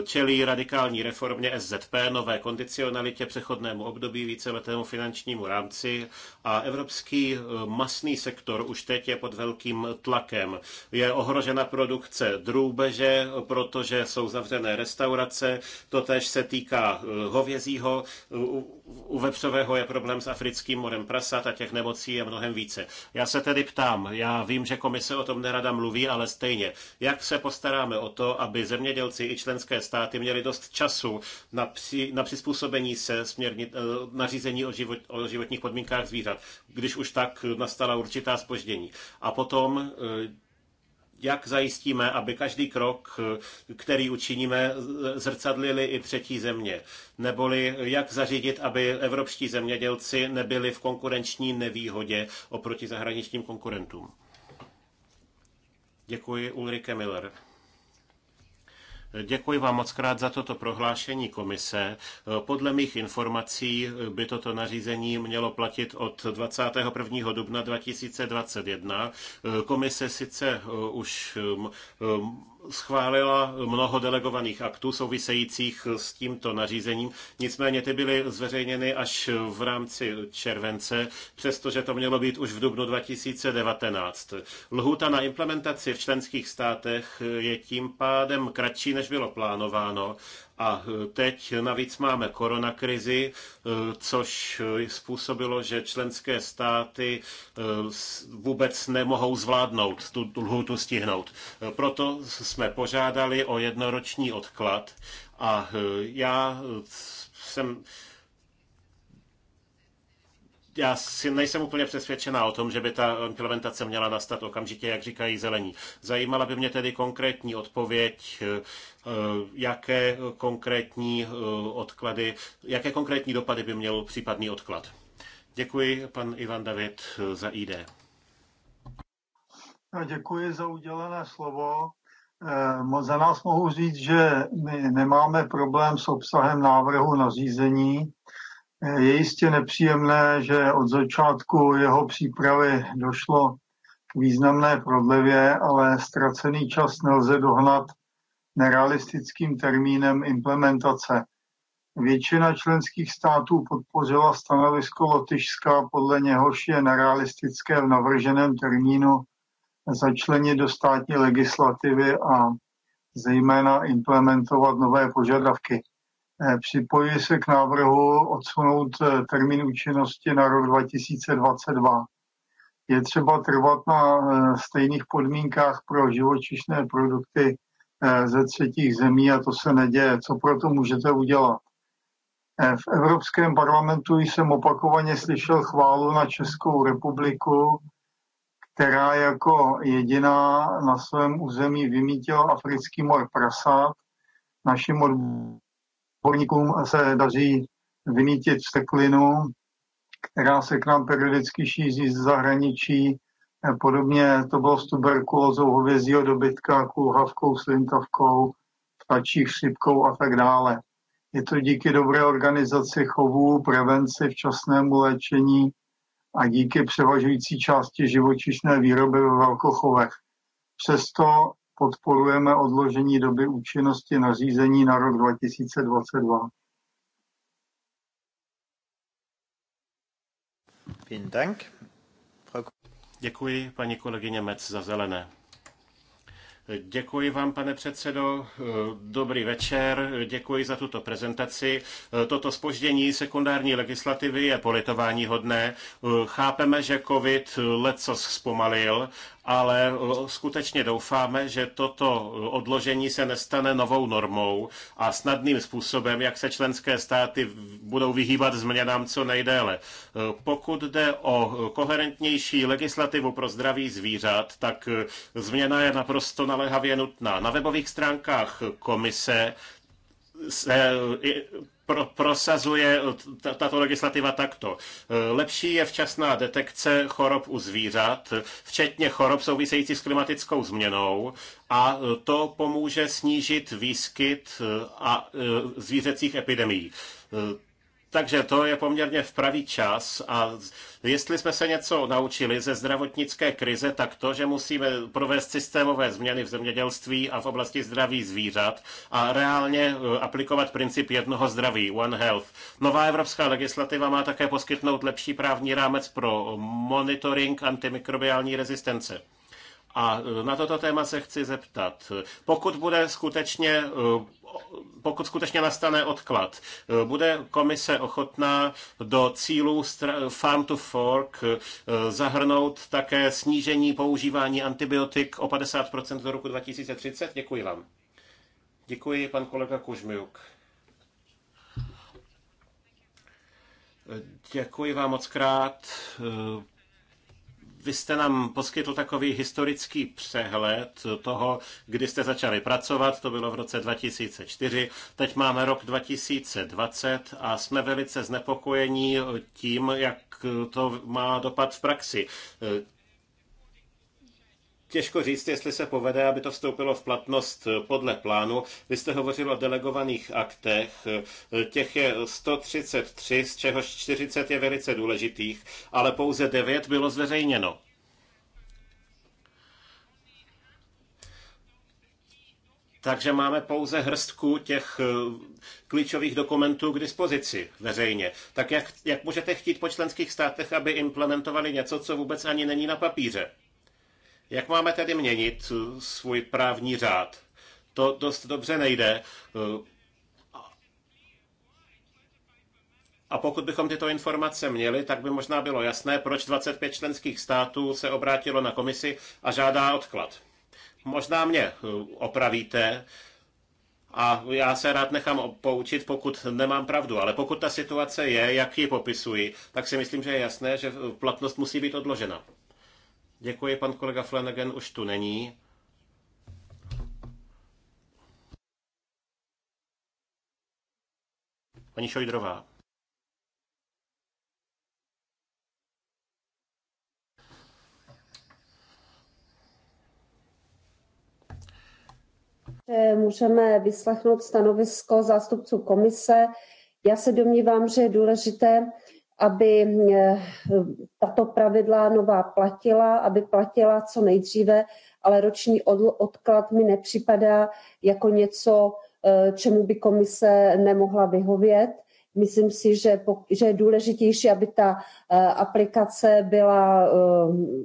E, čelí radikální reformě SZP, nové kondicionalitě, přechodnému období, víceletému finančnímu rámci a evropský e, masný sektor už teď je pod velkým tlakem. Je ohrožena produkce drůbeže, protože jsou zavřené restaurace. Totež se týká eh, hovězího. U vepřového je problém s africkým morem prasat a těch nemocí je mnohem více. Já se tedy ptám, já vím, že komise o tom nerada mluví, ale stejně, jak se postaráme o to, aby zemědělci i členské státy měli dost času na, při, na přizpůsobení se směrni, eh, nařízení o, život, o životních podmínkách zvířat, když už tak nastala určitá spoždění. A potom eh, jak zajistíme, aby každý krok, který učiníme, zrcadlili i třetí země? Neboli jak zařídit, aby evropští zemědělci nebyli v konkurenční nevýhodě oproti zahraničním konkurentům? Děkuji, Ulrike Miller. Děkuji vám moc krát za toto prohlášení komise. Podle mých informací by toto nařízení mělo platit od 21. dubna 2021. Komise sice už schválila mnoho delegovaných aktů souvisejících s tímto nařízením, nicméně ty byly zveřejněny až v rámci července, přestože to mělo být už v dubnu 2019. Lhůta na implementaci v členských státech je tím pádem kratší, než bylo plánováno a e, teď navíc máme koronakrizi, e, což způsobilo, že členské státy e, vůbec nemohou zvládnout tu lhůtu stihnout. Proto jsme požádali o jednoroční odklad a já jsem já si nejsem úplně přesvědčená o tom, že by ta implementace měla nastat okamžitě, jak říkají zelení. Zajímala by mě tedy konkrétní odpověď, eh, jaké konkrétní eh, odklady, jaké konkrétní dopady by měl případný odklad. Děkuji, pan Ivan David, eh, za ID. No, děkuji za udělené slovo. Za nás mohu říct, že my nemáme problém s obsahem návrhu nařízení. Eh, je jistě nepříjemné, že od začátku jeho přípravy došlo k významné prodlevě, ale ztracený čas nelze dohnat nerealistickým termínem implementace. Většina členských států podpořila stanovisko Lotyšska, podle něhož je nerealistické v navrženém termínu začlenit do státní legislativy a zejména implementovat nové požadavky. Eh, připojuji se k návrhu odsunout eh, termín účinnosti na rok 2022. Je třeba trvat na eh, stejných podmínkách pro živočišné produkty ze třetích zemí a to se neděje. Co proto můžete udělat? V Evropském parlamentu jsem opakovaně slyšel chválu na Českou republiku, která jako jediná na svém území vymítila africký mor prasat. Naším odborům horníkům se daří vymítit vzteklinu, která se k nám periodicky šíří z zahraničí. Eh, podobně to bylo s tuberkulózou hovězího dobytka, kůhavkou, slintavkou, ptačí chřipkou a tak dále. Je to díky dobré organizaci chovů, prevenci, včasnému léčení a díky převažující části živočišné výroby ve velkochovech. Přesto Podporujeme odložení doby účinnosti nařízení na rok 2022. Děkuji, paní kolegyně Mec za zelené. Děkuji vám, pane předsedo. Dobrý večer. Děkuji za tuto prezentaci. Toto spoždění sekundární legislativy je politování hodné. Chápeme, že COVID leco zpomalil, ale skutečně doufáme, že toto odložení se nestane novou normou a snadným způsobem, jak se členské státy budou vyhýbat změnám co nejdéle. E, pokud jde o koherentnější legislativu pro zdraví zvířat, tak e, změna je naprosto naléhavě nutná. Na webových stránkách komise se e, pro, prosazuje tato legislativa takto. Lepší je včasná detekce chorob u zvířat, včetně chorob souvisejících s klimatickou změnou a to pomůže snížit výskyt a zvířecích epidemií. Takže to je poměrně v pravý čas a jestli jsme se něco naučili ze zdravotnické krize, tak to, že musíme provést systémové změny v zemědělství a v oblasti zdraví zvířat a reálně e, aplikovat princip jednoho zdraví, One Health. Nová evropská legislativa má také poskytnout lepší právní rámec pro monitoring antimikrobiální rezistence. A e, na toto téma se chci zeptat. Pokud bude skutečně e, pokud skutečně nastane odklad, e, bude komise ochotná do cílů Farm to Fork zahrnout také snížení používání antibiotik o 50% do roku 2030? Děkuji vám. Děkuji, pan kolega Kužmiuk. Děkuji vám moc krát, vy jste nám poskytl takový historický přehled toho, kdy jste začali pracovat, to bylo v roce 2004, teď máme rok 2020 a jsme velice znepokojení tím, jak to má dopad v praxi. Těžko říct, jestli se povede, aby to vstoupilo v platnost eh, podle plánu. Vy jste hovořil o delegovaných aktech, eh, těch je 133, z čehož 40 je velice důležitých, ale pouze 9 bylo zveřejněno. Takže máme pouze hrstku těch eh, klíčových dokumentů k dispozici veřejně. Tak jak, jak můžete chtít po členských státech, aby implementovali něco, co vůbec ani není na papíře? Jak máme tedy měnit svůj právní řád? To dost dobře nejde. A pokud bychom tyto informace měli, tak by možná bylo jasné, proč 25 členských států se obrátilo na komisi a žádá odklad. Možná mě opravíte a já se rád nechám poučit, pokud nemám pravdu, ale pokud ta situace je, jak ji popisuji, tak si myslím, že je jasné, že platnost musí být odložena. Děkuji, pan kolega Flanagan už tu není. Paní Šojdrová. Eh, můžeme vyslechnout stanovisko zástupců komise. Já se domnívám, že je důležité aby eh, tato pravidla nová platila, aby platila co nejdříve, ale roční odklad mi nepřipadá jako něco, eh, čemu by komise nemohla vyhovět. Myslím si, že, že je důležitější, aby ta eh, aplikace byla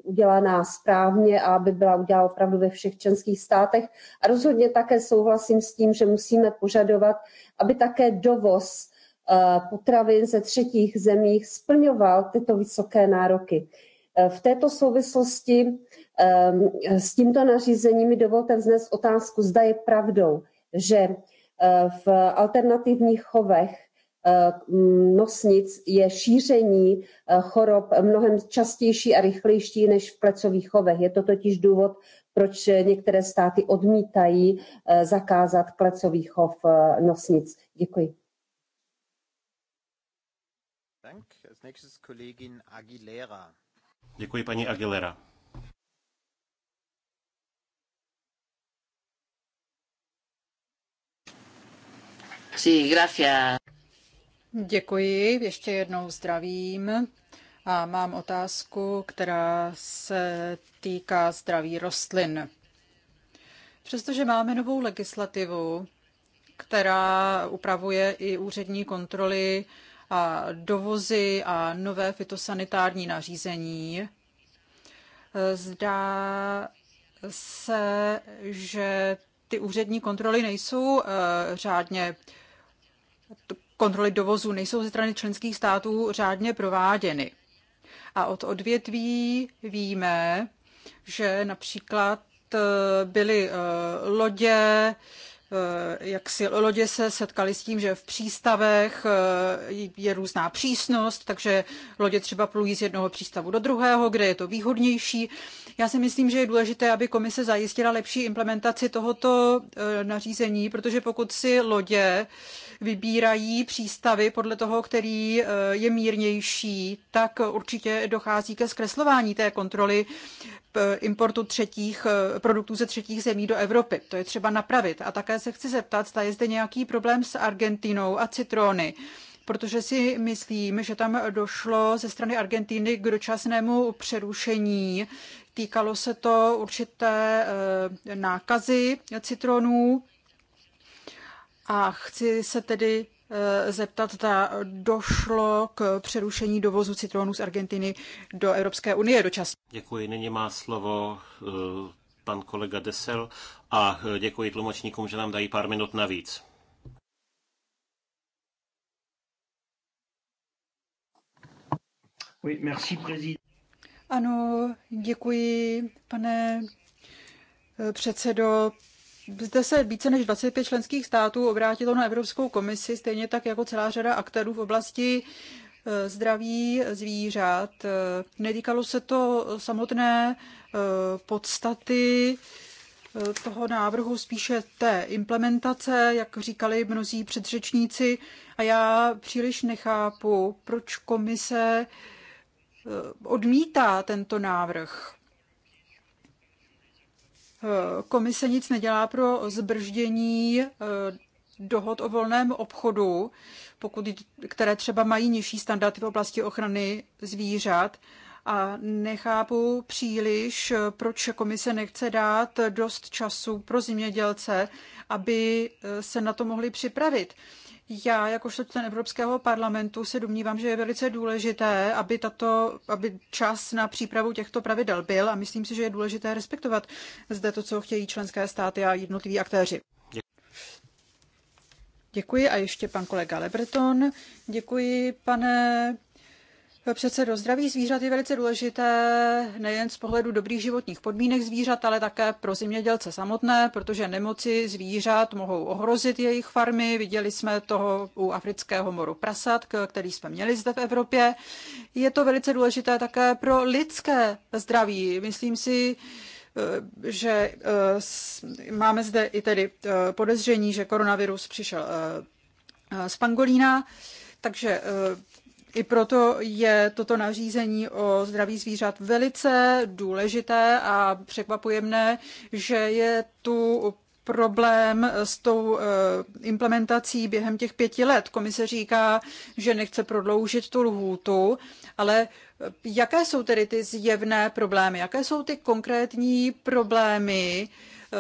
udělaná správně a aby byla udělána opravdu ve všech členských státech. A rozhodně také souhlasím s tím, že musíme požadovat, aby také dovoz Eh, potravin ze třetích zemích splňoval tyto vysoké nároky. Eh, v této souvislosti eh, s tímto nařízením mi dovolte vznést otázku, zda je pravdou, že v alternativních chovech nosnic je šíření chorob mnohem častější a rychlejší než v plecových chovech. Je to totiž důvod, proč některé státy odmítají zakázat klecový chov nosnic. Děkuji. Děkuji, paní Aguilera. Sí, Děkuji, ještě jednou zdravím. A mám otázku, která se týká zdraví rostlin. Přestože máme novou legislativu, která upravuje i úřední kontroly a dovozy a nové fitosanitární nařízení. Zdá se, že ty úřední kontroly nejsou eh, řádně kontroly dovozu nejsou ze strany členských států řádně prováděny. A od odvětví víme, že například eh, byly eh, lodě Eh, jak si lodě se setkali s tím, že v přístavech eh, je různá přísnost, takže lodě třeba plují z jednoho přístavu do druhého, kde je to výhodnější. Já si myslím, že je důležité, aby komise zajistila lepší implementaci tohoto eh, nařízení, protože pokud si lodě vybírají přístavy podle toho, který eh, je mírnější, tak určitě dochází ke zkreslování té kontroly eh, importu třetích eh, produktů ze třetích zemí do Evropy. To je třeba napravit. A také se chci zeptat, zda je zde nějaký problém s Argentinou a citrony protože si myslím, že tam došlo ze strany Argentiny k dočasnému přerušení. Týkalo se to určité nákazy citronů a chci se tedy eh, zeptat, zda došlo k přerušení dovozu citronů z Argentiny do Evropské unie dočasně. Děkuji, nyní má slovo eh, pan kolega Desel a eh, děkuji tlumočníkům, že nám dají pár minut navíc. Oui, merci, Ano, děkuji, pane předsedo zde se více než 25 členských států obrátilo na Evropskou komisi, stejně tak jako celá řada aktérů v oblasti eh, zdraví zvířat. Eh, netýkalo se to samotné eh, podstaty toho návrhu, spíše té implementace, jak říkali mnozí předřečníci. A já příliš nechápu, proč komise odmítá tento návrh komise nic nedělá pro zbrždění eh, dohod o volném obchodu, pokud, které třeba mají nižší standardy v oblasti ochrany zvířat. A nechápu příliš, proč komise nechce dát dost času pro zemědělce, aby eh, se na to mohli připravit. Já, jakožto ten Evropského parlamentu, se domnívám, že je velice důležité, aby, tato, aby čas na přípravu těchto pravidel byl a myslím si, že je důležité respektovat zde to, co chtějí členské státy a jednotliví aktéři. Děkuji a ještě pan kolega Lebreton. Děkuji, pane do zdraví zvířat je velice důležité nejen z pohledu dobrých životních podmínek zvířat, ale také pro zemědělce samotné, protože nemoci zvířat mohou ohrozit jejich farmy. Viděli jsme toho u afrického moru prasat, který jsme měli zde v Evropě. Je to velice důležité také pro lidské zdraví. Myslím si, eh, že eh, máme zde i tedy eh, podezření, že koronavirus přišel z pangolína. Takže i proto je toto nařízení o zdraví zvířat velice důležité a překvapuje mne, že je tu problém s tou eh, implementací během těch pěti let. Komise říká, že nechce prodloužit tu lhůtu, ale eh, jaké jsou tedy ty zjevné problémy? Jaké jsou ty konkrétní problémy, eh,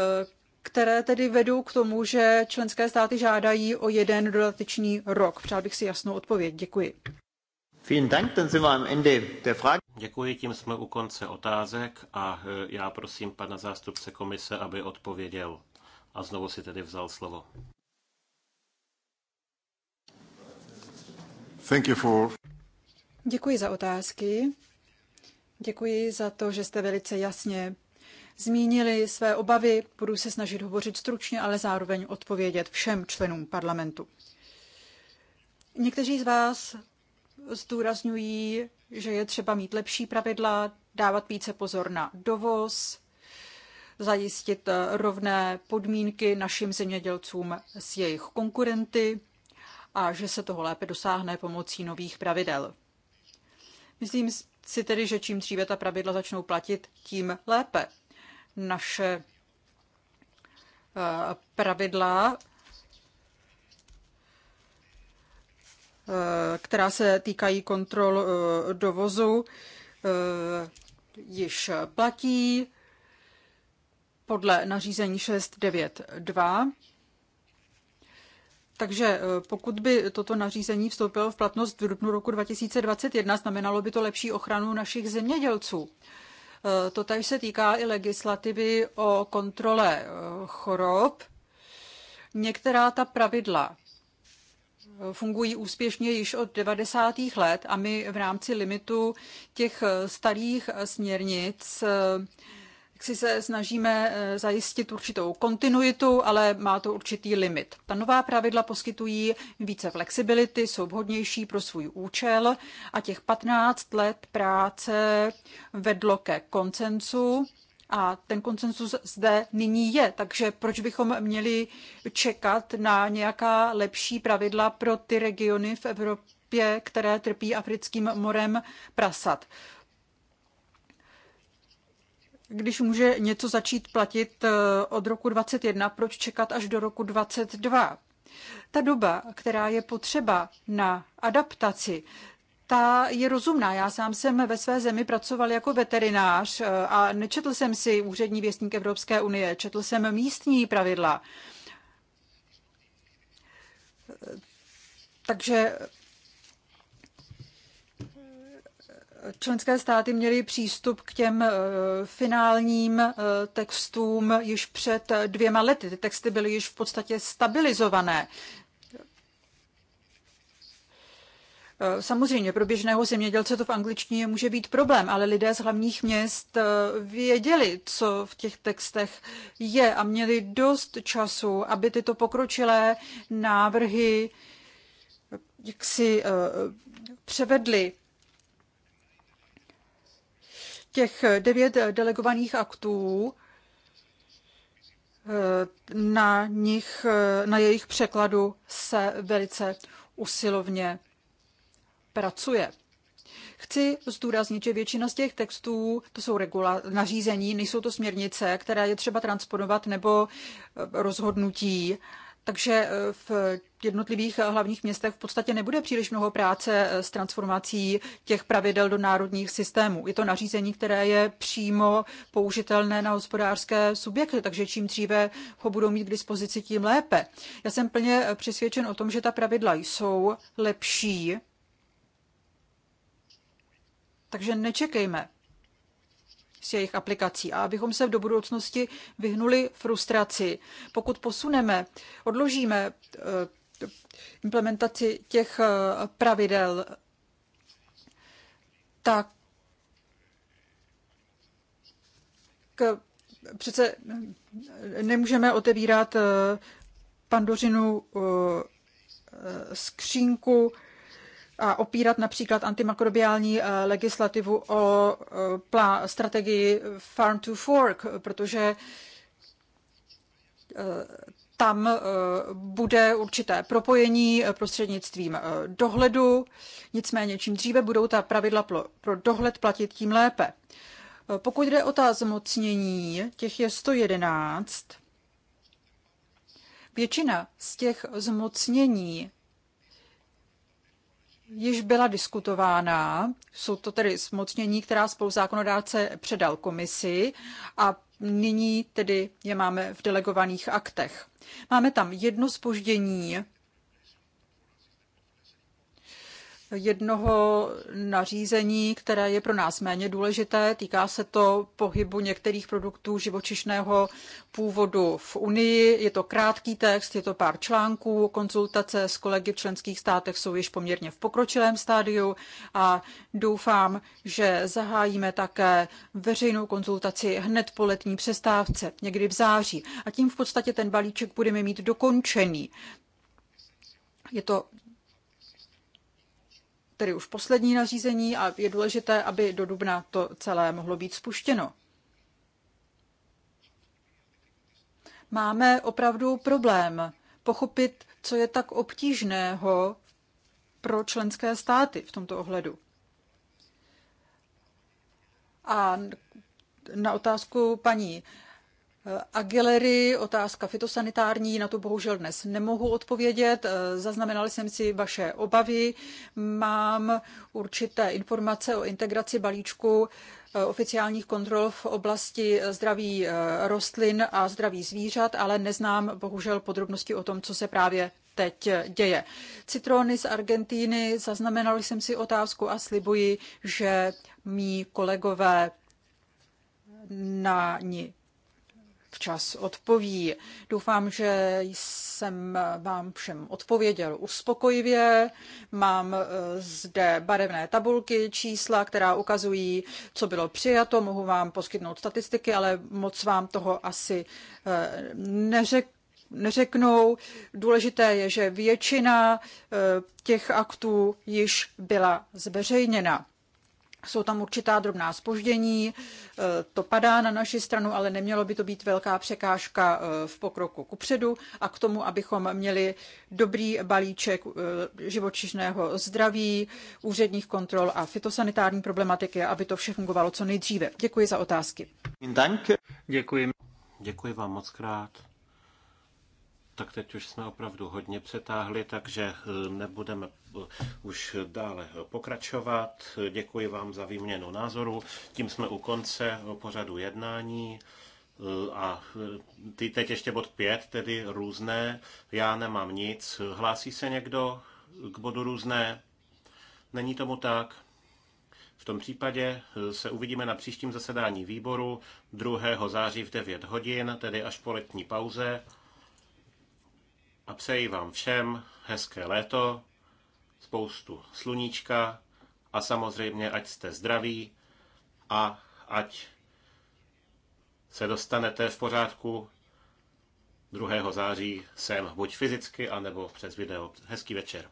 které tedy vedou k tomu, že členské státy žádají o jeden dodatečný rok? Přál bych si jasnou odpověď. Děkuji. Děkuji, tím jsme u konce otázek a e, já prosím pana zástupce komise, aby odpověděl. A znovu si tedy vzal slovo. Thank you for... Děkuji za otázky. Děkuji za to, že jste velice jasně zmínili své obavy. Budu se snažit hovořit stručně, ale zároveň odpovědět všem členům parlamentu. Někteří z vás zdůrazňují, že je třeba mít lepší pravidla, dávat více pozor na dovoz, zajistit eh, rovné podmínky našim zemědělcům s jejich konkurenty a že se toho lépe dosáhne pomocí nových pravidel. Myslím si tedy, že čím dříve ta pravidla začnou platit, tím lépe. Naše eh, pravidla Eh, která se týkají kontrol eh, dovozu, eh, již platí podle nařízení 692. Takže pokud by toto nařízení vstoupilo v platnost v dubnu roku 2021, znamenalo by to lepší ochranu našich zemědělců. Totež se týká i legislativy o kontrole chorob. Některá ta pravidla fungují úspěšně již od 90. let a my v rámci limitu těch eh, starých eh, směrnic eh, si se snažíme zajistit určitou kontinuitu, ale má to určitý limit. Ta nová pravidla poskytují více flexibility, jsou vhodnější pro svůj účel a těch 15 let práce vedlo ke koncensu a ten konsenzus zde nyní je, takže proč bychom měli čekat na nějaká lepší pravidla pro ty regiony v Evropě, které trpí africkým morem prasat? Když může něco začít platit eh, od roku 2021, proč čekat až do roku 2022? Ta doba, která je potřeba na adaptaci, ta je rozumná. Já sám jsem ve své zemi pracoval jako veterinář eh, a nečetl jsem si úřední věstník Evropské unie, četl jsem místní pravidla. Eh, takže eh, členské státy měly přístup k těm finálním textům již před dvěma lety. Ty texty byly již v podstatě stabilizované. Eh, samozřejmě pro běžného zemědělce to v angličtině může být problém, ale lidé z hlavních měst eh, věděli, co v těch textech je a měli dost času, aby tyto pokročilé návrhy eh, jaksi si převedli těch devět delegovaných aktů, na nich, na jejich překladu se velice usilovně pracuje. Chci zdůraznit, že většina z těch textů to jsou regula- nařízení, nejsou to směrnice, které je třeba transponovat nebo eh, rozhodnutí. Takže eh, v jednotlivých eh, hlavních městech v podstatě nebude příliš mnoho práce s transformací těch pravidel do národních systémů. Je to nařízení, které je přímo použitelné na hospodářské subjekty, takže čím dříve ho budou mít k dispozici, tím lépe. Já jsem plně přesvědčen o tom, že ta pravidla jsou lepší takže nečekejme s jejich aplikací a abychom se do budoucnosti vyhnuli frustraci. Pokud posuneme, odložíme eh, implementaci těch eh, pravidel, tak přece nemůžeme otevírat eh, pandořinu skřínku a opírat například antimakrobiální eh, legislativu o eh, strategii Farm to Fork, protože eh, tam bude určité propojení prostřednictvím dohledu, nicméně čím dříve budou ta pravidla pro dohled platit, tím lépe. Pokud jde o ta zmocnění, těch je 111. Většina z těch zmocnění již byla diskutována. Jsou to tedy smocnění, která spoluzákonodáce předal komisi a nyní tedy je máme v delegovaných aktech. Máme tam jedno spoždění jednoho nařízení, které je pro nás méně důležité. Týká se to pohybu některých produktů živočišného původu v Unii. Je to krátký text, je to pár článků. Konzultace s kolegy v členských státech jsou již poměrně v pokročilém stádiu a doufám, že zahájíme také veřejnou konzultaci hned po letní přestávce, někdy v září. A tím v podstatě ten balíček budeme mít dokončený. Je to tedy už poslední nařízení a je důležité, aby do dubna to celé mohlo být spuštěno. Máme opravdu problém pochopit, co je tak obtížného pro členské státy v tomto ohledu. A na otázku paní Eh, Agilery otázka fitosanitární, na to bohužel dnes nemohu odpovědět. Eh, zaznamenal jsem si vaše obavy. Mám určité informace o integraci balíčku eh, oficiálních kontrol v oblasti zdraví rostlin a zdraví zvířat, ale neznám bohužel podrobnosti o tom, co se právě teď děje. Citrony z Argentíny, zaznamenal jsem si otázku a slibuji, že mý kolegové na ní včas odpoví. Doufám, že jsem vám všem odpověděl uspokojivě. Mám eh, zde barevné tabulky, čísla, která ukazují, co bylo přijato. Mohu vám poskytnout statistiky, ale moc vám toho asi eh, neřek, neřeknou. Důležité je, že většina eh, těch aktů již byla zveřejněna. Jsou tam určitá drobná spoždění, e, to padá na naši stranu, ale nemělo by to být velká překážka e, v pokroku kupředu a k tomu, abychom měli dobrý balíček e, živočišného zdraví, úředních kontrol a fitosanitární problematiky, aby to vše fungovalo co nejdříve. Děkuji za otázky. Děkuji. Děkuji vám moc krát. Tak teď už jsme opravdu hodně přetáhli, takže eh, nebudeme eh, už dále eh, pokračovat. Děkuji vám za výměnu názorů. Tím jsme u konce pořadu jednání. A ty teď ještě bod pět tedy různé. Já nemám nic. Hlásí se někdo k bodu různé? Není tomu tak? V tom případě se uvidíme na příštím zasedání výboru 2. září v 9 hodin, tedy až po letní pauze a přeji vám všem hezké léto, spoustu sluníčka a samozřejmě, ať jste zdraví a ať se dostanete v pořádku 2. září sem buď fyzicky, anebo přes video. Hezký večer.